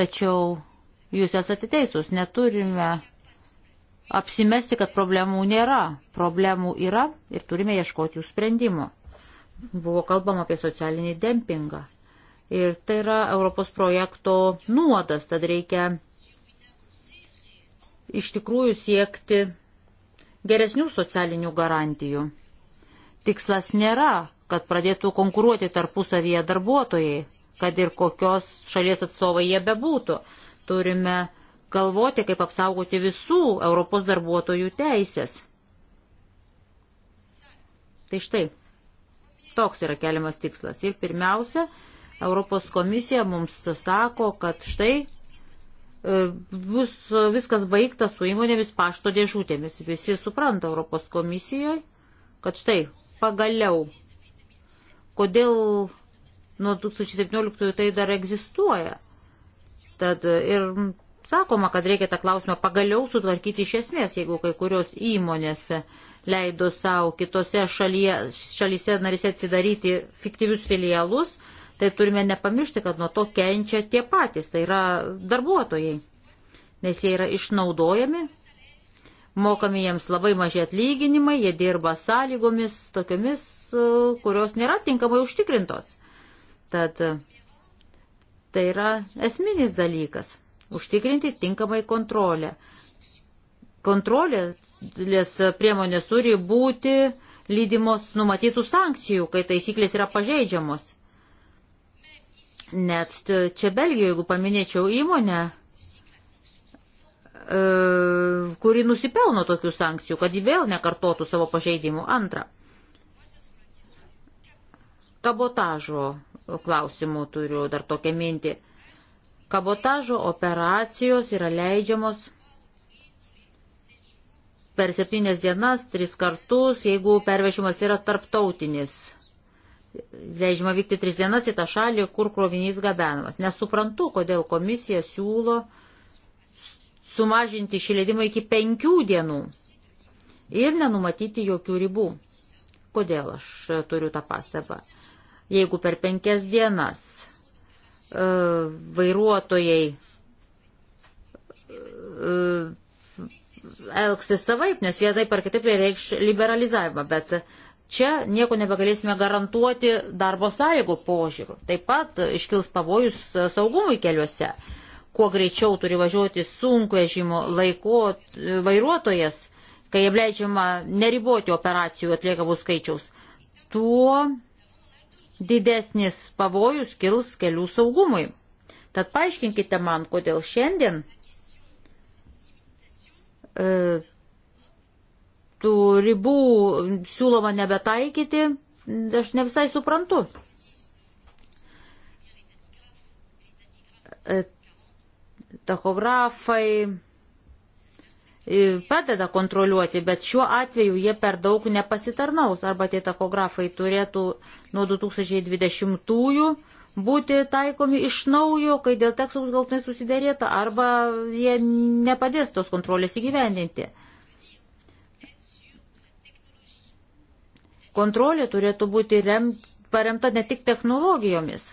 Tačiau jūs esate teisūs, neturime apsimesti, kad problemų nėra. Problemų yra ir turime ieškoti jų sprendimų. Buvo kalbama apie socialinį dempingą. Ir tai yra Europos projekto nuodas, tad reikia iš tikrųjų siekti geresnių socialinių garantijų. Tikslas nėra, kad pradėtų konkuruoti tarpusavyje darbuotojai, kad ir kokios šalies atstovai jie bebūtų. Turime galvoti, kaip apsaugoti visų Europos darbuotojų teisės. Tai štai, toks yra keliamas tikslas. Ir pirmiausia, Europos komisija mums sako, kad štai E, bus e, viskas baigta su įmonėmis pašto dėžutėmis. Visi supranta Europos komisijoje, kad štai pagaliau, kodėl nuo 2017 tai dar egzistuoja. Tad e, ir sakoma, kad reikia tą klausimą pagaliau sutvarkyti iš esmės, jeigu kai kurios įmonės leido savo kitose šalyje, šalyse narise atsidaryti fiktyvius filialus, tai turime nepamiršti, kad nuo to kenčia tie patys, tai yra darbuotojai, nes jie yra išnaudojami, mokami jiems labai maži atlyginimai, jie dirba sąlygomis tokiomis, e, kurios nėra tinkamai užtikrintos. Tad e, tai yra esminis dalykas - užtikrinti tinkamai kontrolę. Kontrolės priemonės turi būti lydimos numatytų sankcijų, kai taisyklės yra pažeidžiamos. Net čia Belgijoje, jeigu paminėčiau įmonę, e, kuri nusipelno tokių sankcijų, kad ji vėl nekartotų savo pažeidimų. Antra, kabotažo klausimų turiu dar tokią mintį. Kabotažo operacijos yra leidžiamos per septynės dienas, tris kartus, jeigu pervežimas yra tarptautinis leidžiama vykti tris dienas į tą šalį, kur krovinys gabenamas. Nesuprantu, kodėl komisija siūlo sumažinti šį leidimą iki penkių dienų ir nenumatyti jokių ribų. Kodėl aš turiu tą pastabą? Jeigu per penkias dienas e, vairuotojai e, elgsis savaip, nes vienai par kitaip tai reikš liberalizavimą, bet e, Čia nieko nebegalėsime garantuoti darbo sąlygų požiūrių. Taip pat iškils pavojus saugumui keliuose. Kuo greičiau turi važiuoti sunkvežimo laiko vairuotojas, kai jam leidžiama neriboti operacijų atliekamų skaičiaus, tuo didesnis pavojus kils kelių saugumui. Tad paaiškinkite man, kodėl šiandien e, tų ribų siūloma nebetaikyti, aš ne visai suprantu. E, tachografai e, padeda kontroliuoti, bet šiuo atveju jie per daug nepasitarnaus. Arba tie tachografai turėtų nuo 2020-ųjų būti taikomi iš naujo, kai dėl tekstų galtinai susidėrėta, arba jie nepadės tos kontrolės įgyvendinti. Kontrolė turėtų būti remt, paremta ne tik technologijomis.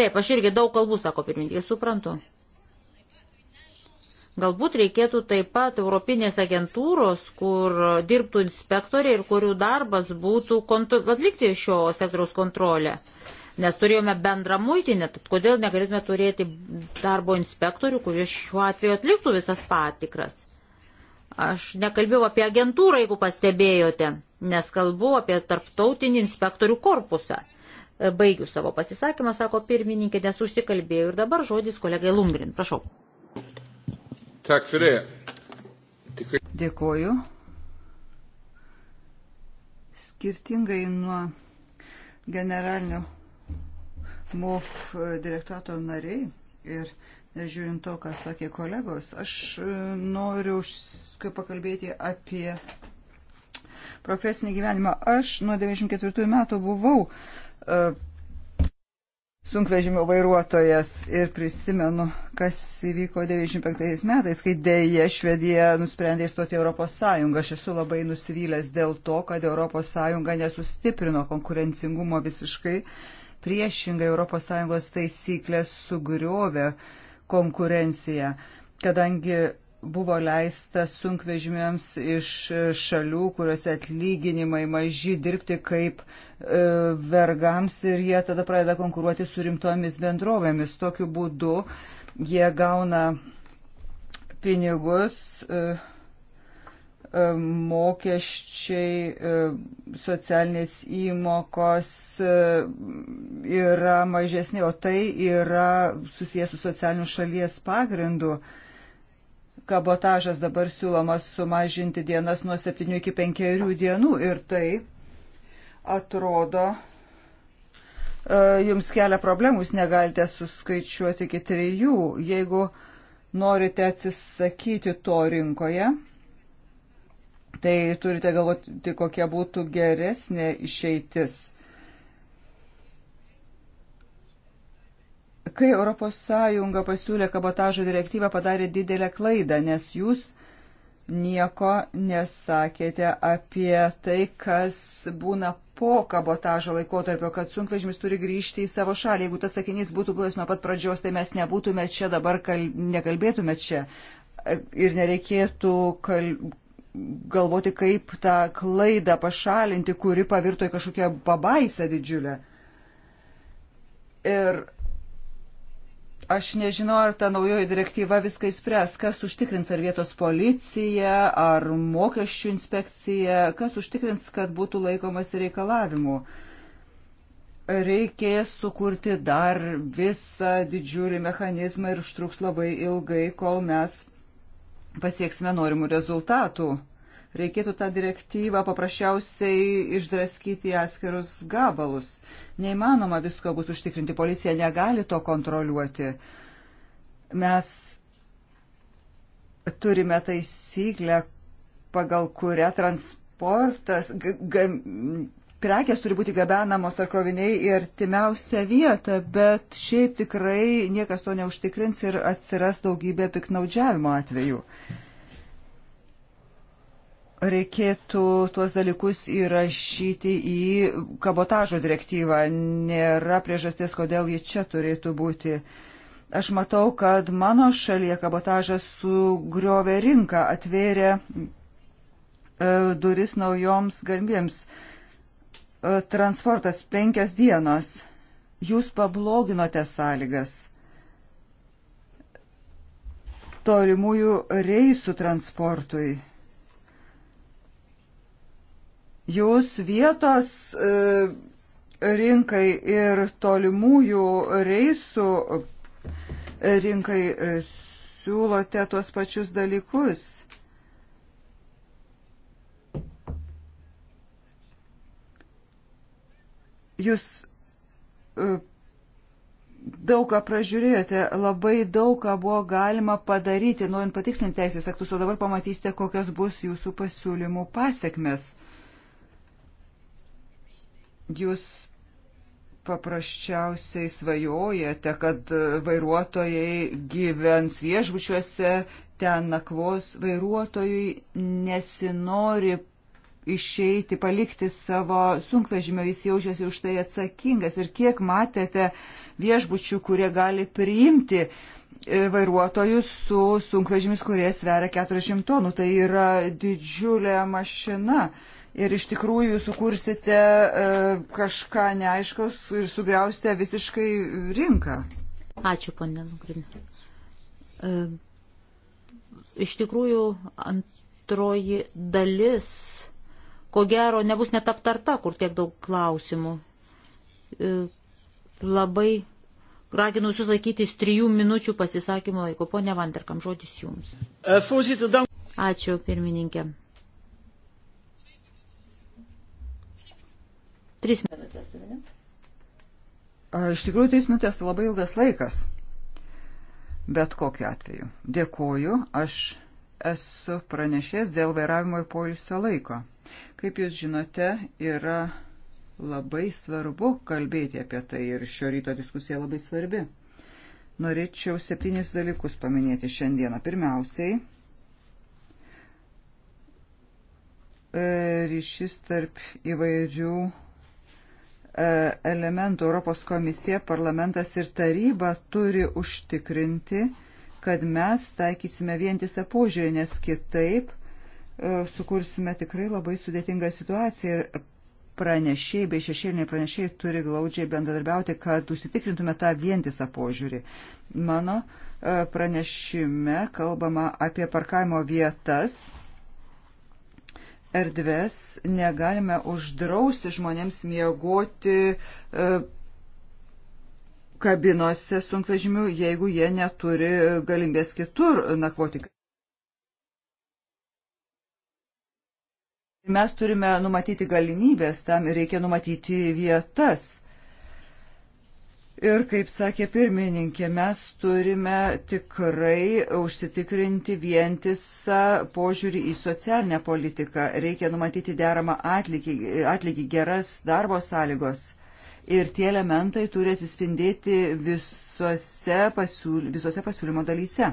Taip, aš irgi daug kalbų, sako pirmininkė, suprantu. Galbūt reikėtų taip pat Europinės agentūros, kur dirbtų inspektoriai ir kurių darbas būtų atlikti šio sektoriaus kontrolę. Nes turėjome bendrą muitinę, tad kodėl negalėtume turėti darbo inspektorių, kuris šiuo atveju atliktų visas patikras. Aš nekalbėjau apie agentūrą, jeigu pastebėjote, nes kalbu apie tarptautinį inspektorių korpusą. E, baigiu savo pasisakymą, sako pirmininkė, nes užsikalbėjau ir dabar žodis kolegai Lundgren. Prašau. Dėkoju. Skirtingai nuo generalinio MOF e, direktorato nariai ir žiūrint to, ką sakė kolegos, aš e, noriu pakalbėti apie profesinį gyvenimą. Aš nuo 94 metų buvau uh, sunkvežimio vairuotojas ir prisimenu, kas įvyko 95 metais, kai dėje Švedija nusprendė įstoti Europos Sąjungą. Aš esu labai nusivylęs dėl to, kad Europos Sąjunga nesustiprino konkurencingumo visiškai. Priešingai Europos Sąjungos taisyklės sugriovė uh, konkurenciją, kadangi buvo leista sunkvežimiams iš šalių, kuriuose atlyginimai maži dirbti kaip e, vergams ir jie tada pradeda konkuruoti su rimtomis bendrovėmis. Tokiu būdu jie gauna pinigus. E, E, mokesčiai, e, socialinės įmokos e, yra mažesni, o tai yra susijęs su socialiniu šalies pagrindu kabotažas dabar siūlomas sumažinti dienas nuo 7 iki 5 dienų ir tai atrodo jums kelia problemų, jūs negalite suskaičiuoti iki 3, jeigu norite atsisakyti to rinkoje. Tai turite galvoti, kokia būtų geresnė išeitis. Kai ES pasiūlė kabotažo direktyvą, padarė didelę klaidą, nes jūs nieko nesakėte apie tai, kas būna po kabotažo laikotarpio, kad sunkvežimis turi grįžti į savo šalį. Jeigu tas sakinys būtų buvęs nuo pat pradžios, tai mes nebūtume čia dabar, kal... nekalbėtume čia ir nereikėtų kal galvoti, kaip tą klaidą pašalinti, kuri pavirto į kažkokią pabaisą didžiulę. Ir aš nežinau, ar ta naujoji direktyva viską įspręs, kas užtikrins ar vietos policija, ar mokesčių inspekcija, kas užtikrins, kad būtų laikomas reikalavimų reikės sukurti dar visą didžiulį mechanizmą ir užtruks labai ilgai, kol mes pasieksime norimų rezultatų. Reikėtų tą direktyvą paprasčiausiai išdraskyti į atskirus gabalus. Neįmanoma visko bus užtikrinti, policija negali to kontroliuoti. Mes turime taisyklę, pagal kurią transportas, prekės turi būti gabenamos ar kroviniai į artimiausią vietą, bet šiaip tikrai niekas to neužtikrins ir atsiras daugybė piknaudžiavimo atvejų. Reikėtų tuos dalykus įrašyti į kabotažo direktyvą. Nėra priežasties, kodėl jie čia turėtų būti. Aš matau, kad mano šalyje kabotažas sugriovė rinką, atvėrė e, duris naujoms galimybėms. Transportas penkios dienos. Jūs pabloginote sąlygas. Tolimųjų reisų transportui. Jūs vietos e, rinkai ir tolimųjų reisų e, rinkai e, siūlote tuos pačius dalykus. Jūs e, daug ką pražiūrėjote, labai daug ką buvo galima padaryti, norint patikslinti teisės aktus, o dabar pamatysite, kokios bus jūsų pasiūlymų pasiekmes. Jūs paprasčiausiai svajojate, kad vairuotojai gyvens viešbučiuose, ten nakvos vairuotojui nesinori išeiti, palikti savo sunkvežimio, jis jaučiasi už tai atsakingas ir kiek matėte viešbučių, kurie gali priimti e, vairuotojus su sunkvežimis, kurie sveria 400 tonų. Tai yra didžiulė mašina. Ir iš tikrųjų jūs sukursite e, kažką neaiškaus ir sugriausite visiškai rinką. Ačiū, ponė Lungrinė. E, iš tikrųjų, antroji dalis ko gero nebus net aptarta, kur tiek daug klausimų. E, labai raginu visus laikytis trijų minučių pasisakymo laiko. Pone Vanderkam, žodis jums. E, Ačiū, pirmininkė. Tris minutės turime. Iš tikrųjų, trys minutės tai labai ilgas laikas. Bet kokiu atveju. Dėkoju, aš esu pranešęs dėl vairavimo ir poilsio laiko. Kaip jūs žinote, yra labai svarbu kalbėti apie tai ir šio ryto diskusija labai svarbi. Norėčiau septynis dalykus paminėti šiandieną. Pirmiausiai, e, ryšys tarp įvairių e, elementų Europos komisija, parlamentas ir taryba turi užtikrinti, kad mes taikysime vientisą požiūrį, nes kitaip e, sukursime tikrai labai sudėtingą situaciją ir pranešėjai bei šešėliniai pranešėjai turi glaudžiai bendradarbiauti, kad užsitikrintume tą vientisą požiūrį. Mano e, pranešime kalbama apie parkavimo vietas erdves negalime uždrausti žmonėms miegoti e, kabinose sunkvežimių, jeigu jie neturi galimybės kitur nakvoti. Mes turime numatyti galimybės, tam reikia numatyti vietas. Ir kaip sakė pirmininkė, mes turime tikrai užsitikrinti vientisą požiūrį į socialinę politiką. Reikia numatyti deramą atlygį, atlygį geras darbo sąlygos ir tie elementai turi atsispindėti visose, pasiūly, visose pasiūlymo dalyse.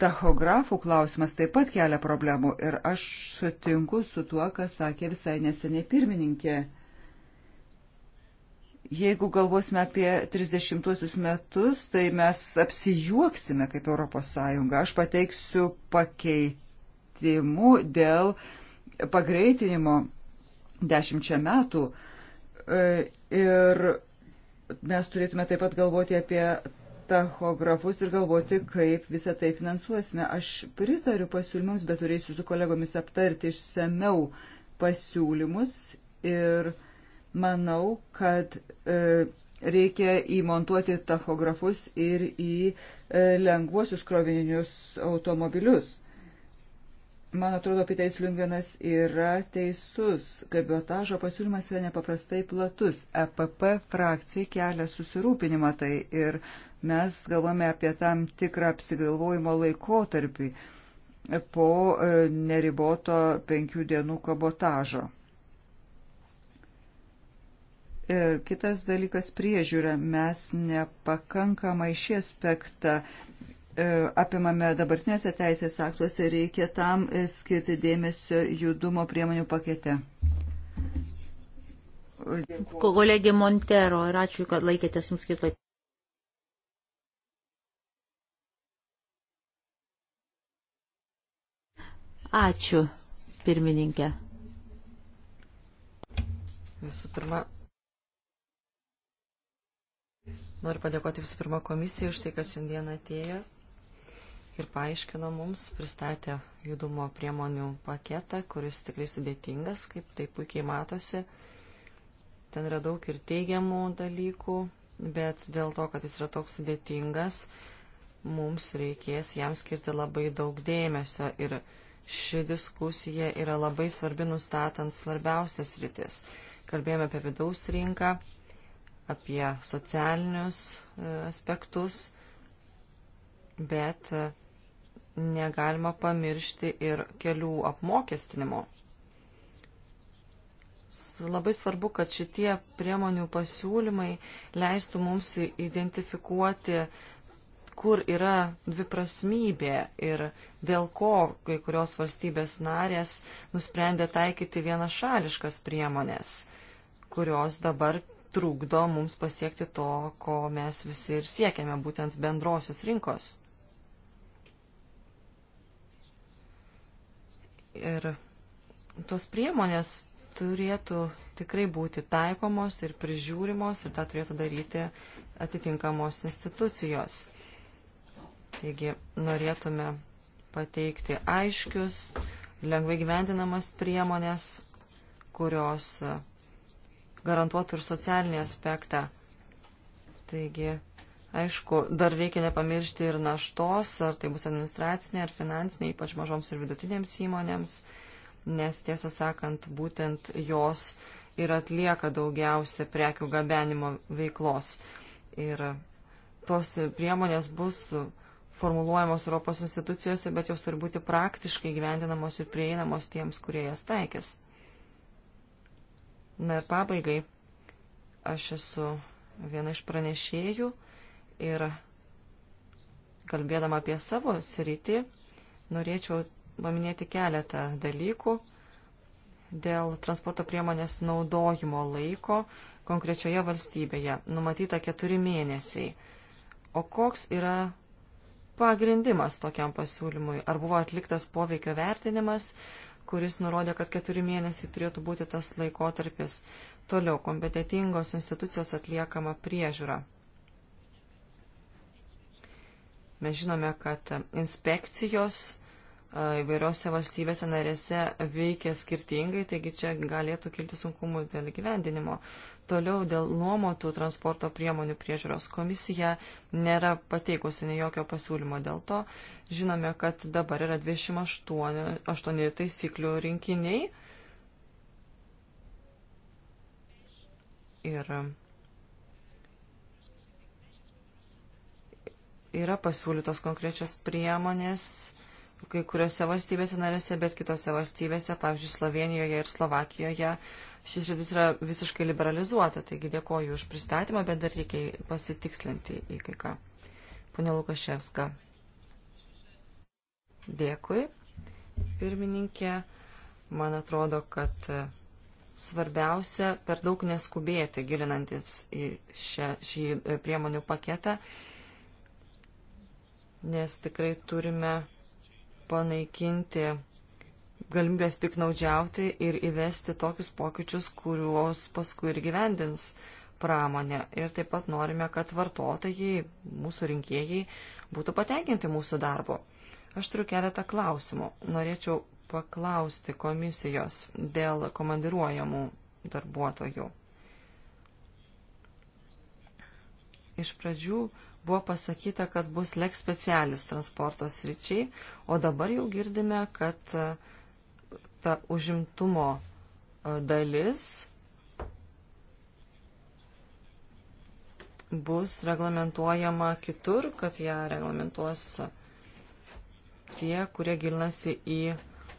Tachografų klausimas taip pat kelia problemų ir aš sutinku su tuo, kas sakė visai neseniai pirmininkė. Jeigu galvosime apie 30-uosius metus, tai mes apsijuoksime kaip Europos Sąjunga. Aš pateiksiu pakeitimų dėl pagreitinimo dešimčia metų. E, ir mes turėtume taip pat galvoti apie tachografus ir galvoti, kaip visą tai finansuosime. Aš pritariu pasiūlymams, bet turėsiu su kolegomis aptarti išsameu pasiūlymus ir manau, kad e, reikia įmontuoti tachografus ir į e, lengvuosius krovininius automobilius. Man atrodo, Pitais Liungvenas yra teisus. Kabiotažo pasiūlymas yra nepaprastai platus. EPP frakcijai kelia susirūpinimą tai ir mes galvome apie tam tikrą apsigalvojimo laikotarpį po e, neriboto penkių dienų kabotažo. Ir kitas dalykas - priežiūra. Mes nepakankamai šį aspektą E, apimame dabartinėse teisės aktuose, reikia tam e, skirti dėmesio judumo priemonių pakete. Kolegė Montero, ir ačiū, kad laikėtės jums skirto. Ačiū, pirmininkė. Visų pirma, noriu padėkoti visų pirma komisijai už tai, kad šiandien atėjo ir paaiškino mums, pristatė judumo priemonių paketą, kuris tikrai sudėtingas, kaip tai puikiai matosi. Ten yra daug ir teigiamų dalykų, bet dėl to, kad jis yra toks sudėtingas, mums reikės jam skirti labai daug dėmesio ir ši diskusija yra labai svarbi nustatant svarbiausias rytis. Kalbėjome apie vidaus rinką, apie socialinius e, aspektus, bet e, negalima pamiršti ir kelių apmokestinimo. Labai svarbu, kad šitie priemonių pasiūlymai leistų mums identifikuoti, kur yra dviprasmybė ir dėl ko kai kurios valstybės narės nusprendė taikyti vienašališkas priemonės, kurios dabar trukdo mums pasiekti to, ko mes visi ir siekiame, būtent bendrosios rinkos. Ir tos priemonės turėtų tikrai būti taikomos ir prižiūrimos ir tą turėtų daryti atitinkamos institucijos. Taigi norėtume pateikti aiškius, lengvai gyvendinamas priemonės, kurios garantuotų ir socialinį aspektą. Taigi Aišku, dar reikia nepamiršti ir naštos, ar tai bus administracinė ar finansinė, ypač mažoms ir vidutinėms įmonėms, nes tiesą sakant, būtent jos ir atlieka daugiausia prekių gabenimo veiklos. Ir tos priemonės bus formuluojamos Europos institucijose, bet jos turi būti praktiškai gyvendinamos ir prieinamos tiems, kurie jas taikės. Na ir pabaigai, aš esu viena iš pranešėjų Ir kalbėdama apie savo sritį, norėčiau paminėti keletą dalykų dėl transporto priemonės naudojimo laiko konkrečioje valstybėje. Numatyta keturi mėnesiai. O koks yra pagrindimas tokiam pasiūlymui? Ar buvo atliktas poveikio vertinimas, kuris nurodė, kad keturi mėnesiai turėtų būti tas laikotarpis? Toliau kompetitingos institucijos atliekama priežiūra. Mes žinome, kad inspekcijos e, įvairiose valstybėse narėse veikia skirtingai, taigi čia galėtų kilti sunkumų dėl gyvendinimo. Toliau dėl nuomotų transporto priemonių priežiūros komisija nėra pateikusi nei jokio pasiūlymo dėl to. Žinome, kad dabar yra 28 taisyklių rinkiniai. Ir yra pasiūlytos konkrečios priemonės kai kuriuose valstybėse narėse, bet kitose valstybėse, pavyzdžiui, Slovenijoje ir Slovakijoje, šis rytis yra visiškai liberalizuota. Taigi dėkoju už pristatymą, bet dar reikia pasitikslinti į kai ką. Pone Lukaševska. Dėkui, pirmininkė. Man atrodo, kad svarbiausia per daug neskubėti gilinantis į šią, šį e, priemonių paketą nes tikrai turime panaikinti galimybės piknaudžiauti ir įvesti tokius pokyčius, kuriuos paskui ir gyvendins pramonė. Ir taip pat norime, kad vartotojai, mūsų rinkėjai būtų patenkinti mūsų darbu. Aš turiu keletą klausimų. Norėčiau paklausti komisijos dėl komandiruojamų darbuotojų. Iš pradžių buvo pasakyta, kad bus leks specialis transporto sričiai, o dabar jau girdime, kad e, ta užimtumo e, dalis bus reglamentuojama kitur, kad ją reglamentuos tie, kurie gilinasi į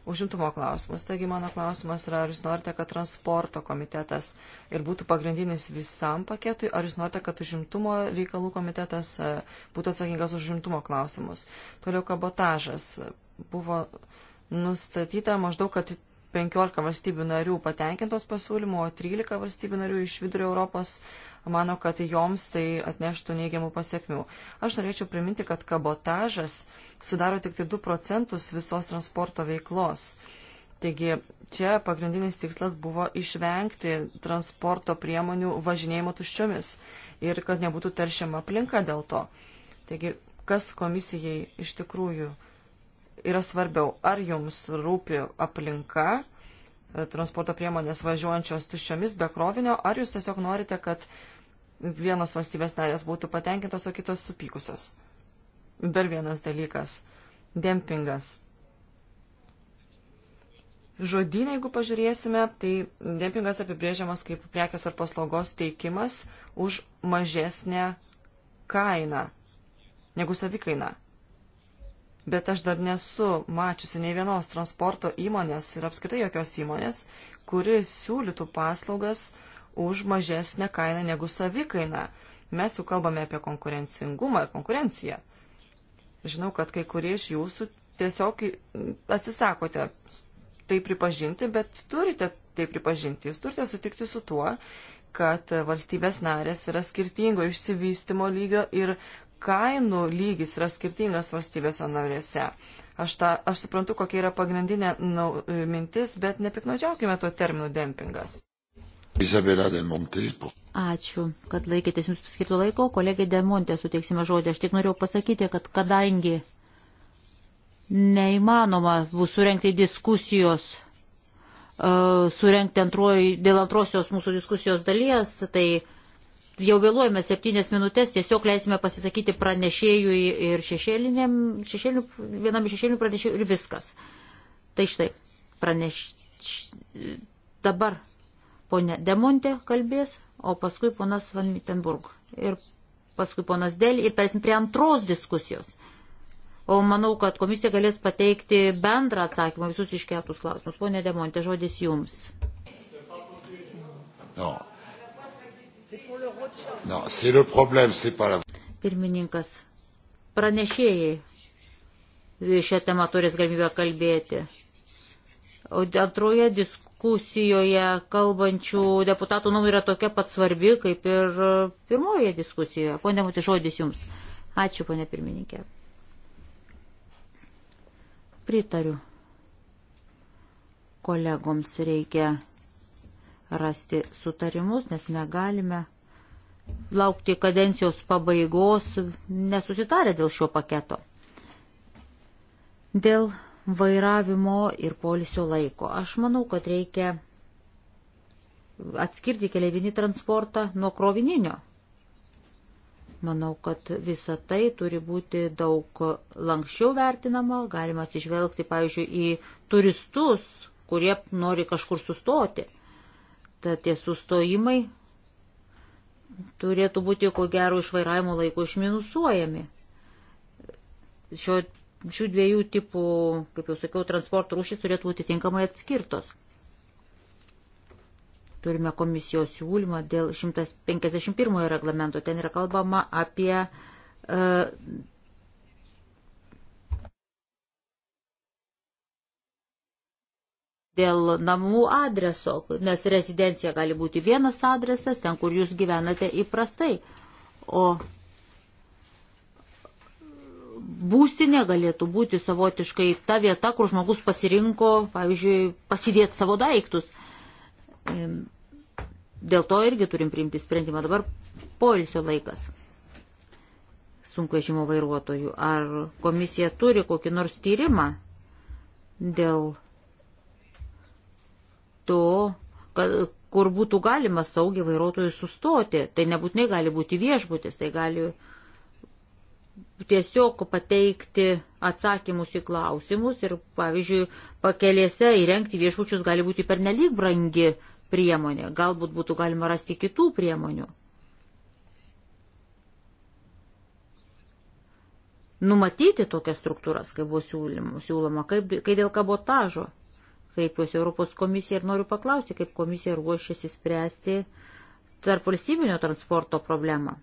užimtumo klausimus. Taigi mano klausimas yra, ar jūs norite, kad transporto komitetas ir būtų pagrindinis visam paketui, ar jūs norite, kad užimtumo reikalų komitetas e, būtų atsakingas už užimtumo klausimus. Toliau kabotažas. Buvo nustatyta maždaug, kad 15 valstybių narių patenkintos pasiūlymu, o 13 valstybių narių iš vidurio Europos mano, kad joms tai atneštų neigiamų pasiekmių. Aš norėčiau priminti, kad kabotažas sudaro tik tai 2 procentus visos transporto veiklos. Taigi čia pagrindinis tikslas buvo išvengti transporto priemonių važinėjimo tuščiomis ir kad nebūtų teršiama aplinka dėl to. Taigi, kas komisijai iš tikrųjų yra svarbiau, ar jums rūpi aplinka, e, transporto priemonės važiuojančios tuščiomis be krovinio, ar jūs tiesiog norite, kad vienos valstybės narės būtų patenkintos, o kitos supykusios. Dar vienas dalykas - dempingas. Žodynė, jeigu pažiūrėsime, tai dempingas apibrėžiamas kaip prekės ar paslaugos teikimas už mažesnę kainą negu savikaina bet aš dar nesu mačiusi nei vienos transporto įmonės ir apskritai jokios įmonės, kuri siūlytų paslaugas už mažesnę kainą negu savikaina. Mes jau kalbame apie konkurencingumą ir konkurenciją. Žinau, kad kai kurie iš jūsų tiesiog atsisakote tai pripažinti, bet turite tai pripažinti. Jūs turite sutikti su tuo, kad valstybės narės yra skirtingo išsivystimo lygio ir kainų lygis yra skirtingas valstybėse narėse. Aš, ta, aš suprantu, kokia yra pagrindinė nau, e, mintis, bet nepiknaudžiaukime to terminų dempingas. Izabela Del Monte. Ačiū, kad laikėtės jums paskirtų laiko. Kolegė Del Monte suteiksime žodį. Aš tik norėjau pasakyti, kad kadangi neįmanoma bus surenkti diskusijos e, surenkti antroji, dėl antrosios mūsų diskusijos dalies, tai jau vėluojame septynės minutės, tiesiog leisime pasisakyti pranešėjui ir šešėliniam, šešėliniu, vienam šešėliniu pranešėjui ir viskas. Tai štai, praneš... Dabar ponė Demonte kalbės, o paskui ponas Van Mittenburg. Ir paskui ponas Dėl ir persim prie antros diskusijos. O manau, kad komisija galės pateikti bendrą atsakymą visus iškeltus klausimus. Pone Demonte, žodis jums. No. No, problem, la... Pirmininkas, pranešėjai šią temą turės galimybę kalbėti. O antroje diskusijoje kalbančių deputatų nuomonė yra tokia pat svarbi, kaip ir pirmoje diskusijoje. Pone Muti, žodis jums. Ačiū, pone pirmininkė. Pritariu. Kolegoms reikia rasti sutarimus, nes negalime laukti kadencijos pabaigos nesusitarę dėl šio paketo. Dėl vairavimo ir polisio laiko. Aš manau, kad reikia atskirti keleivinį transportą nuo krovininio. Manau, kad visa tai turi būti daug lankščiau vertinama, galima atsižvelgti, pavyzdžiui, į turistus, kurie nori kažkur sustoti. Tad tie sustojimai turėtų būti, ko gero, iš vairavimo laiko išminusuojami. Šio, šių dviejų tipų, kaip jau sakiau, transporto rūšis turėtų būti tinkamai atskirtos. Turime komisijos siūlymą dėl 151 reglamento. Ten yra kalbama apie e, dėl namų adreso, nes rezidencija gali būti vienas adresas, ten, kur jūs gyvenate įprastai, o būstinė galėtų būti savotiškai ta vieta, kur žmogus pasirinko, pavyzdžiui, pasidėti savo daiktus. Dėl to irgi turim priimti sprendimą. Dabar poilsio laikas sunkvežimo vairuotojų. Ar komisija turi kokį nors tyrimą dėl vietų, kad, kur būtų galima saugiai vairuotojui sustoti. Tai nebūtinai gali būti viešbutis, tai gali tiesiog pateikti atsakymus į klausimus ir, pavyzdžiui, pakelėse įrengti viešbučius gali būti pernelyg brangi priemonė. Galbūt būtų galima rasti kitų priemonių. Numatyti tokias struktūras, kaip buvo siūloma, siūloma kaip, kai dėl kabotažo kreipiuosi Europos komisiją ir noriu paklausti, kaip komisija ruošiasi spręsti tarp valstybinio transporto problemą. E,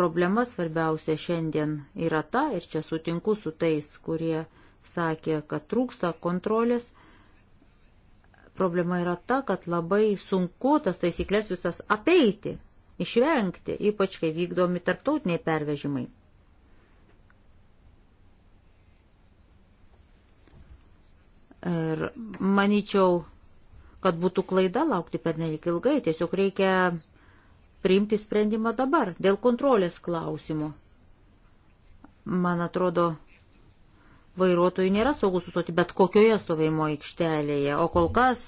problema svarbiausia šiandien yra ta, ir čia sutinku su tais, kurie sakė, kad trūksta kontrolės. Problema yra ta, kad labai sunku tas taisyklės visas apeiti, išvengti, ypač kai vykdomi tarptautiniai pervežimai. Ir manyčiau, kad būtų klaida laukti per nelik ilgai, tiesiog reikia priimti sprendimą dabar dėl kontrolės klausimų. Man atrodo, vairuotojai nėra saugus sustoti bet kokioje stovėjimo aikštelėje, o kol kas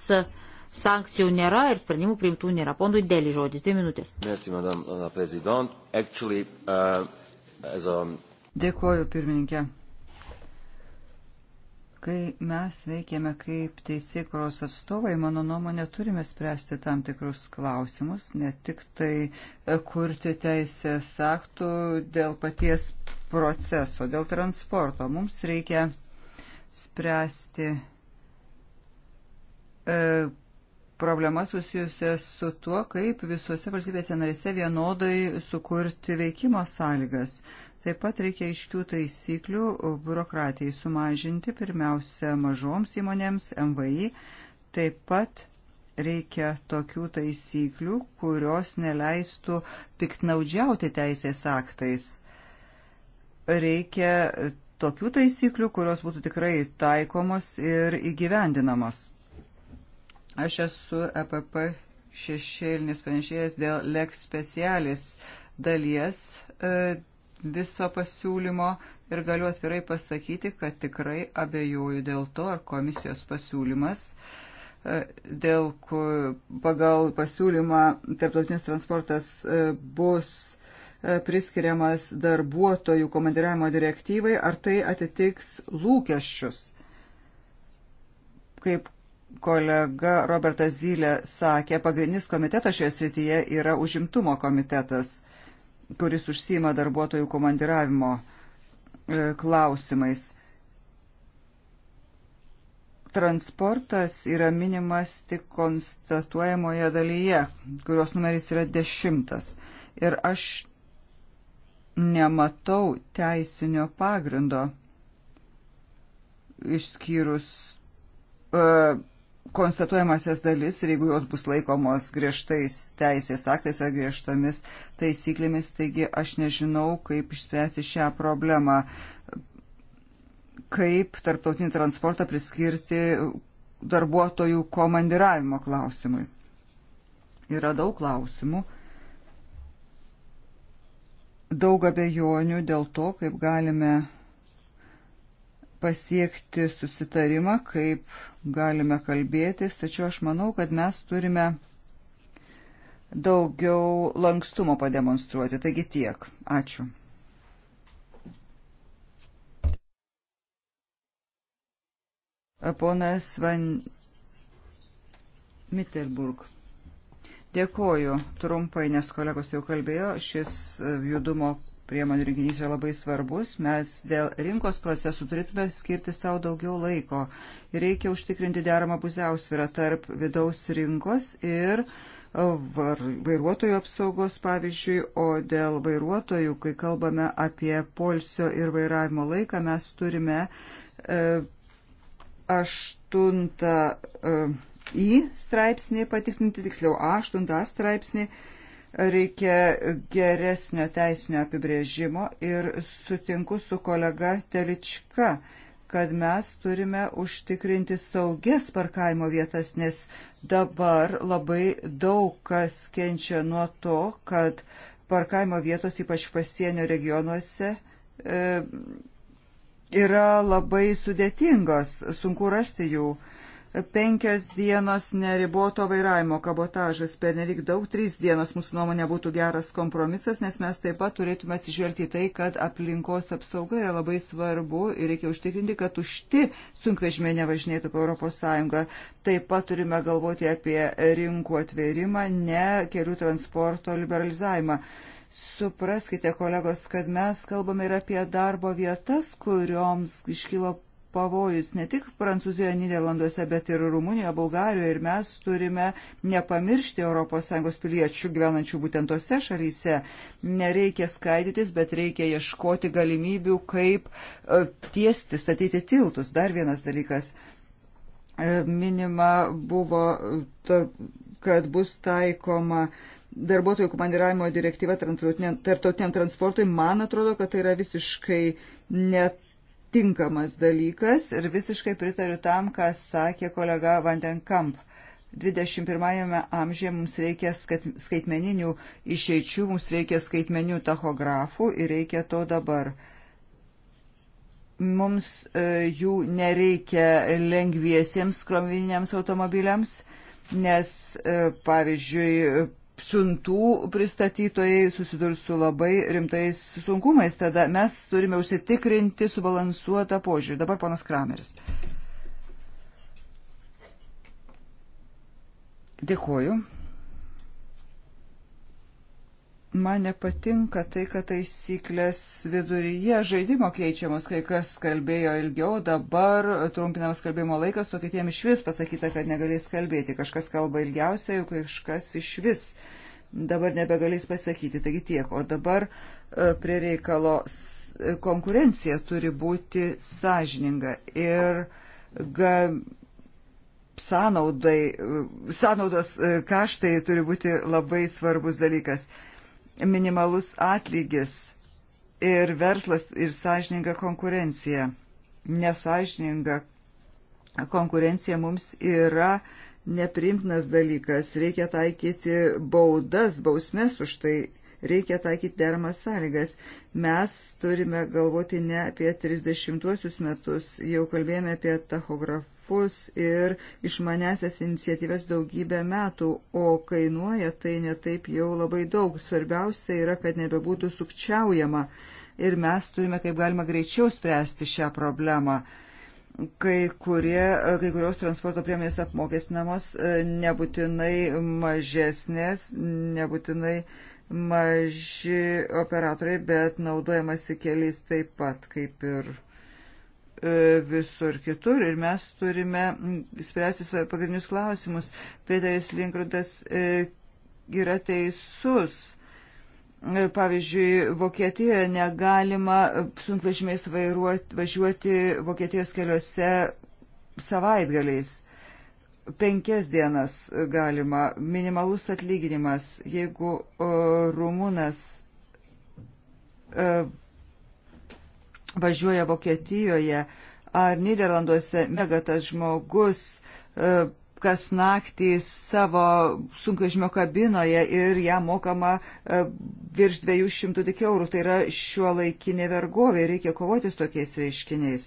sankcijų nėra ir sprendimų priimtų nėra. Pondui dėlį žodis, dvi minutės. Merci, madame la présidente. Actually, uh, as a... Dėkuoju, pirmininkė. Kai mes veikiame kaip teisėkros atstovai, mano nuomonė, turime spręsti tam tikrus klausimus, ne tik tai e, kurti teisės aktų dėl paties proceso, dėl transporto. Mums reikia spręsti e, problemas susijusias su tuo, kaip visuose valstybėse narėse vienodai sukurti veikimo sąlygas. Taip pat reikia iškių taisyklių biurokratijai sumažinti, pirmiausia, mažoms įmonėms, MVI. Taip pat reikia tokių taisyklių, kurios neleistų piktnaudžiauti teisės aktais. Reikia tokių taisyklių, kurios būtų tikrai taikomos ir įgyvendinamos. Aš esu EPP šešėlinis panešėjas dėl leks specialis dalies e, viso pasiūlymo ir galiu atvirai pasakyti, kad tikrai abejoju dėl to, ar komisijos pasiūlymas, e, dėl kur, pagal pasiūlymą tarptautinis transportas e, bus e, priskiriamas darbuotojų komandiravimo direktyvai, ar tai atitiks lūkesčius. Kaip kolega Robertas Zylė sakė, pagrindinis komitetas šioje srityje yra užimtumo komitetas – kuris užsima darbuotojų komandiravimo e, klausimais. Transportas yra minimas tik konstatuojamoje dalyje, kurios numeris yra dešimtas. Ir aš nematau teisinio pagrindo išskyrus uh, konstatuojamasias dalis ir jeigu jos bus laikomos griežtais teisės aktais ar griežtomis taisyklėmis, taigi aš nežinau, kaip išspręsti šią problemą, kaip tarptautinį transportą priskirti darbuotojų komandiravimo klausimui. Yra daug klausimų, daug abejonių dėl to, kaip galime pasiekti susitarimą, kaip galime kalbėtis, tačiau aš manau, kad mes turime daugiau lankstumo pademonstruoti. Taigi tiek. Ačiū. Ponas Van Mitterburg. Dėkoju trumpai, nes kolegos jau kalbėjo, šis judumo priemonių rinkinys yra labai svarbus, mes dėl rinkos procesų turėtume skirti savo daugiau laiko. Reikia užtikrinti deramą pusiausvyrą tarp vidaus rinkos ir e, vairuotojų apsaugos, pavyzdžiui, o dėl vairuotojų, kai kalbame apie polsio ir vairavimo laiką, mes turime e, aštuntą e, į straipsnį patikslinti, tiksliau, aštuntą straipsnį. E, reikia geresnio teisinio apibrėžimo ir sutinku su kolega Telička, kad mes turime užtikrinti saugias parkavimo vietas, nes dabar labai daug kas kenčia nuo to, kad parkavimo vietos, ypač pasienio regionuose, e, yra labai sudėtingos, sunku rasti jų. E, penkias dienos neriboto vairavimo kabotažas per nelik daug, trys dienos mūsų nuomonė būtų geras kompromisas, nes mes taip pat turėtume atsižvelgti tai, kad aplinkos apsauga yra labai svarbu ir reikia užtikrinti, kad tušti sunkvežimiai nevažinėtų po Europos Sąjungą. Taip pat turime galvoti apie rinkų atvėrimą, ne kelių transporto liberalizavimą. Supraskite, kolegos, kad mes kalbame ir apie darbo vietas, kurioms iškilo pavojus ne tik Prancūzijoje, Niderlanduose, bet ir Rumunijoje, Bulgarijoje ir mes turime nepamiršti ES piliečių gyvenančių būtent tose šalyse. Nereikia skaidytis, bet reikia ieškoti galimybių, kaip e, tiesti, statyti tiltus. Dar vienas dalykas. E, minima buvo, e, kad bus taikoma darbuotojų komandiravimo direktyva tarptautiniam transportui. Man atrodo, kad tai yra visiškai net tinkamas dalykas ir visiškai pritariu tam, ką sakė kolega Vandenkamp. 21 amžiuje mums reikia skaitmeninių išeičių, mums reikia skaitmeninių tachografų ir reikia to dabar mums e, jų nereikia lengviesiems krovininiams automobiliams, nes, e, pavyzdžiui, siuntų pristatytojai susidurs su labai rimtais sunkumais. Tada mes turime užsitikrinti subalansuotą požiūrį. Dabar ponas Krameris. Dėkuoju. Man nepatinka tai, kad taisyklės viduryje žaidimo keičiamos, kai kas kalbėjo ilgiau, dabar trumpinamas kalbėjimo laikas, o kitiem iš vis pasakyta, kad negalės kalbėti. Kažkas kalba ilgiausiai, o kažkas iš vis dabar nebegalės pasakyti. Taigi tiek, o dabar e, prie reikalo e, konkurencija turi būti sąžininga ir ga, sąnaudai, e, sąnaudos kaštai turi būti labai svarbus dalykas minimalus atlygis ir verslas ir sąžininga konkurencija. Nesažininga konkurencija mums yra neprimtinas dalykas. Reikia taikyti baudas, bausmės už tai reikia taikyti dermas sąlygas. Mes turime galvoti ne apie 30-uosius metus, jau kalbėjome apie tachografus ir išmanesias iniciatyvas daugybę metų, o kainuoja tai netaip jau labai daug. Svarbiausia yra, kad nebebūtų sukčiaujama ir mes turime kaip galima greičiau spręsti šią problemą kai, kurie, kai kurios transporto priemonės apmokestinamos nebūtinai mažesnės, nebūtinai uh, maži operatoriai, bet naudojamasi keliais taip pat kaip ir e, visur kitur ir mes turime spręsti pagrindinius klausimus. Peteris Linkrudas e, yra teisus. E, pavyzdžiui, Vokietijoje negalima sunkvežimiais važiuoti Vokietijos keliuose savaitgaliais penkias dienas galima minimalus atlyginimas, jeigu e, rumūnas e, važiuoja Vokietijoje ar Niderlanduose, mega tas žmogus e, kas naktį savo sunkvežimio kabinoje ir ją mokama virš 200 eurų. Tai yra šiuo laikinė vergovė ir reikia kovoti su tokiais reiškiniais.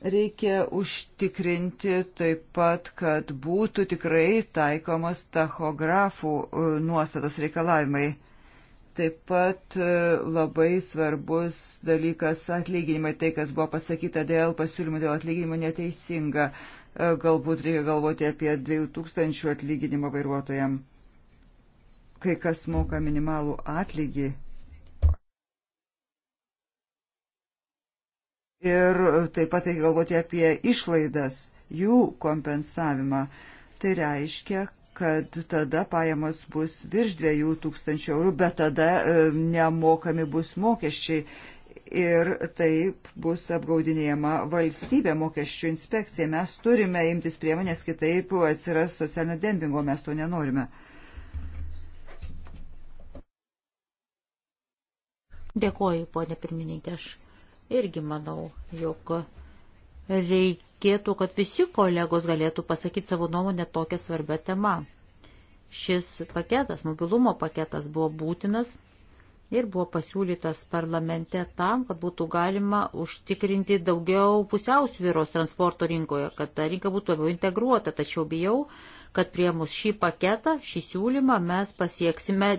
Reikia užtikrinti taip pat, kad būtų tikrai taikomos tachografų e, nuostatos reikalavimai. Taip pat e, labai svarbus dalykas atlyginimai, tai kas buvo pasakyta dėl pasiūlymų dėl atlyginimų neteisinga. E, galbūt reikia galvoti apie 2000 atlyginimą vairuotojam. Kai kas moka minimalų atlygį ir taip pat reikia galvoti apie išlaidas, jų kompensavimą. Tai reiškia, kad tada pajamos bus virš 2000 eurų, bet tada e, nemokami bus mokesčiai ir taip bus apgaudinėjama valstybė mokesčių inspekcija. Mes turime imtis priemonės, kitaip atsiras socialinio dempingo, mes to nenorime. Dėkoju, ponė pirmininkė, aš irgi manau, jog reikėtų, kad visi kolegos galėtų pasakyti savo nuomonę tokią svarbę temą. Šis paketas, mobilumo paketas buvo būtinas ir buvo pasiūlytas parlamente tam, kad būtų galima užtikrinti daugiau pusiausvyros transporto rinkoje, kad ta rinka būtų labiau integruota. Tačiau bijau, kad prie mus šį paketą, šį siūlymą mes pasieksime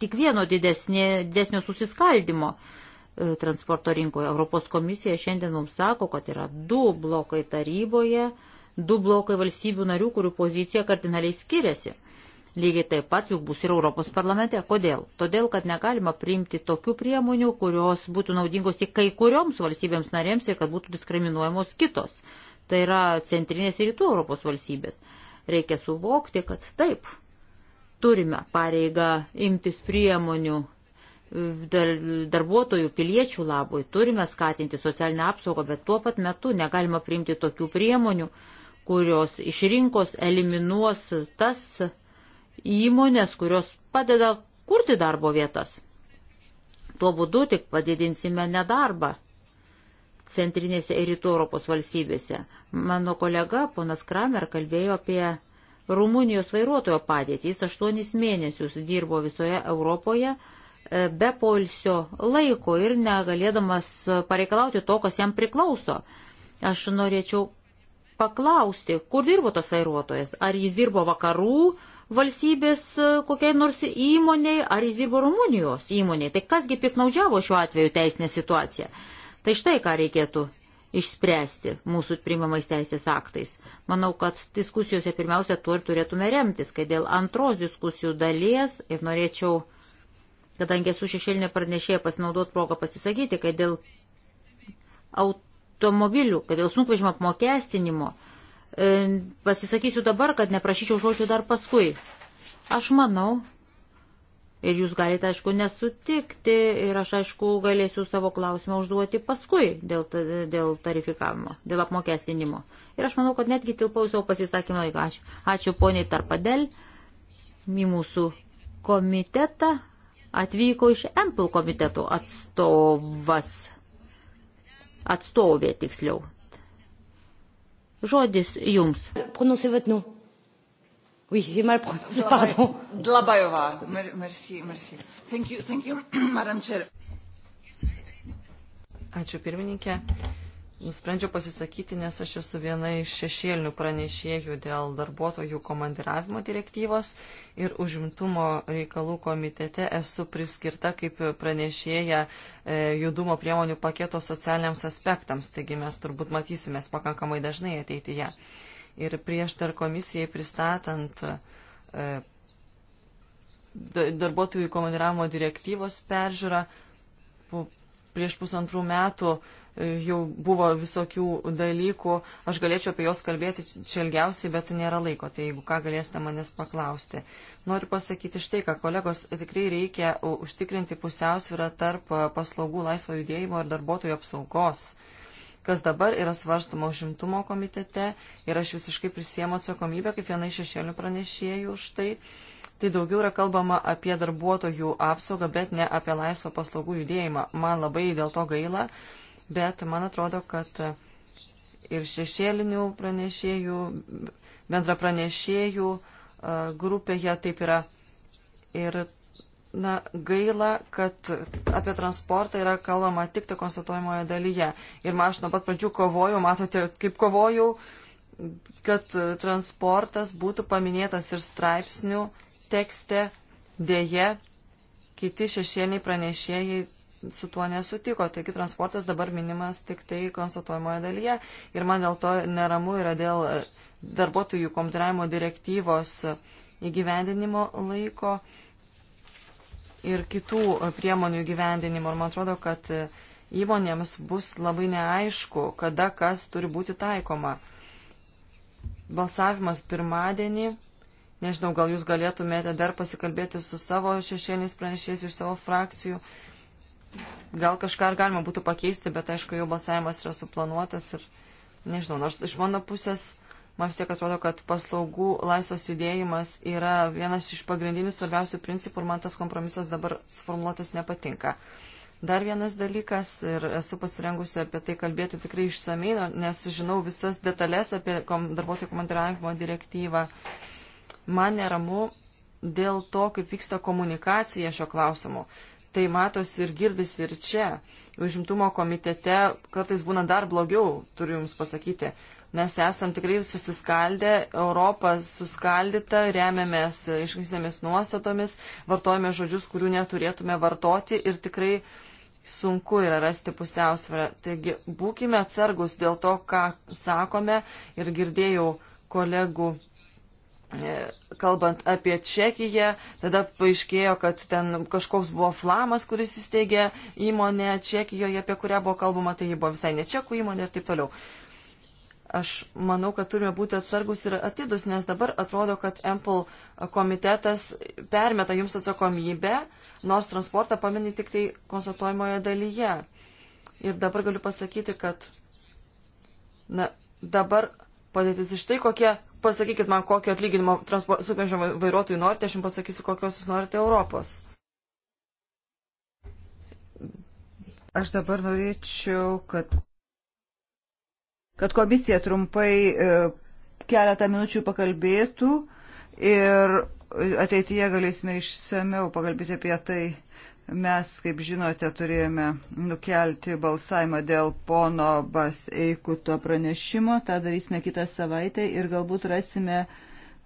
tik vieno didesnė, didesnio susiskaldimo. Uh, E, transporto rinkoje. Europos komisija šiandien mums sako, kad yra du blokai taryboje, du blokai valstybių narių, kurių pozicija kardinaliai skiriasi. Lygiai taip pat juk bus ir Europos parlamente. Kodėl? Todėl, kad negalima priimti tokių priemonių, kurios būtų naudingos tik kai kurioms valstybėms narėms ir kad būtų diskriminuojamos kitos. Tai yra centrinės ir rytų Europos valstybės. Reikia suvokti, kad taip, turime pareigą imtis priemonių dar, darbuotojų, piliečių labui. Turime skatinti socialinę apsaugą, bet tuo pat metu negalima priimti tokių priemonių, kurios iš rinkos eliminuos tas įmonės, kurios padeda kurti darbo vietas. Tuo būdu tik padidinsime nedarbą centrinėse ir rytų Europos valstybėse. Mano kolega, ponas Kramer, kalbėjo apie Rumunijos vairuotojo padėtį. Jis aštuonis mėnesius dirbo visoje Europoje be polsio laiko ir negalėdamas pareikalauti to, kas jam priklauso. Aš norėčiau paklausti, kur dirbo tas vairuotojas. Ar jis dirbo vakarų valstybės e, kokiai nors įmoniai, ar jis dirbo Rumunijos įmoniai. Tai kasgi piknaudžiavo šiuo atveju teisinę situaciją. Tai štai ką reikėtų išspręsti mūsų primamais teisės aktais. Manau, kad diskusijose pirmiausia tuo ir turėtume remtis, kai dėl antros diskusijų dalies ir norėčiau kadangi esu šešėlinė pranešėja pasinaudot progą pasisakyti, kad dėl automobilių, kad dėl sunkvežimio apmokestinimo e, pasisakysiu dabar, kad neprašyčiau žodžių dar paskui. Aš manau, Ir jūs galite, aišku, nesutikti ir aš, aišku, galėsiu savo klausimą užduoti paskui dėl, dėl tarifikavimo, dėl apmokestinimo. Ir aš manau, kad netgi tilpau savo pasisakymą laiką. Ačiū, ačiū poniai Tarpadel į mūsų komitetą atvyko iš Empil komiteto atstovas, atstovė tiksliau. Žodis jums. Prononcez votre nom. Oui, j'ai mal prononcé, pardon. Dlabajová, Mer, merci, merci. Thank you, thank you, madam chair. Ačiū pirmininkė. Nusprendžiau pasisakyti, nes aš esu viena iš šešėlinių pranešėjų dėl darbuotojų komandiravimo direktyvos ir užimtumo reikalų komitete esu priskirta kaip pranešėja e, judumo priemonių paketo socialiniams aspektams, taigi mes turbūt matysimės pakankamai dažnai ateityje. Ir prieš dar komisijai pristatant e, darbuotojų komandiravimo direktyvos peržiūrą prieš pusantrų metų E, jau buvo visokių dalykų, aš galėčiau apie juos kalbėti čia ilgiausiai, bet nėra laiko, tai jeigu ką galėsite manęs paklausti. Noriu pasakyti štai, ką kolegos tikrai reikia užtikrinti pusiausvyrą tarp paslaugų laisvo judėjimo ir darbuotojų apsaugos kas dabar yra svarstama užimtumo komitete ir aš visiškai prisiemu atsakomybę kaip viena iš šešėlių pranešėjų už tai. Tai daugiau yra kalbama apie darbuotojų apsaugą, bet ne apie laisvą paslaugų judėjimą. Man labai dėl to gaila, bet man atrodo, kad ir šešėlinių pranešėjų, bendra pranešėjų grupėje taip yra. Ir na, gaila, kad apie transportą yra kalbama tik tai konstatuojamoje dalyje. Ir man aš nuo pat pradžių kovojau, matote, kaip kovojau, kad transportas būtų paminėtas ir straipsnių tekste. Deja, kiti šešėliniai pranešėjai su tuo nesutiko. Taigi transportas dabar minimas tik tai konstatuojamoje dalyje ir man dėl to neramu yra dėl e, darbuotojų komandiravimo direktyvos e, įgyvendinimo laiko ir kitų e, priemonių įgyvendinimo. Ir man atrodo, kad įmonėms bus labai neaišku, kada kas turi būti taikoma. Balsavimas pirmadienį nežinau, gal jūs galėtumėte dar pasikalbėti su savo šešėniais pranešėjais iš savo frakcijų gal kažką ir galima būtų pakeisti, bet aišku, jau balsavimas yra suplanuotas ir nežinau, nors iš mano pusės man vis tiek atrodo, kad paslaugų laisvas judėjimas yra vienas iš pagrindinių svarbiausių principų ir man tas kompromisas dabar suformuoluotas nepatinka. Dar vienas dalykas ir esu pasirengusi apie tai kalbėti tikrai išsamei, nu, nes žinau visas detalės apie darbuotojų komandiravimo direktyvą. Man neramu dėl to, kaip vyksta komunikacija šio klausimu tai matosi ir girdisi ir čia. Užimtumo komitete kartais būna dar blogiau, turiu Jums pasakyti. Mes esam tikrai susiskaldę, Europą suskaldyta, remiamės iškasinėmis nuostatomis, vartojame žodžius, kurių neturėtume vartoti ir tikrai sunku yra rasti pusiausvyrą. Taigi būkime atsargus dėl to, ką sakome ir girdėjau kolegų E, kalbant apie Čekiją, tada paaiškėjo, kad ten kažkoks buvo flamas, kuris įsteigė įmonę Čekijoje, apie kurią buvo kalbama, tai ji buvo visai ne Čekų įmonė ir taip toliau. Aš manau, kad turime būti atsargus ir atidus, nes dabar atrodo, kad Ample komitetas permeta jums atsakomybę, nors transportą paminė tik tai konstatuojamoje dalyje. Ir dabar galiu pasakyti, kad na, dabar padėtis iš tai, kokie, pasakykit man, kokio atlyginimo sunkvežimio vairuotojų norite, aš jums pasakysiu, kokios jūs norite Europos. Aš dabar norėčiau, kad, kad komisija trumpai e, keletą minučių pakalbėtų ir ateityje galėsime išsameu pakalbėti apie tai. Mes, kaip žinote, turėjome nukelti balsavimą dėl pono Bas Eikuto pranešimo. Ta darysime kitą savaitę ir galbūt rasime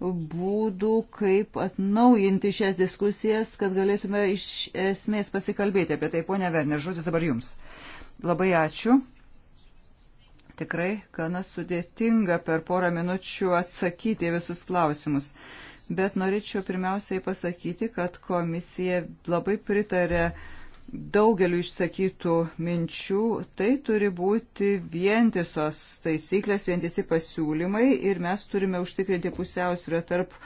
būdų, kaip atnaujinti šias diskusijas, kad galėtume iš esmės pasikalbėti apie tai. Pone Verner, žodis dabar jums. Labai ačiū. Tikrai, gana sudėtinga per porą minučių atsakyti visus klausimus bet norėčiau pirmiausiai pasakyti, kad komisija labai pritarė daugeliu išsakytų minčių. Tai turi būti vientisos taisyklės, vientisi pasiūlymai ir mes turime užtikrinti pusiausvyrą tarp uh,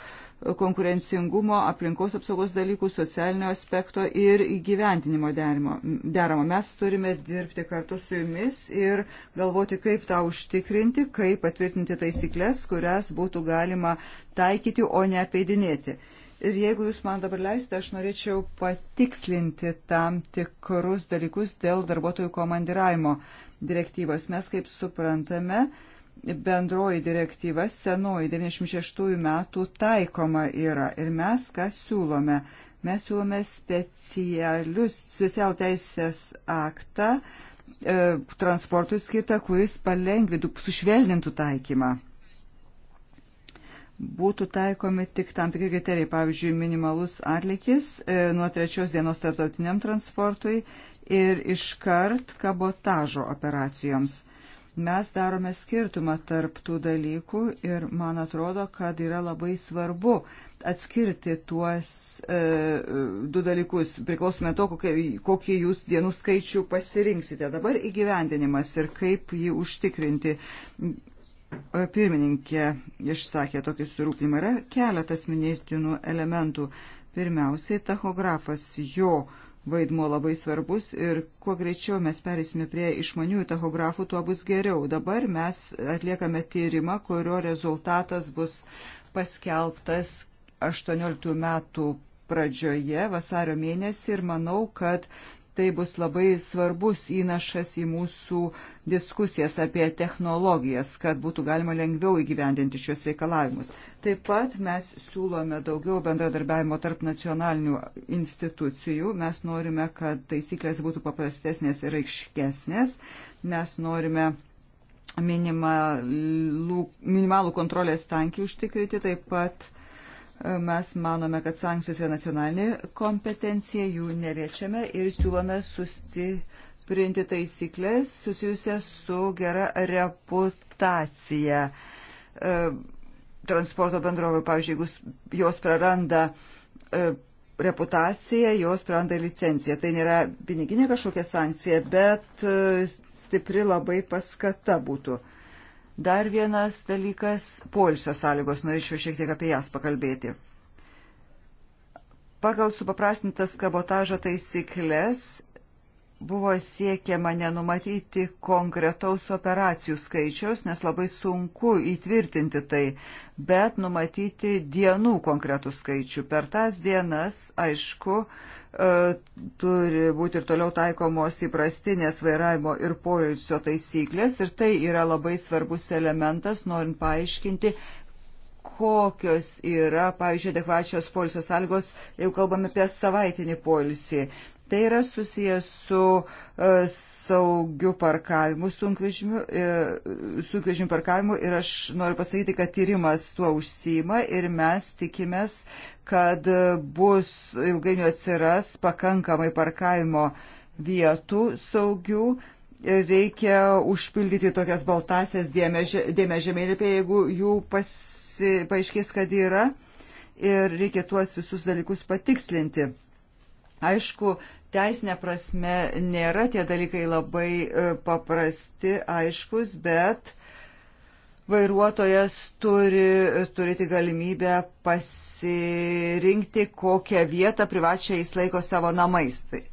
konkurencingumo, aplinkos apsaugos dalykų, socialinio aspekto ir įgyventinimo deramo. Mes turime dirbti kartu su jumis ir galvoti, kaip tą užtikrinti, kaip patvirtinti taisyklės, kurias būtų galima taikyti, o ne apeidinėti. Ir jeigu jūs man dabar leisite, aš norėčiau patikslinti tam tikrus dalykus dėl darbuotojų komandiravimo direktyvos. Mes kaip suprantame, bendroji direktyva senoji 96 metų taikoma yra. Ir mes ką siūlome? Mes siūlome specialius, specialų teisės aktą e, transportui skirtą, kuris palengvintų, sušvelnintų taikymą. Būtų taikomi tik tam tikri kriterijai, pavyzdžiui, minimalus atlikis e, nuo trečios dienos tarptautiniam transportui ir iškart kabotažo operacijoms Mes darome skirtumą tarp tų dalykų ir man atrodo, kad yra labai svarbu atskirti tuos e, du dalykus, priklausome to, kokie, kokį jūs dienų skaičių pasirinksite. Dabar įgyvendinimas ir kaip jį užtikrinti. E, pirmininkė išsakė tokį surūpinimą. Yra keletas minėtinų elementų. Pirmiausiai, tachografas jo vaidmuo labai svarbus ir kuo greičiau mes perėsime prie išmaniųjų tachografų, tuo bus geriau. Dabar mes atliekame tyrimą, kurio rezultatas bus paskelbtas 18 metų pradžioje, vasario mėnesį ir manau, kad tai bus labai svarbus įnašas į mūsų diskusijas apie technologijas, kad būtų galima lengviau įgyvendinti šios reikalavimus. Taip pat mes siūlome daugiau bendradarbiavimo tarp nacionalinių institucijų. Mes norime, kad taisyklės būtų paprastesnės ir aiškesnės. Mes norime minimalų, minimalų kontrolės tankį užtikrinti, taip pat Mes manome, kad sankcijos yra nacionalinė kompetencija, jų neliečiame ir siūlome sustiprinti taisyklės susijusias su gera reputacija. E, transporto bendrovė, pavyzdžiui, jeigu jos praranda e, reputaciją, jos praranda licenciją. Tai nėra piniginė kažkokia sankcija, bet e, stipri labai paskata būtų. Dar vienas dalykas - poilsio sąlygos. Norėčiau šiek tiek apie jas pakalbėti. Pagal supaprastintas kabotažo taisyklės buvo siekiama nenumatyti konkretaus operacijų skaičiaus, nes labai sunku įtvirtinti tai, bet numatyti dienų konkretų skaičių. Per tas dienas, aišku, E, turi būti ir toliau taikomos įprastinės vairavimo ir poilsio taisyklės ir tai yra labai svarbus elementas, norint paaiškinti, kokios yra, pavyzdžiui, adekvačios poilsio sąlygos, jeigu kalbame apie savaitinį poilsį. Tai yra susijęs su e, saugiu parkavimu, sunkvežimiu, e, sunkvežimiu parkavimu ir aš noriu pasakyti, kad tyrimas tuo užsima ir mes tikimės, kad bus ilgainiui atsiras pakankamai parkavimo vietų saugių ir reikia užpildyti tokias baltasias dėmę žemėlėpė, jeigu jų pasi, paaiškės, kad yra ir reikia tuos visus dalykus patikslinti. Aišku, teisinė prasme nėra tie dalykai labai e, paprasti, aiškus, bet vairuotojas turi e, turėti galimybę pasirinkti, kokią vietą privačiai jis laiko savo namais. Tai,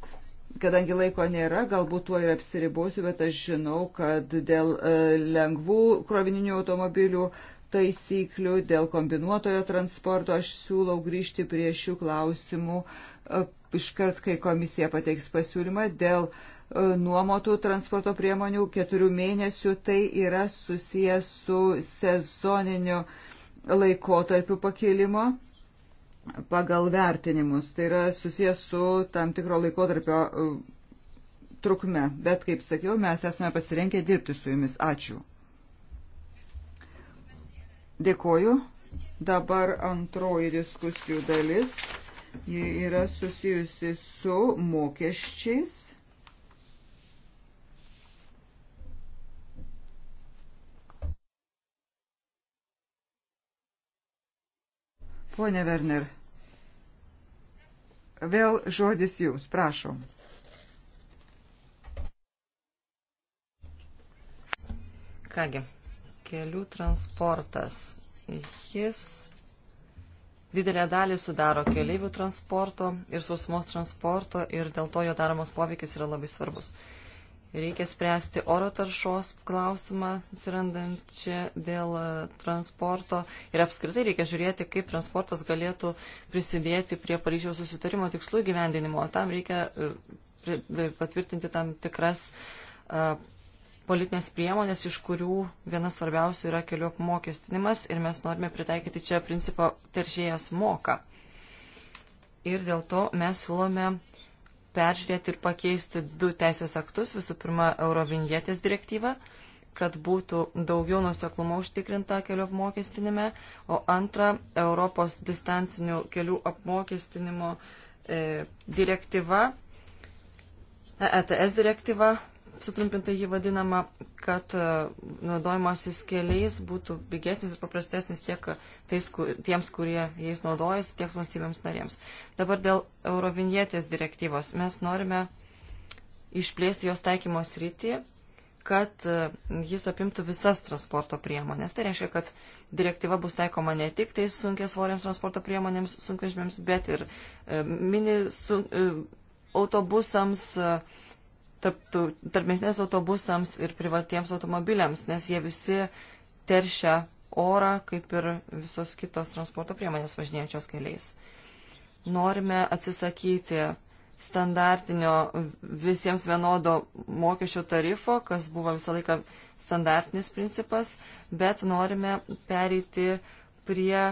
kadangi laiko nėra, galbūt tuo ir apsiribosiu, bet aš žinau, kad dėl e, lengvų krovininių automobilių taisyklių, dėl kombinuotojo transporto aš siūlau grįžti prie šių klausimų iškart, kai komisija pateiks pasiūlymą dėl e, nuomotų transporto priemonių keturių mėnesių, tai yra susijęs su sezoniniu laikotarpiu pakilimo pagal vertinimus. Tai yra susijęs su tam tikro laikotarpio e, trukme. Bet, kaip sakiau, mes esame pasirenkę dirbti su jumis. Ačiū. Dėkoju. Dabar antroji diskusijų dalis. Ji yra susijusi su mokesčiais. Pone Werner, vėl žodis jums, prašom. Kągi, kelių transportas. Jis didelę dalį sudaro keleivių transporto ir sausumos transporto ir dėl to jo daromos poveikis yra labai svarbus. Reikia spręsti oro taršos klausimą, atsirandančią dėl e, transporto ir apskritai reikia žiūrėti, kaip transportas galėtų prisidėti prie Paryžiaus susitarimo tikslų gyvendinimo. Tam reikia e, patvirtinti tam tikras e, politinės priemonės, iš kurių vienas svarbiausių yra kelių apmokestinimas ir mes norime pritaikyti čia principą teršėjas moka. Ir dėl to mes siūlome peržiūrėti ir pakeisti du teisės aktus, visų pirma, Eurovinjetės direktyvą, kad būtų daugiau nuseklumo užtikrinta kelių apmokestinime, o antra, Europos distancinių kelių apmokestinimo e, direktyva, EETS direktyva, sutrumpintai jį vadinama, kad e, naudojimasis keliais būtų pigesnis ir paprastesnis tiek tais, tiems, kurie jais naudojasi, tiek valstybėms narėms. Dabar dėl Eurovinietės direktyvos. Mes norime išplėsti jos taikymo sritį, kad e, jis apimtų visas transporto priemonės. Tai reiškia, kad direktyva bus taikoma ne tik tai sunkės svoriams transporto priemonėms, sunkvežimėms, bet ir e, mini su, autobusams, uh, tarpmesnės autobusams ir privatiems automobiliams, nes jie visi teršia orą, kaip ir visos kitos transporto priemonės važinėjančios keliais. Norime atsisakyti standartinio visiems vienodo mokesčio tarifo, kas buvo visą laiką standartinis principas, bet norime pereiti prie e,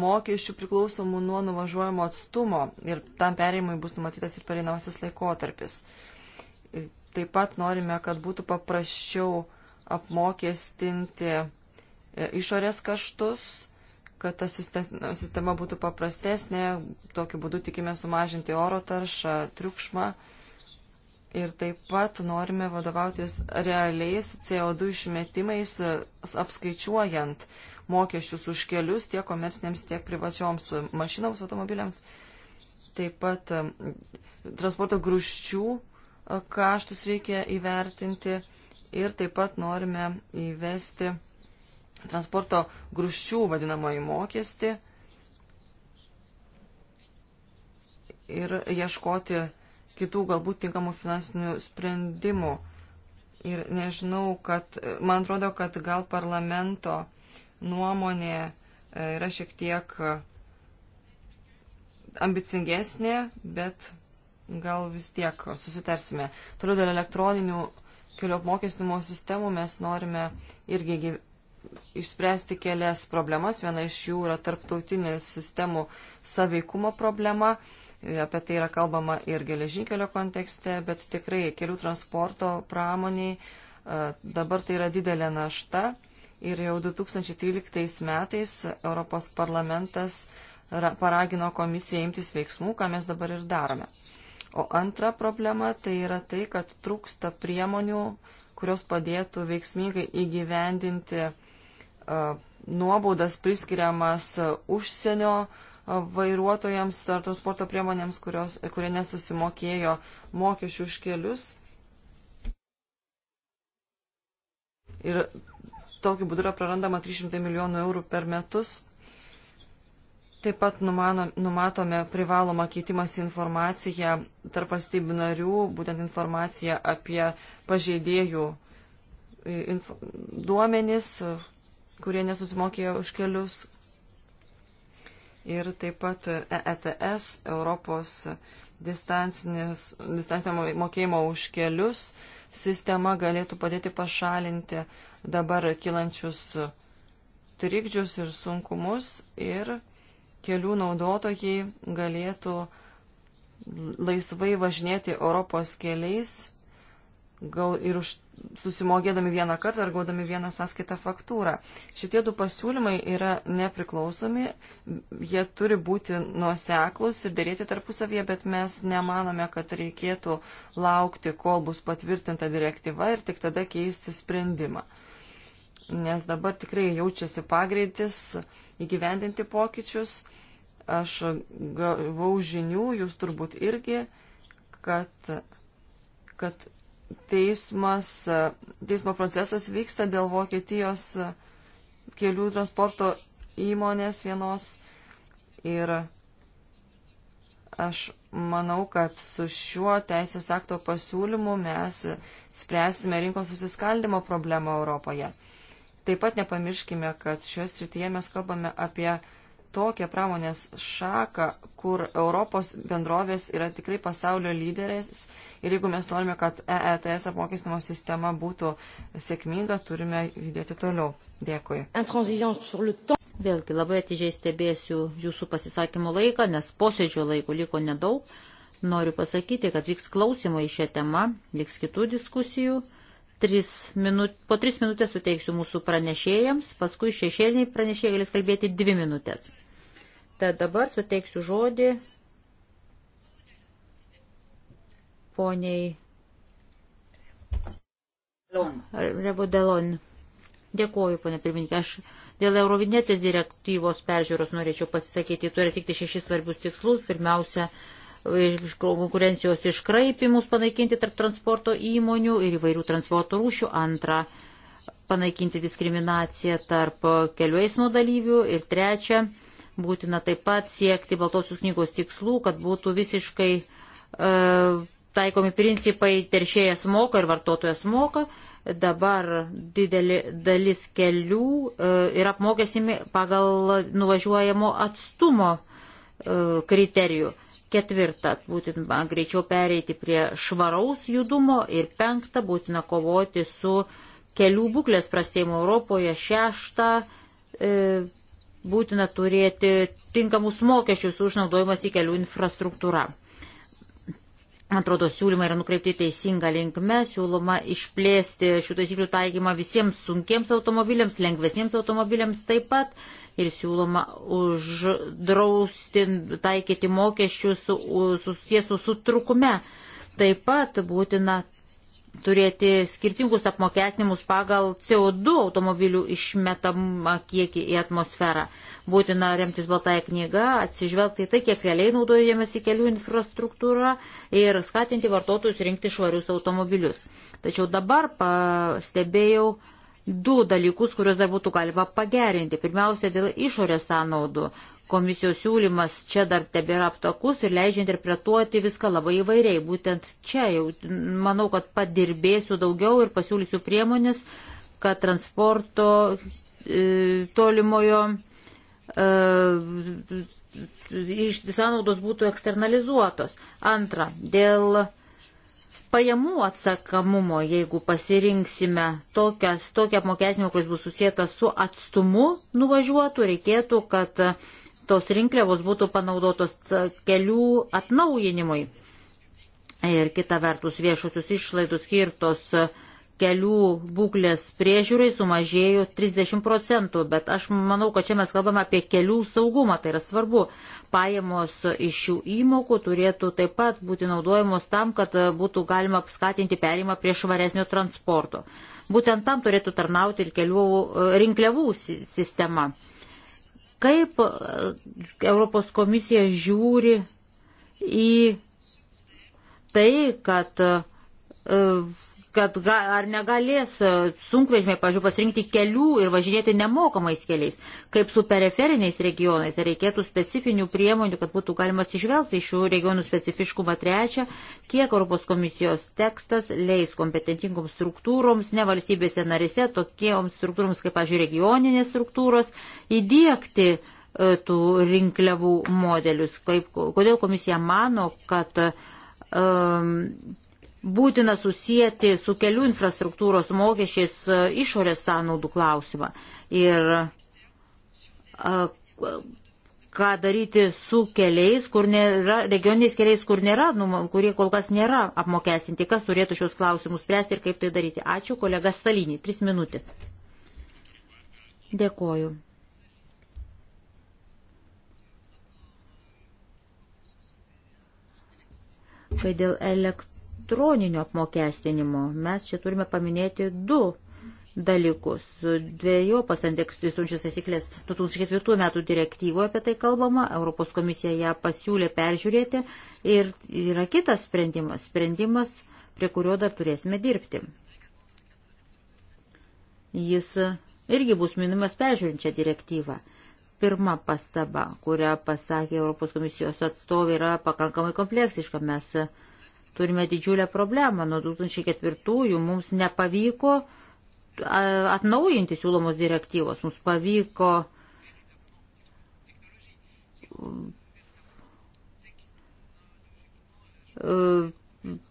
mokesčių priklausomų nuo nuvažiuojamo atstumo ir tam perėjimui bus numatytas ir pereinamasis laikotarpis. Taip pat norime, kad būtų paprasčiau apmokestinti e, išorės kaštus, kad ta sistema būtų paprastesnė, tokiu būdu tikime sumažinti oro taršą, triukšmą ir taip pat norime vadovautis realiais CO2 išmetimais e, apskaičiuojant mokesčius už kelius tiek komerciniams, tiek privačioms mašinoms, automobiliams. Taip pat e, transporto grūščių kaštus reikia įvertinti ir taip pat norime įvesti transporto gruščių vadinamąjį mokestį ir ieškoti kitų galbūt tinkamų finansinių sprendimų. Ir nežinau, kad man atrodo, kad gal parlamento nuomonė e, yra šiek tiek e, ambicingesnė, bet gal vis tiek susitarsime. Toliau dėl elektroninių kelių apmokestinimo sistemų mes norime irgi išspręsti kelias problemas. Viena iš jų yra tarptautinės sistemų saveikumo problema. Apie tai yra kalbama ir geležinkelio kontekste, bet tikrai kelių transporto pramoniai dabar tai yra didelė našta. Ir jau 2013 metais Europos parlamentas paragino komisiją imtis veiksmų, ką mes dabar ir darome. O antra problema tai yra tai, kad trūksta priemonių, kurios padėtų veiksmingai įgyvendinti nuobaudas priskiriamas užsienio vairuotojams ar transporto priemonėms, kurios, kurie nesusimokėjo mokesčių už kelius. Ir tokiu būdu yra prarandama 300 milijonų eurų per metus Taip pat numano, numatome privalomą keitimąsi informaciją tarp valstybių narių, būtent informaciją apie pažeidėjų e, inf duomenis, kurie nesusimokėjo už kelius. Ir taip pat EETS, Europos distancinio mokėjimo už kelius sistema galėtų padėti pašalinti dabar kilančius trikdžius ir sunkumus ir kelių naudotojai galėtų laisvai važinėti Europos keliais gal ir už, susimogėdami vieną kartą ar gaudami vieną sąskaitą faktūrą. Šitie du pasiūlymai yra nepriklausomi, jie turi būti nuoseklus ir dėrėti tarpusavėje, bet mes nemanome, kad reikėtų laukti, kol bus patvirtinta direktyva ir tik tada keisti sprendimą. Nes dabar tikrai jaučiasi pagreitis įgyvendinti pokyčius. Aš gavau žinių, jūs turbūt irgi, kad, kad teismas, teismo procesas vyksta dėl Vokietijos kelių transporto įmonės vienos ir aš manau, kad su šiuo teisės akto pasiūlymu mes spręsime rinkos susiskaldimo problemą Europoje. Taip pat nepamirškime, kad šioje srityje mes kalbame apie tokią pramonės šaką, kur Europos bendrovės yra tikrai pasaulio lyderės ir jeigu mes norime, kad EETS apmokestinimo sistema būtų sėkminga, turime judėti toliau. Dėkui. Vėlgi labai atidžiai stebėsiu jūsų pasisakymų laiką, nes posėdžio laiko liko nedaug. Noriu pasakyti, kad vyks klausimai šią temą, vyks kitų diskusijų tris minut, po tris minutės suteiksiu mūsų pranešėjams, paskui šešėliniai pranešėjai galės kalbėti dvi minutės. Tad dabar suteiksiu žodį poniai Rebudelon. Dėkuoju, ponė pirmininkė. Aš dėl Eurovinėtės direktyvos peržiūros norėčiau pasisakyti. Turi tikti šešis svarbius tikslus. Pirmiausia, uh, iš konkurencijos iškraipimus panaikinti tarp transporto įmonių ir įvairių transporto rūšių. Antra, panaikinti diskriminaciją tarp kelių eismo dalyvių. Ir trečia, būtina taip pat siekti Baltosios knygos tikslų, kad būtų visiškai e, taikomi principai teršėjas moka ir vartotojas moka. Dabar didelė dalis kelių e, yra apmokestimi pagal nuvažiuojamo atstumo e, kriterijų. Ketvirta, būtina greičiau pereiti prie švaraus judumo ir penkta, būtina kovoti su kelių būklės prastėjimu Europoje. Šešta, e, būtina turėti tinkamus mokesčius užnaudojimas į kelių infrastruktūrą. Atrodo, siūlymai yra nukreipti teisinga linkme, siūloma išplėsti šių taisyklių taikymą visiems sunkiems automobiliams, lengvesniems automobiliams taip pat ir siūloma uždrausti taikyti mokesčius susijęs su, su trukme. Taip pat būtina turėti skirtingus apmokesnimus pagal CO2 automobilių išmetamą kiekį į atmosferą. Būtina remtis baltąją knygą, atsižvelgti į tai, kiek realiai naudojamės į kelių infrastruktūrą ir skatinti vartotojus rinkti švarius automobilius. Tačiau dabar pastebėjau, du dalykus, kuriuos dar būtų galima pagerinti. Pirmiausia, dėl išorės sąnaudų. Komisijos siūlymas čia dar tebėra aptakus ir leidžia interpretuoti viską labai įvairiai. Būtent čia jau manau, kad padirbėsiu daugiau ir pasiūlysiu priemonės, kad transporto e, tolimojo e, sąnaudos būtų eksternalizuotos. Antra, dėl pajamų atsakamumo, jeigu pasirinksime tokias, tokią apmokestinimą, kuris bus susijęta su atstumu nuvažiuotų, reikėtų, kad tos rinkliavos būtų panaudotos kelių atnaujinimui. Ir kita vertus viešusius išlaidus skirtos uh, kelių būklės priežiūrai sumažėjo 30 procentų, bet aš manau, kad čia mes kalbame apie kelių saugumą, tai yra svarbu. Pajamos iš šių įmokų turėtų taip pat būti naudojamos tam, kad būtų galima apskatinti perimą prie švaresnio transporto. Būtent tam turėtų tarnauti ir kelių e, rinkliavų sistema. Kaip e, Europos komisija žiūri į tai, kad e, kad ga, ar negalės e, sunkvežimiai, pažiūrėjau, pasirinkti kelių ir važinėti nemokamais keliais, kaip su periferiniais regionais, ar reikėtų specifinių priemonių, kad būtų galima atsižvelgti šių regionų specifiškumą trečią, kiek Europos komisijos tekstas leis kompetentingoms struktūroms, ne valstybėse narėse, tokiems struktūroms kaip, pažiūrėjau, regioninės struktūros, įdėkti e, tų rinkliavų modelius, kaip, kodėl komisija mano, kad um, e, būtina susijęti su kelių infrastruktūros mokesčiais e, išorės sąnaudų klausimą. Ir e, ką daryti su keliais, kur nėra, regioniniais keliais, kur nėra, nu, kurie kol kas nėra apmokestinti, kas turėtų šios klausimus spręsti ir kaip tai daryti. Ačiū, kolega Stalinį, tris minutės. Dėkoju. Kai dėl elektronikos elektroninio apmokestinimo. Mes čia turime paminėti du dalykus. Dviejopas ant egzistuojančias taisyklės 2004 metų direktyvoje apie tai kalbama, Europos komisija ją pasiūlė peržiūrėti ir yra kitas sprendimas, sprendimas, prie kurio dar turėsime dirbti. Jis irgi bus minimas peržiūrinčią direktyvą. Pirma pastaba, kurią pasakė Europos komisijos atstovė, yra pakankamai kompleksiška. Mes turime didžiulę problemą. Nuo 2004 mums nepavyko atnaujinti siūlomos direktyvos, mums pavyko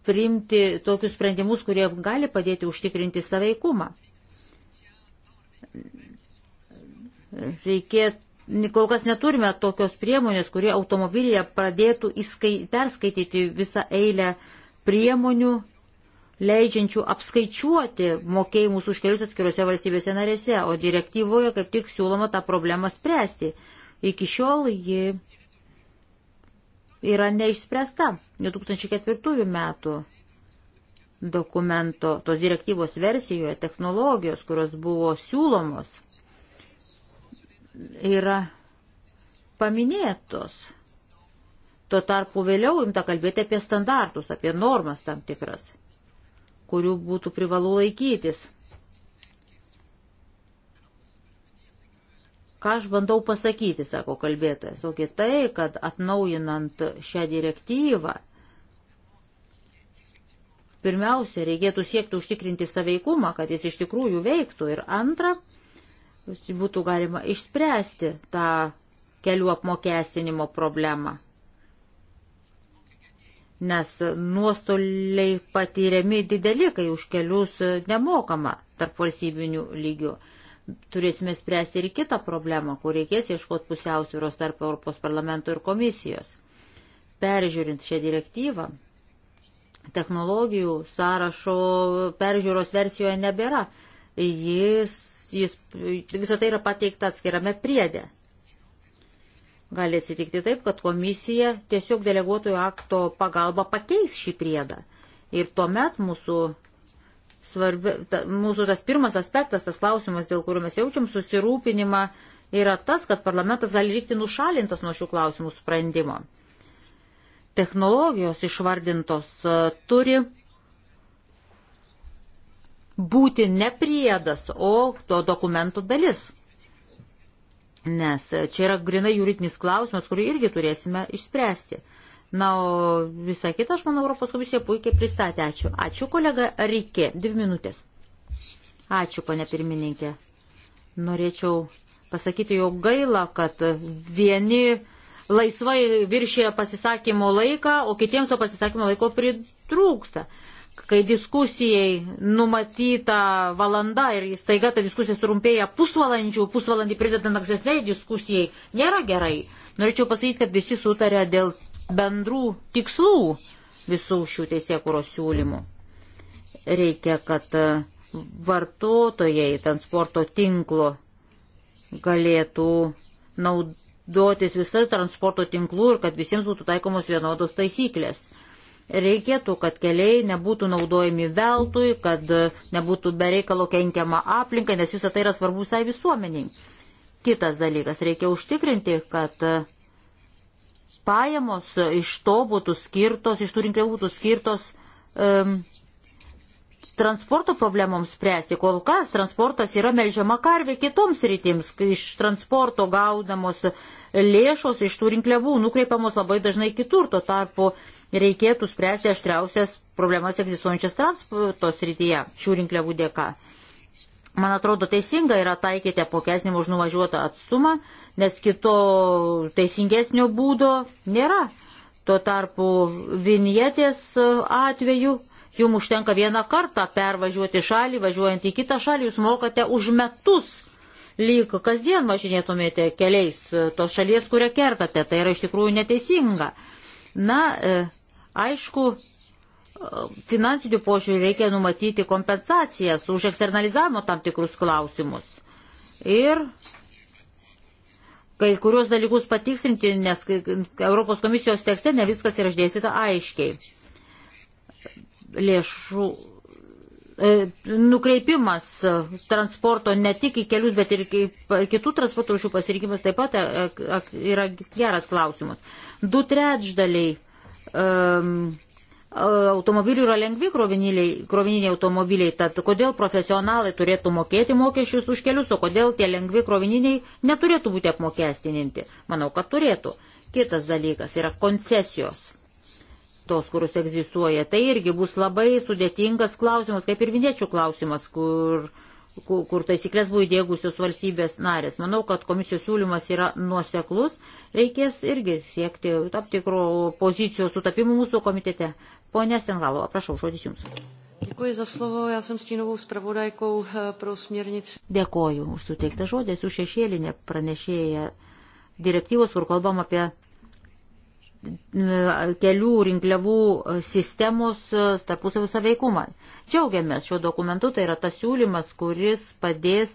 priimti tokius sprendimus, kurie gali padėti užtikrinti saveikumą. Reikėtų kol kas neturime tokios priemonės, kurie automobilyje pradėtų įskait, perskaityti visą eilę priemonių, leidžiančių apskaičiuoti mokėjimus už kelius atskiruose valstybėse narėse, o direktyvoje kaip tik siūloma tą problemą spręsti. Iki šiol ji yra neišspręsta 2004 metų dokumento, tos direktyvos versijoje, technologijos, kurios buvo siūlomos yra paminėtos. Tuo tarpu vėliau imta kalbėti apie standartus, apie normas tam tikras, kurių būtų privalu laikytis. Ką aš bandau pasakyti, sako kalbėtojas, ogi tai, kad atnaujinant šią direktyvą, pirmiausia, reikėtų siekti užtikrinti saveikumą, kad jis iš tikrųjų veiktų. Ir antra, būtų galima išspręsti tą kelių apmokestinimo problemą. Nes nuostoliai patiriami dideli, kai už kelius nemokama tarp valstybinių lygių. Turėsime spręsti ir kitą problemą, kur reikės ieškoti pusiausvyros tarp Europos parlamento ir komisijos. Peržiūrint šią direktyvą, technologijų sąrašo peržiūros versijoje nebėra. Jis jis, visą tai yra pateikta atskirame priedė. Gali atsitikti taip, kad komisija tiesiog deleguotojų akto pagalba pakeis šį priedą. Ir tuomet mūsų, svarbi, ta, mūsų tas pirmas aspektas, tas klausimas, dėl kurio mes jaučiam susirūpinimą, yra tas, kad parlamentas gali likti nušalintas nuo šių klausimų sprendimo. Technologijos išvardintos e, turi būti ne priedas, o to dokumento dalis. Nes čia yra grinai juridinis klausimas, kurį irgi turėsime išspręsti. Na, o visą kitą, aš manau, Europos komisija puikiai pristatė. Ačiū. Ačiū, kolega Reikė. Dvi minutės. Ačiū, pane pirmininkė. Norėčiau pasakyti jau gaila, kad vieni laisvai viršė pasisakymo laiką, o kitiems to pasisakymo laiko pritrūksta kai diskusijai numatyta valanda ir staiga ta diskusija trumpėja pusvalandžių, pusvalandį pridedant ankstesniai diskusijai, nėra gerai. Norėčiau pasakyti, kad visi sutarė dėl bendrų tikslų visų šių teisėkūros siūlymų. Reikia, kad vartotojai transporto tinklo galėtų naudotis visą transporto tinklų ir kad visiems būtų taikomos vienodos taisyklės. Reikėtų, kad keliai nebūtų naudojami veltui, kad nebūtų bereikalo kenkiama aplinkai, nes visą tai yra svarbu visai visuomeniai. Kitas dalykas, reikia užtikrinti, kad pajamos iš to būtų skirtos, iš tų rinkliavų būtų skirtos um, e, transporto problemoms spręsti. Kol kas transportas yra melžiama karvė kitoms rytims, kai iš transporto gaudamos lėšos iš tų rinkliavų nukreipiamos labai dažnai kitur. Tuo tarpu reikėtų spręsti aštriausias problemas egzistuojančias transporto srityje šių rinkliavų dėka. Man atrodo, teisinga yra taikyti apokesnimą už nuvažiuotą atstumą, nes kito teisingesnio būdo nėra. Tuo tarpu vinietės atveju Jums užtenka vieną kartą pervažiuoti šalį, važiuojant į kitą šalį, jūs mokate už metus. Lyg kasdien važinėtumėte keliais e, tos šalies, kurią kertate. Tai yra iš tikrųjų neteisinga. Na, e, aišku, e, finansinių požiūrį reikia numatyti kompensacijas už eksternalizavimo tam tikrus klausimus. Ir kai kurios dalykus patikslinti, nes Europos komisijos tekste ne viskas yra išdėstyta aiškiai lėšų e, nukreipimas transporto ne tik į kelius, bet ir kitų transporto rūšių pasirinkimas taip pat e, yra geras klausimas. Du trečdaliai um, automobilių yra lengvi krovininiai automobiliai, tad kodėl profesionalai turėtų mokėti mokesčius už kelius, o kodėl tie lengvi krovininiai neturėtų būti apmokestininti? Manau, kad turėtų. Kitas dalykas yra koncesijos tos, kurios egzistuoja. Tai irgi bus labai sudėtingas klausimas, kaip ir viniečių klausimas, kur, kur, kur taisyklės buvo įdėgusios valstybės narės. Manau, kad komisijos siūlymas yra nuoseklus, reikės irgi siekti tam tikro pozicijos sutapimų mūsų komitete. Pone Sengalova, prašau, žodis Jums. Děkuji za slovo, já jsem stínovou zpravodajkou eh, pro směrnici. Dėkoju už suteiktą žodį, esu šešėlinė pranešėja direktyvos, kur kalbam apie kelių rinkliavų sistemos tarpusavio saveikumą. Džiaugiamės šiuo dokumentu, tai yra tas siūlymas, kuris padės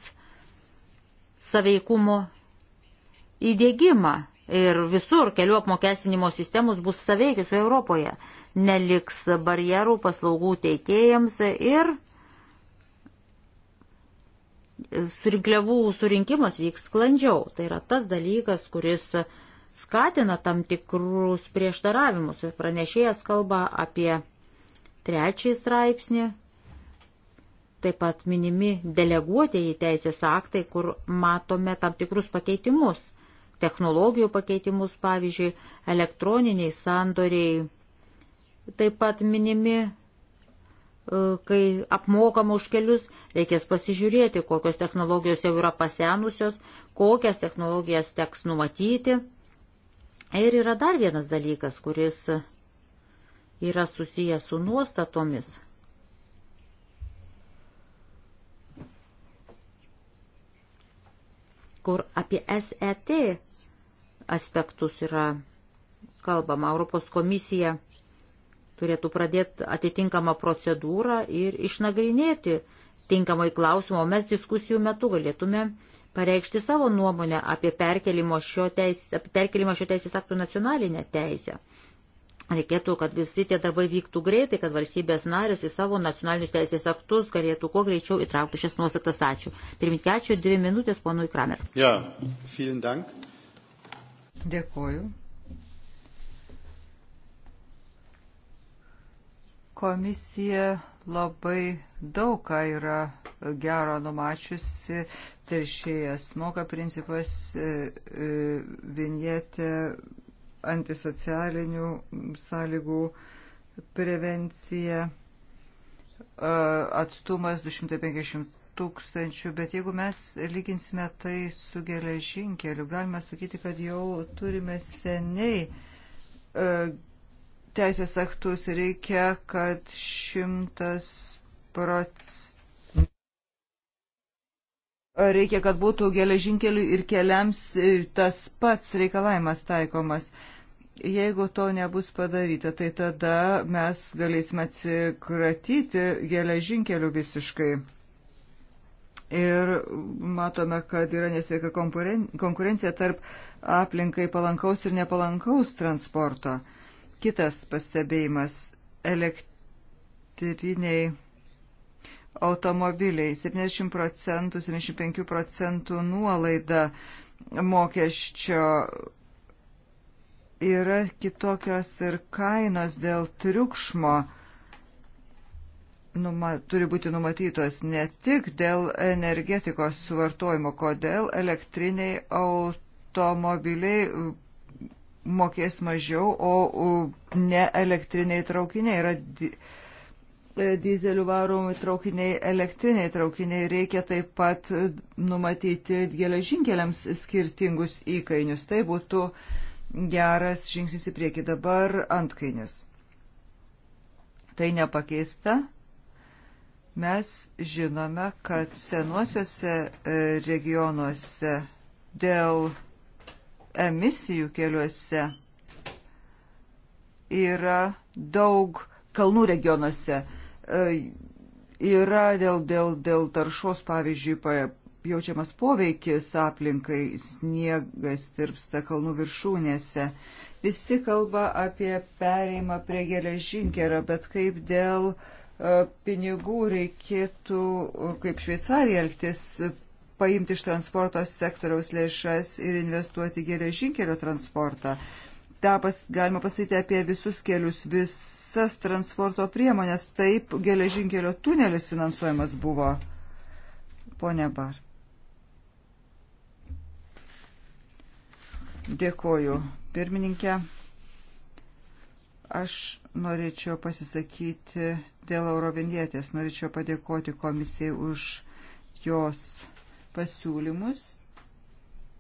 saveikumo įdėgymą ir visur kelių apmokestinimo sistemos bus saveikius Europoje. Neliks barjerų paslaugų teikėjams ir surinkliavų surinkimas vyks sklandžiau. Tai yra tas dalykas, kuris uh, skatina tam tikrus prieštaravimus. Ir pranešėjas kalba apie trečiąjį straipsnį, taip pat minimi deleguotieji teisės aktai, kur matome tam tikrus pakeitimus, technologijų pakeitimus, pavyzdžiui, elektroniniai sandoriai, taip pat minimi e, kai apmokama už kelius, reikės pasižiūrėti, kokios technologijos jau yra pasenusios, kokias technologijas teks numatyti Ir yra dar vienas dalykas, kuris yra susijęs su nuostatomis. kur apie SET aspektus yra kalbama. Europos komisija turėtų pradėti atitinkamą procedūrą ir išnagrinėti tinkamai klausimą, o mes diskusijų metu galėtume uh, pareikšti savo nuomonę apie perkelimą šio, teis, apie perkelimą šio teisės aktų nacionalinę teisę. Reikėtų, kad visi tie darbai vyktų greitai, kad valstybės narės į savo nacionalinius teisės aktus galėtų kuo greičiau įtraukti šias nuostatas. Ačiū. Pirmininkė, ačiū. Dvi minutės ponui Kramer. Ja, vielen dank. Dėkuoju. Komisija labai daug ką yra gero numačiusi teršėjas moka principas e, e, vinjetė antisocialinių sąlygų prevencija, e, atstumas 250 tūkstančių, bet jeigu mes lyginsime tai su geležinkeliu, galime sakyti, kad jau turime seniai teisės aktus ir reikia, kad šimtas procentų reikia, kad būtų geležinkelių ir keliams e, tas pats reikalavimas taikomas. Jeigu to nebus padaryta, tai tada mes galėsime atsikratyti geležinkelių visiškai. Ir matome, kad yra nesveika konkurencija tarp aplinkai palankaus ir nepalankaus transporto. Kitas pastebėjimas - elektriniai automobiliai. 70 procentų, 75 procentų nuolaida mokesčio yra kitokios ir kainos dėl triukšmo. Numa, turi būti numatytos ne tik dėl energetikos suvartojimo, kodėl elektriniai automobiliai mokės mažiau, o ne elektriniai traukiniai yra dizelių varomi traukiniai, elektriniai traukiniai. Reikia taip pat numatyti geležinkeliams skirtingus įkainius. Tai būtų geras žingsnis į priekį. Dabar antkainis. Tai nepakeista. Mes žinome, kad senuosiuose e, regionuose dėl emisijų keliuose yra daug kalnų regionuose E, yra dėl, dėl, dėl taršos, pavyzdžiui, jaučiamas poveikis aplinkai, sniegas tirpsta kalnų viršūnėse. Visi kalba apie pereimą prie geležinkelio, bet kaip dėl e, pinigų reikėtų, kaip Šveicarija elgtis, paimti iš transporto sektoriaus lėšas ir investuoti geležinkelio transportą. Uh, tą pas, galima pasakyti apie visus kelius, visas transporto priemonės. Taip, geležinkelio tunelis finansuojamas buvo. Pone Bar. Dėkoju, pirmininkė. Aš norėčiau pasisakyti dėl Eurovindėtės. Norėčiau padėkoti komisijai už jos pasiūlymus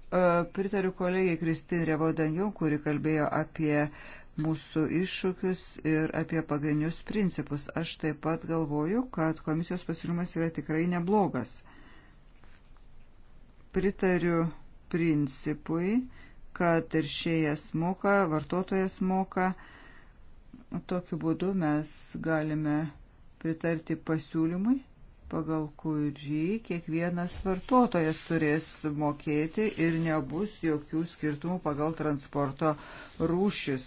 E, pritariu kolegijai Kristin Revodanjų, kuri kalbėjo apie mūsų iššūkius ir apie pagrindinius principus. Aš taip pat galvoju, kad komisijos pasiūlymas yra tikrai neblogas. Pritariu principui, kad teršėjas moka, vartotojas moka. Tokiu būdu mes galime pritarti pasiūlymui pagal kurį kiekvienas vartotojas turės mokėti ir nebus jokių skirtumų pagal transporto rūšis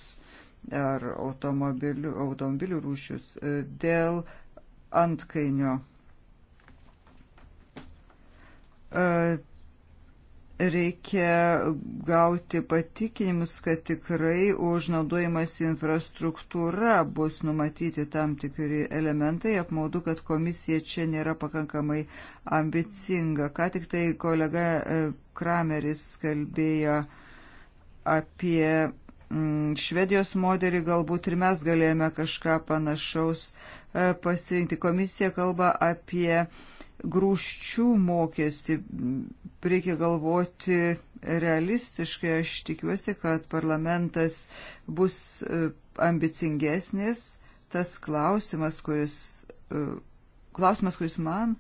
ar automobilių, automobilių rūšius e, dėl antkainio. E, reikia gauti patikinimus, kad tikrai už naudojimas infrastruktūra bus numatyti tam tikri elementai. Apmaudu, kad komisija čia nėra pakankamai ambicinga. Ką tik tai kolega e, Krameris kalbėjo apie mm, Švedijos modelį, galbūt ir mes galėjome kažką panašaus e, pasirinkti. Komisija kalba apie uh, grūščių mokestį. Reikia galvoti realistiškai. Aš tikiuosi, kad parlamentas bus e, ambicingesnis. Tas klausimas, kuris, e, klausimas, kuris man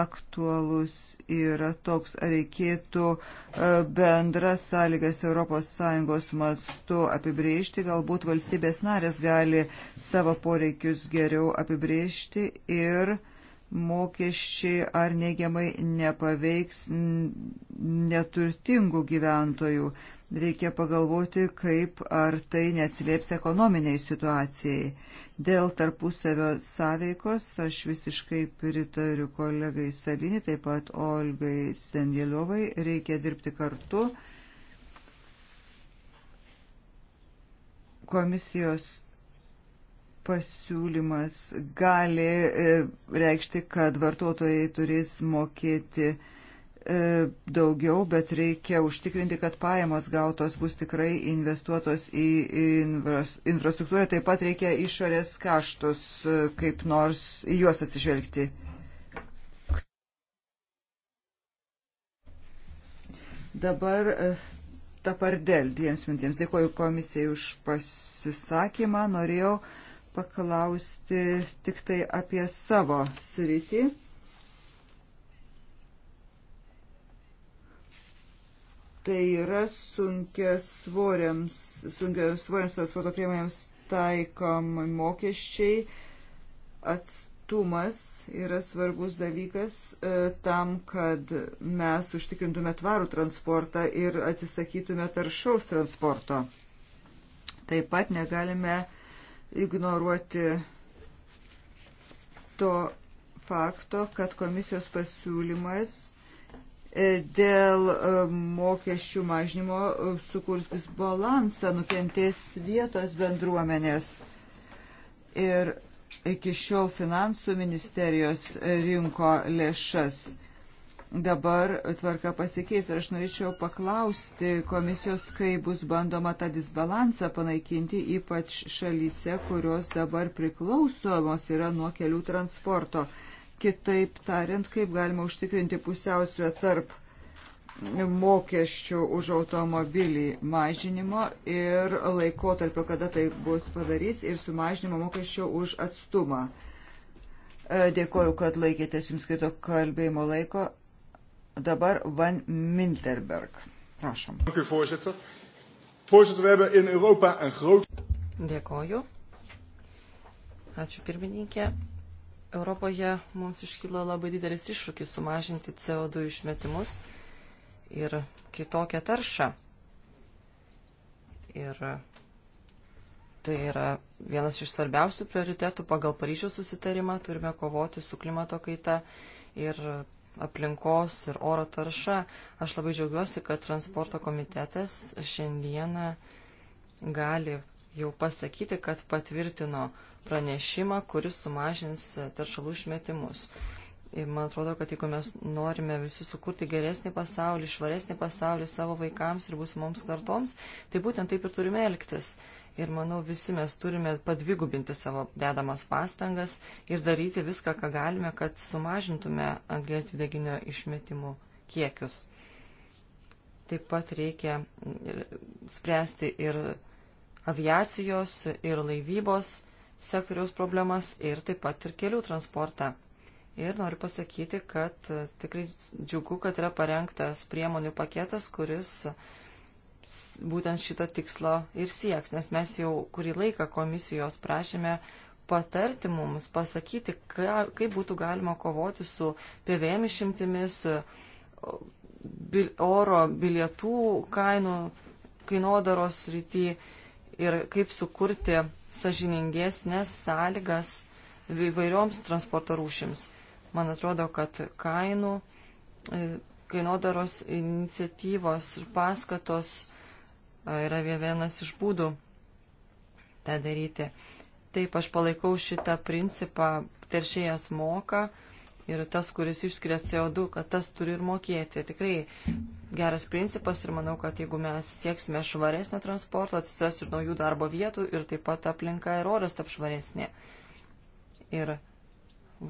aktualus yra toks, ar reikėtų e, bendras sąlygas ES mastu apibriežti, galbūt valstybės narės gali savo poreikius geriau apibriežti ir uh, mokesčiai ar neigiamai nepaveiks neturtingų gyventojų. Reikia pagalvoti, kaip ar tai neatsilieps ekonominiai situacijai. Dėl tarpusavio sąveikos aš visiškai pritariu kolegai Salinį, taip pat Olgai Sendėliovai, reikia dirbti kartu. Komisijos pasiūlymas gali e, reikšti, kad vartotojai turės mokėti e, daugiau, bet reikia užtikrinti, kad pajamos gautos bus tikrai investuotos į infrastruktūrą. Taip pat reikia išorės kaštus e, kaip nors į juos atsižvelgti. Dabar tapardėl dviems mintims. Dėkuoju komisijai už pasisakymą. Norėjau uh, paklausti tik tai apie savo sritį. Tai yra sunkia svoriams, sunkia svoriams transporto priemonėms taikomi mokesčiai, atstumas yra svarbus dalykas e, tam, kad mes užtikrintume tvarų transportą ir atsisakytume taršaus transporto. Taip pat negalime uh, ignoruoti to fakto, kad komisijos pasiūlymas e, dėl e, mokesčių mažnymo e, sukurs disbalansą, nukentės vietos bendruomenės. Ir iki šiol finansų ministerijos rinko lėšas dabar tvarka pasikeis. Ir aš norėčiau paklausti komisijos, kaip bus bandoma tą disbalansą panaikinti, ypač šalyse, kurios dabar priklausomos yra nuo kelių transporto. Kitaip tariant, kaip galima užtikrinti pusiausvę tarp mokesčių už automobilį mažinimo ir laikotarpio, kada tai bus padarys, ir sumažinimo mokesčio už atstumą. Dėkoju, kad laikėtės jums kito kalbėjimo laiko. Dabar Van Milterberg. Prašom. Dėkoju. Ačiū pirmininkė. Europoje mums iškilo labai didelis iššūkis sumažinti CO2 išmetimus ir kitokią taršą. Ir tai yra vienas iš svarbiausių prioritetų pagal Paryžiaus susitarimą. Turime kovoti su klimato kaita ir aplinkos ir oro tarša. Aš labai džiaugiuosi, kad transporto komitetas šiandieną gali jau pasakyti, kad patvirtino pranešimą, kuris sumažins taršalų išmetimus. Ir man atrodo, kad jeigu mes norime visi sukurti geresnį pasaulį, švaresnį pasaulį savo vaikams ir būsimoms kartoms, tai būtent taip ir turime elgtis. Uh, ir manau visi mes turime padvigubinti savo dedamas pastangas ir daryti viską, ką galime, kad sumažintume anglės dvideginio išmetimų kiekius. Taip pat reikia spręsti ir aviacijos, ir laivybos sektoriaus problemas, ir taip pat ir kelių transportą. Ir noriu pasakyti, kad tikrai džiugu, kad yra parengtas priemonių paketas, kuris uh, būtent šito tikslo ir sieks, nes mes jau kurį laiką komisijos prašėme patarti mums, pasakyti, ka, kaip būtų galima kovoti su PVM išimtimis, oro bilietų kainų, kainodaros rytį ir kaip sukurti sažiningesnės sąlygas įvairioms transporto rūšims. Man atrodo, kad kainų, e, kainodaros iniciatyvos ir paskatos yra vienas iš būdų tą daryti. Taip, aš palaikau šitą principą, teršėjas moka ir tas, kuris išskiria CO2, kad tas turi ir mokėti. Tikrai geras principas ir manau, kad jeigu mes sieksime švaresnio transporto, atsiras ir naujų darbo vietų ir taip pat aplinka ir oras tap švaresnė. Ir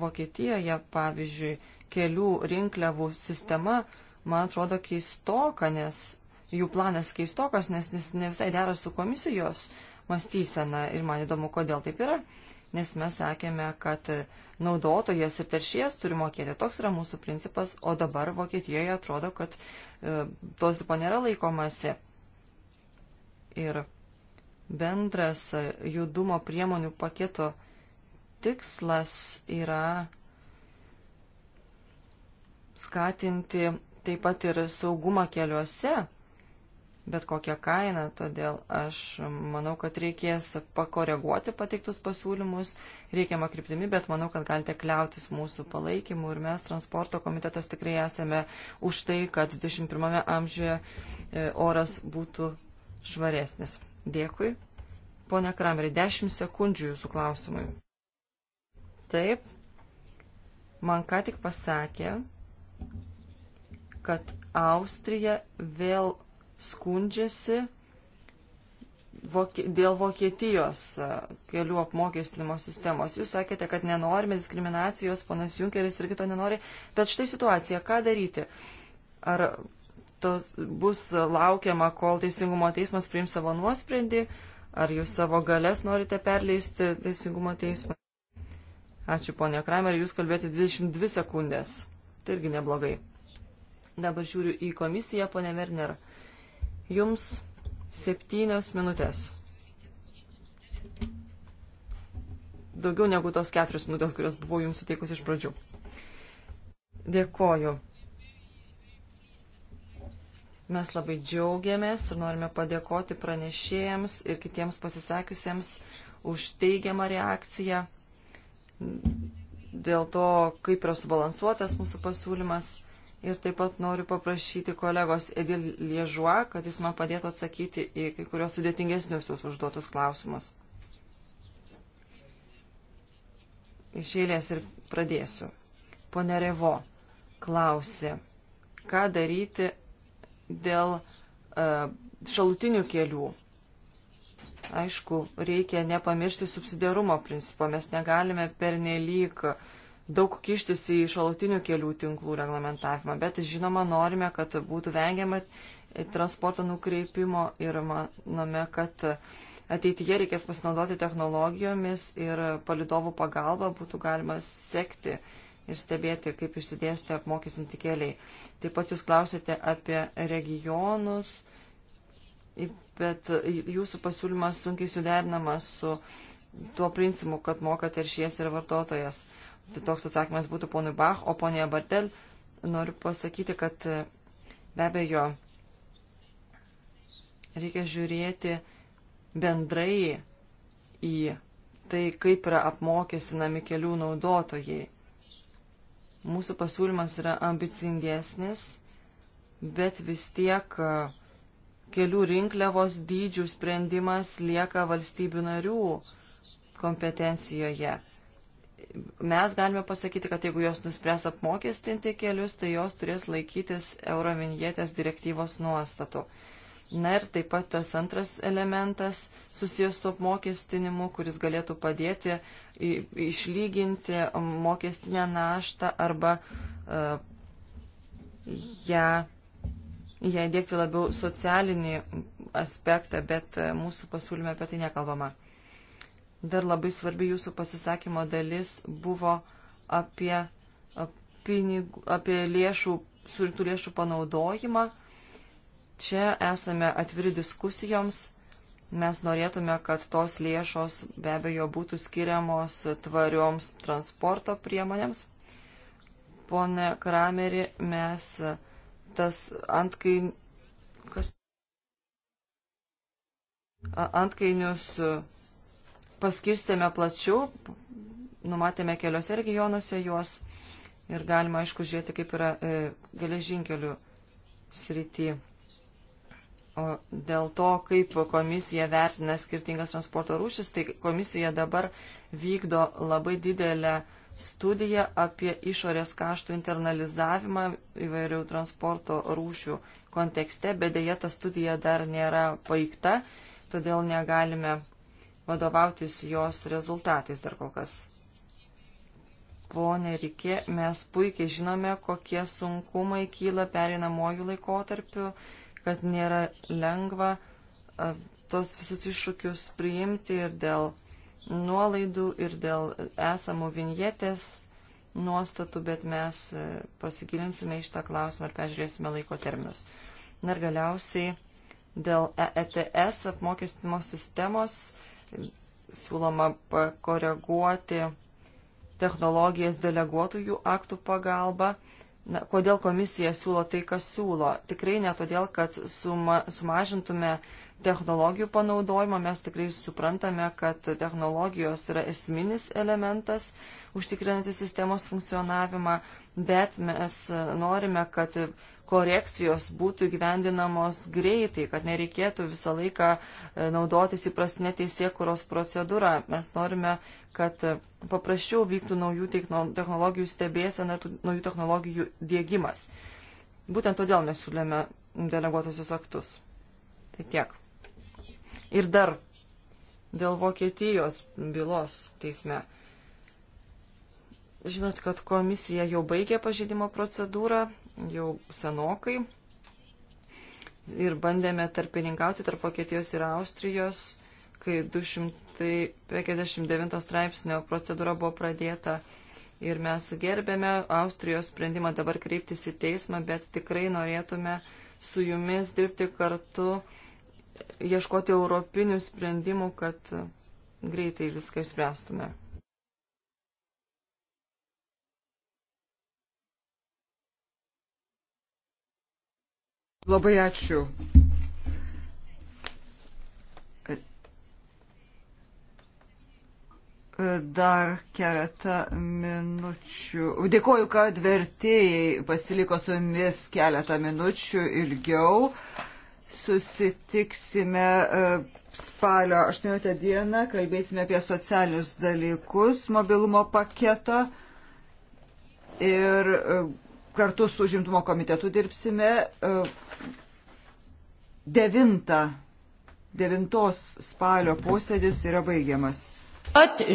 Vokietijoje, pavyzdžiui, kelių rinkliavų sistema, man atrodo, keistoka, nes jų planas keistokas, nes, nes ne visai dera su komisijos mąstysena ir man įdomu, kodėl taip yra, nes mes sakėme, kad naudotojas ir teršėjas turi mokėti, toks yra mūsų principas, o dabar Vokietijoje atrodo, kad e, to tipo nėra laikomasi. Ir bendras judumo priemonių paketo tikslas yra skatinti taip pat ir saugumą keliuose bet kokią kainą, todėl aš manau, kad reikės pakoreguoti pateiktus pasiūlymus reikiamą kryptimį, bet manau, kad galite kliautis mūsų palaikymu ir mes, transporto komitetas, tikrai esame už tai, kad 21 amžiuje e, oras būtų švaresnis. Dėkui. Pone Krameri, 10 sekundžių jūsų klausimui. Taip, man ką tik pasakė, kad Austrija vėl skundžiasi dėl Vokietijos kelių apmokestinimo sistemos. Jūs sakėte, kad nenorime diskriminacijos, ponas Junkeris irgi to nenori, bet štai situacija, ką daryti? Ar tos bus laukiama, kol Teisingumo teismas priims savo nuosprendį, ar jūs savo galės norite perleisti Teisingumo teismą? Ačiū, ponė Kramer, jūs kalbėjote 22 sekundės. Tai irgi neblogai. Dabar žiūriu į komisiją, ponė Werner. Uh, Jums septynios minutės. Daugiau negu tos keturios minutės, kurias buvau Jums suteikus iš pradžių. Dėkoju. Mes labai džiaugiamės ir norime padėkoti pranešėjams ir kitiems pasisekiusiems už teigiamą reakciją dėl to, kaip yra subalansuotas mūsų pasiūlymas ir taip pat noriu paprašyti kolegos Edil Liežuo, kad jis man padėtų atsakyti į kai kurios sudėtingesnius jūsų užduotus klausimus. Iš eilės ir pradėsiu. Pone Revo klausė, ką daryti dėl uh, šalutinių kelių. Aišku, reikia nepamiršti subsidiarumo principo, mes negalime pernelyg uh, daug kištis į šalutinių kelių tinklų reglamentavimą, bet žinoma norime, kad būtų vengiama transporto nukreipimo ir manome, kad ateityje reikės pasinaudoti technologijomis ir palidovų pagalba būtų galima sekti ir stebėti, kaip išsidėsti apmokysinti keliai. Taip pat jūs klausėte apie regionus, bet jūsų pasiūlymas sunkiai suderinamas su tuo principu, kad moka teršėjas ir vartotojas. Tai toks atsakymas būtų ponui Bach, o ponė Bartel noriu pasakyti, kad e, be abejo reikia žiūrėti bendrai į tai, kaip yra apmokestinami kelių naudotojai. Mūsų pasiūlymas yra ambicingesnis, bet vis tiek e, kelių rinkliavos dydžių sprendimas lieka valstybių narių kompetencijoje mes galime pasakyti, kad jeigu jos nuspręs apmokestinti kelius, tai jos turės laikytis Eurovinietės direktyvos nuostatų. Na ir taip pat tas antras elementas susijęs su apmokestinimu, kuris galėtų padėti išlyginti mokestinę naštą arba uh, ją, ją dėkti labiau socialinį aspektą, bet e, mūsų pasiūlyme apie tai nekalbama. Dar labai svarbi jūsų pasisakymo dalis buvo apie, pinigų, apie lėšų, surinktų lėšų panaudojimą. Čia esame atviri diskusijoms. Mes norėtume, kad tos lėšos be abejo būtų skiriamos tvarioms transporto priemonėms. Pone Krameri, mes tas antkain... kas... antkainius paskirstėme plačiau, numatėme keliose regionuose juos ir galima, aišku, žiūrėti, kaip yra e, geležinkelių srity. O dėl to, kaip komisija vertina skirtingas transporto rūšis, tai komisija dabar vykdo labai didelę studiją apie išorės kaštų internalizavimą įvairių transporto rūšių kontekste, bet dėja ta studija dar nėra baigta, todėl negalime vadovautis jos rezultatais dar kol kas. Pone Rikė, mes puikiai žinome, kokie sunkumai kyla perinamojų laikotarpių, kad nėra lengva tos visus iššūkius priimti ir dėl nuolaidų, ir dėl esamų vinjetės nuostatų, bet mes pasigilinsime iš tą klausimą ir peržiūrėsime laiko terminus. Ir galiausiai dėl EETS apmokestimo sistemos siūloma pakoreguoti technologijas deleguotųjų aktų pagalba. Na, kodėl komisija siūlo tai, kas siūlo? Tikrai ne todėl, kad suma, sumažintume technologijų panaudojimą, mes tikrai suprantame, kad technologijos yra esminis elementas užtikrinantis sistemos funkcionavimą, bet mes norime, kad korekcijos būtų gyvendinamos greitai, kad nereikėtų visą laiką e, naudotis įprastinė teisėkuros procedūra. Mes norime, kad e, paprasčiau vyktų naujų technologijų stebėsena ir naujų technologijų dėgymas. Būtent todėl mes siūlėme deleguotusius aktus. Tai tiek. Ir dar dėl Vokietijos bylos teisme. Žinot, kad komisija jau baigė pažeidimo procedūrą jau senokai ir bandėme tarpininkauti tarp Vokietijos ir Austrijos, kai 259 straipsnio procedūra buvo pradėta ir mes gerbėme Austrijos sprendimą dabar kreiptis į teismą, bet tikrai norėtume su jumis dirbti kartu, ieškoti europinių sprendimų, kad greitai viską išspręstume. Labai ačiū. Dar keletą minučių. Dėkoju, kad vertėjai pasiliko su jumis keletą minučių ilgiau. Susitiksime e, spalio 8 dieną, kalbėsime apie socialinius dalykus, mobilumo paketą ir e, kartu su užimtumo komitetu dirbsime. E, Devinta, devintos spalio posėdis yra baigiamas.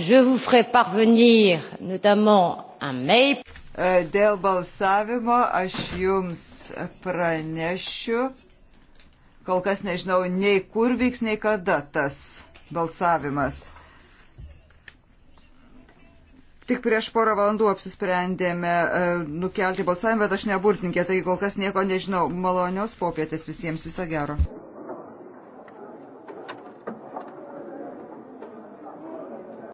Je vous ferai parvenir notamment un mail. E, dėl balsavimo aš jums pranešiu. Kol kas nežinau nei kur vyks, nei kada tas balsavimas. Tik prieš porą valandų apsisprendėme e, nukelti balsavimą, bet aš neburtininkė, tai kol kas nieko nežinau. Malonios popietės visiems, viso gero.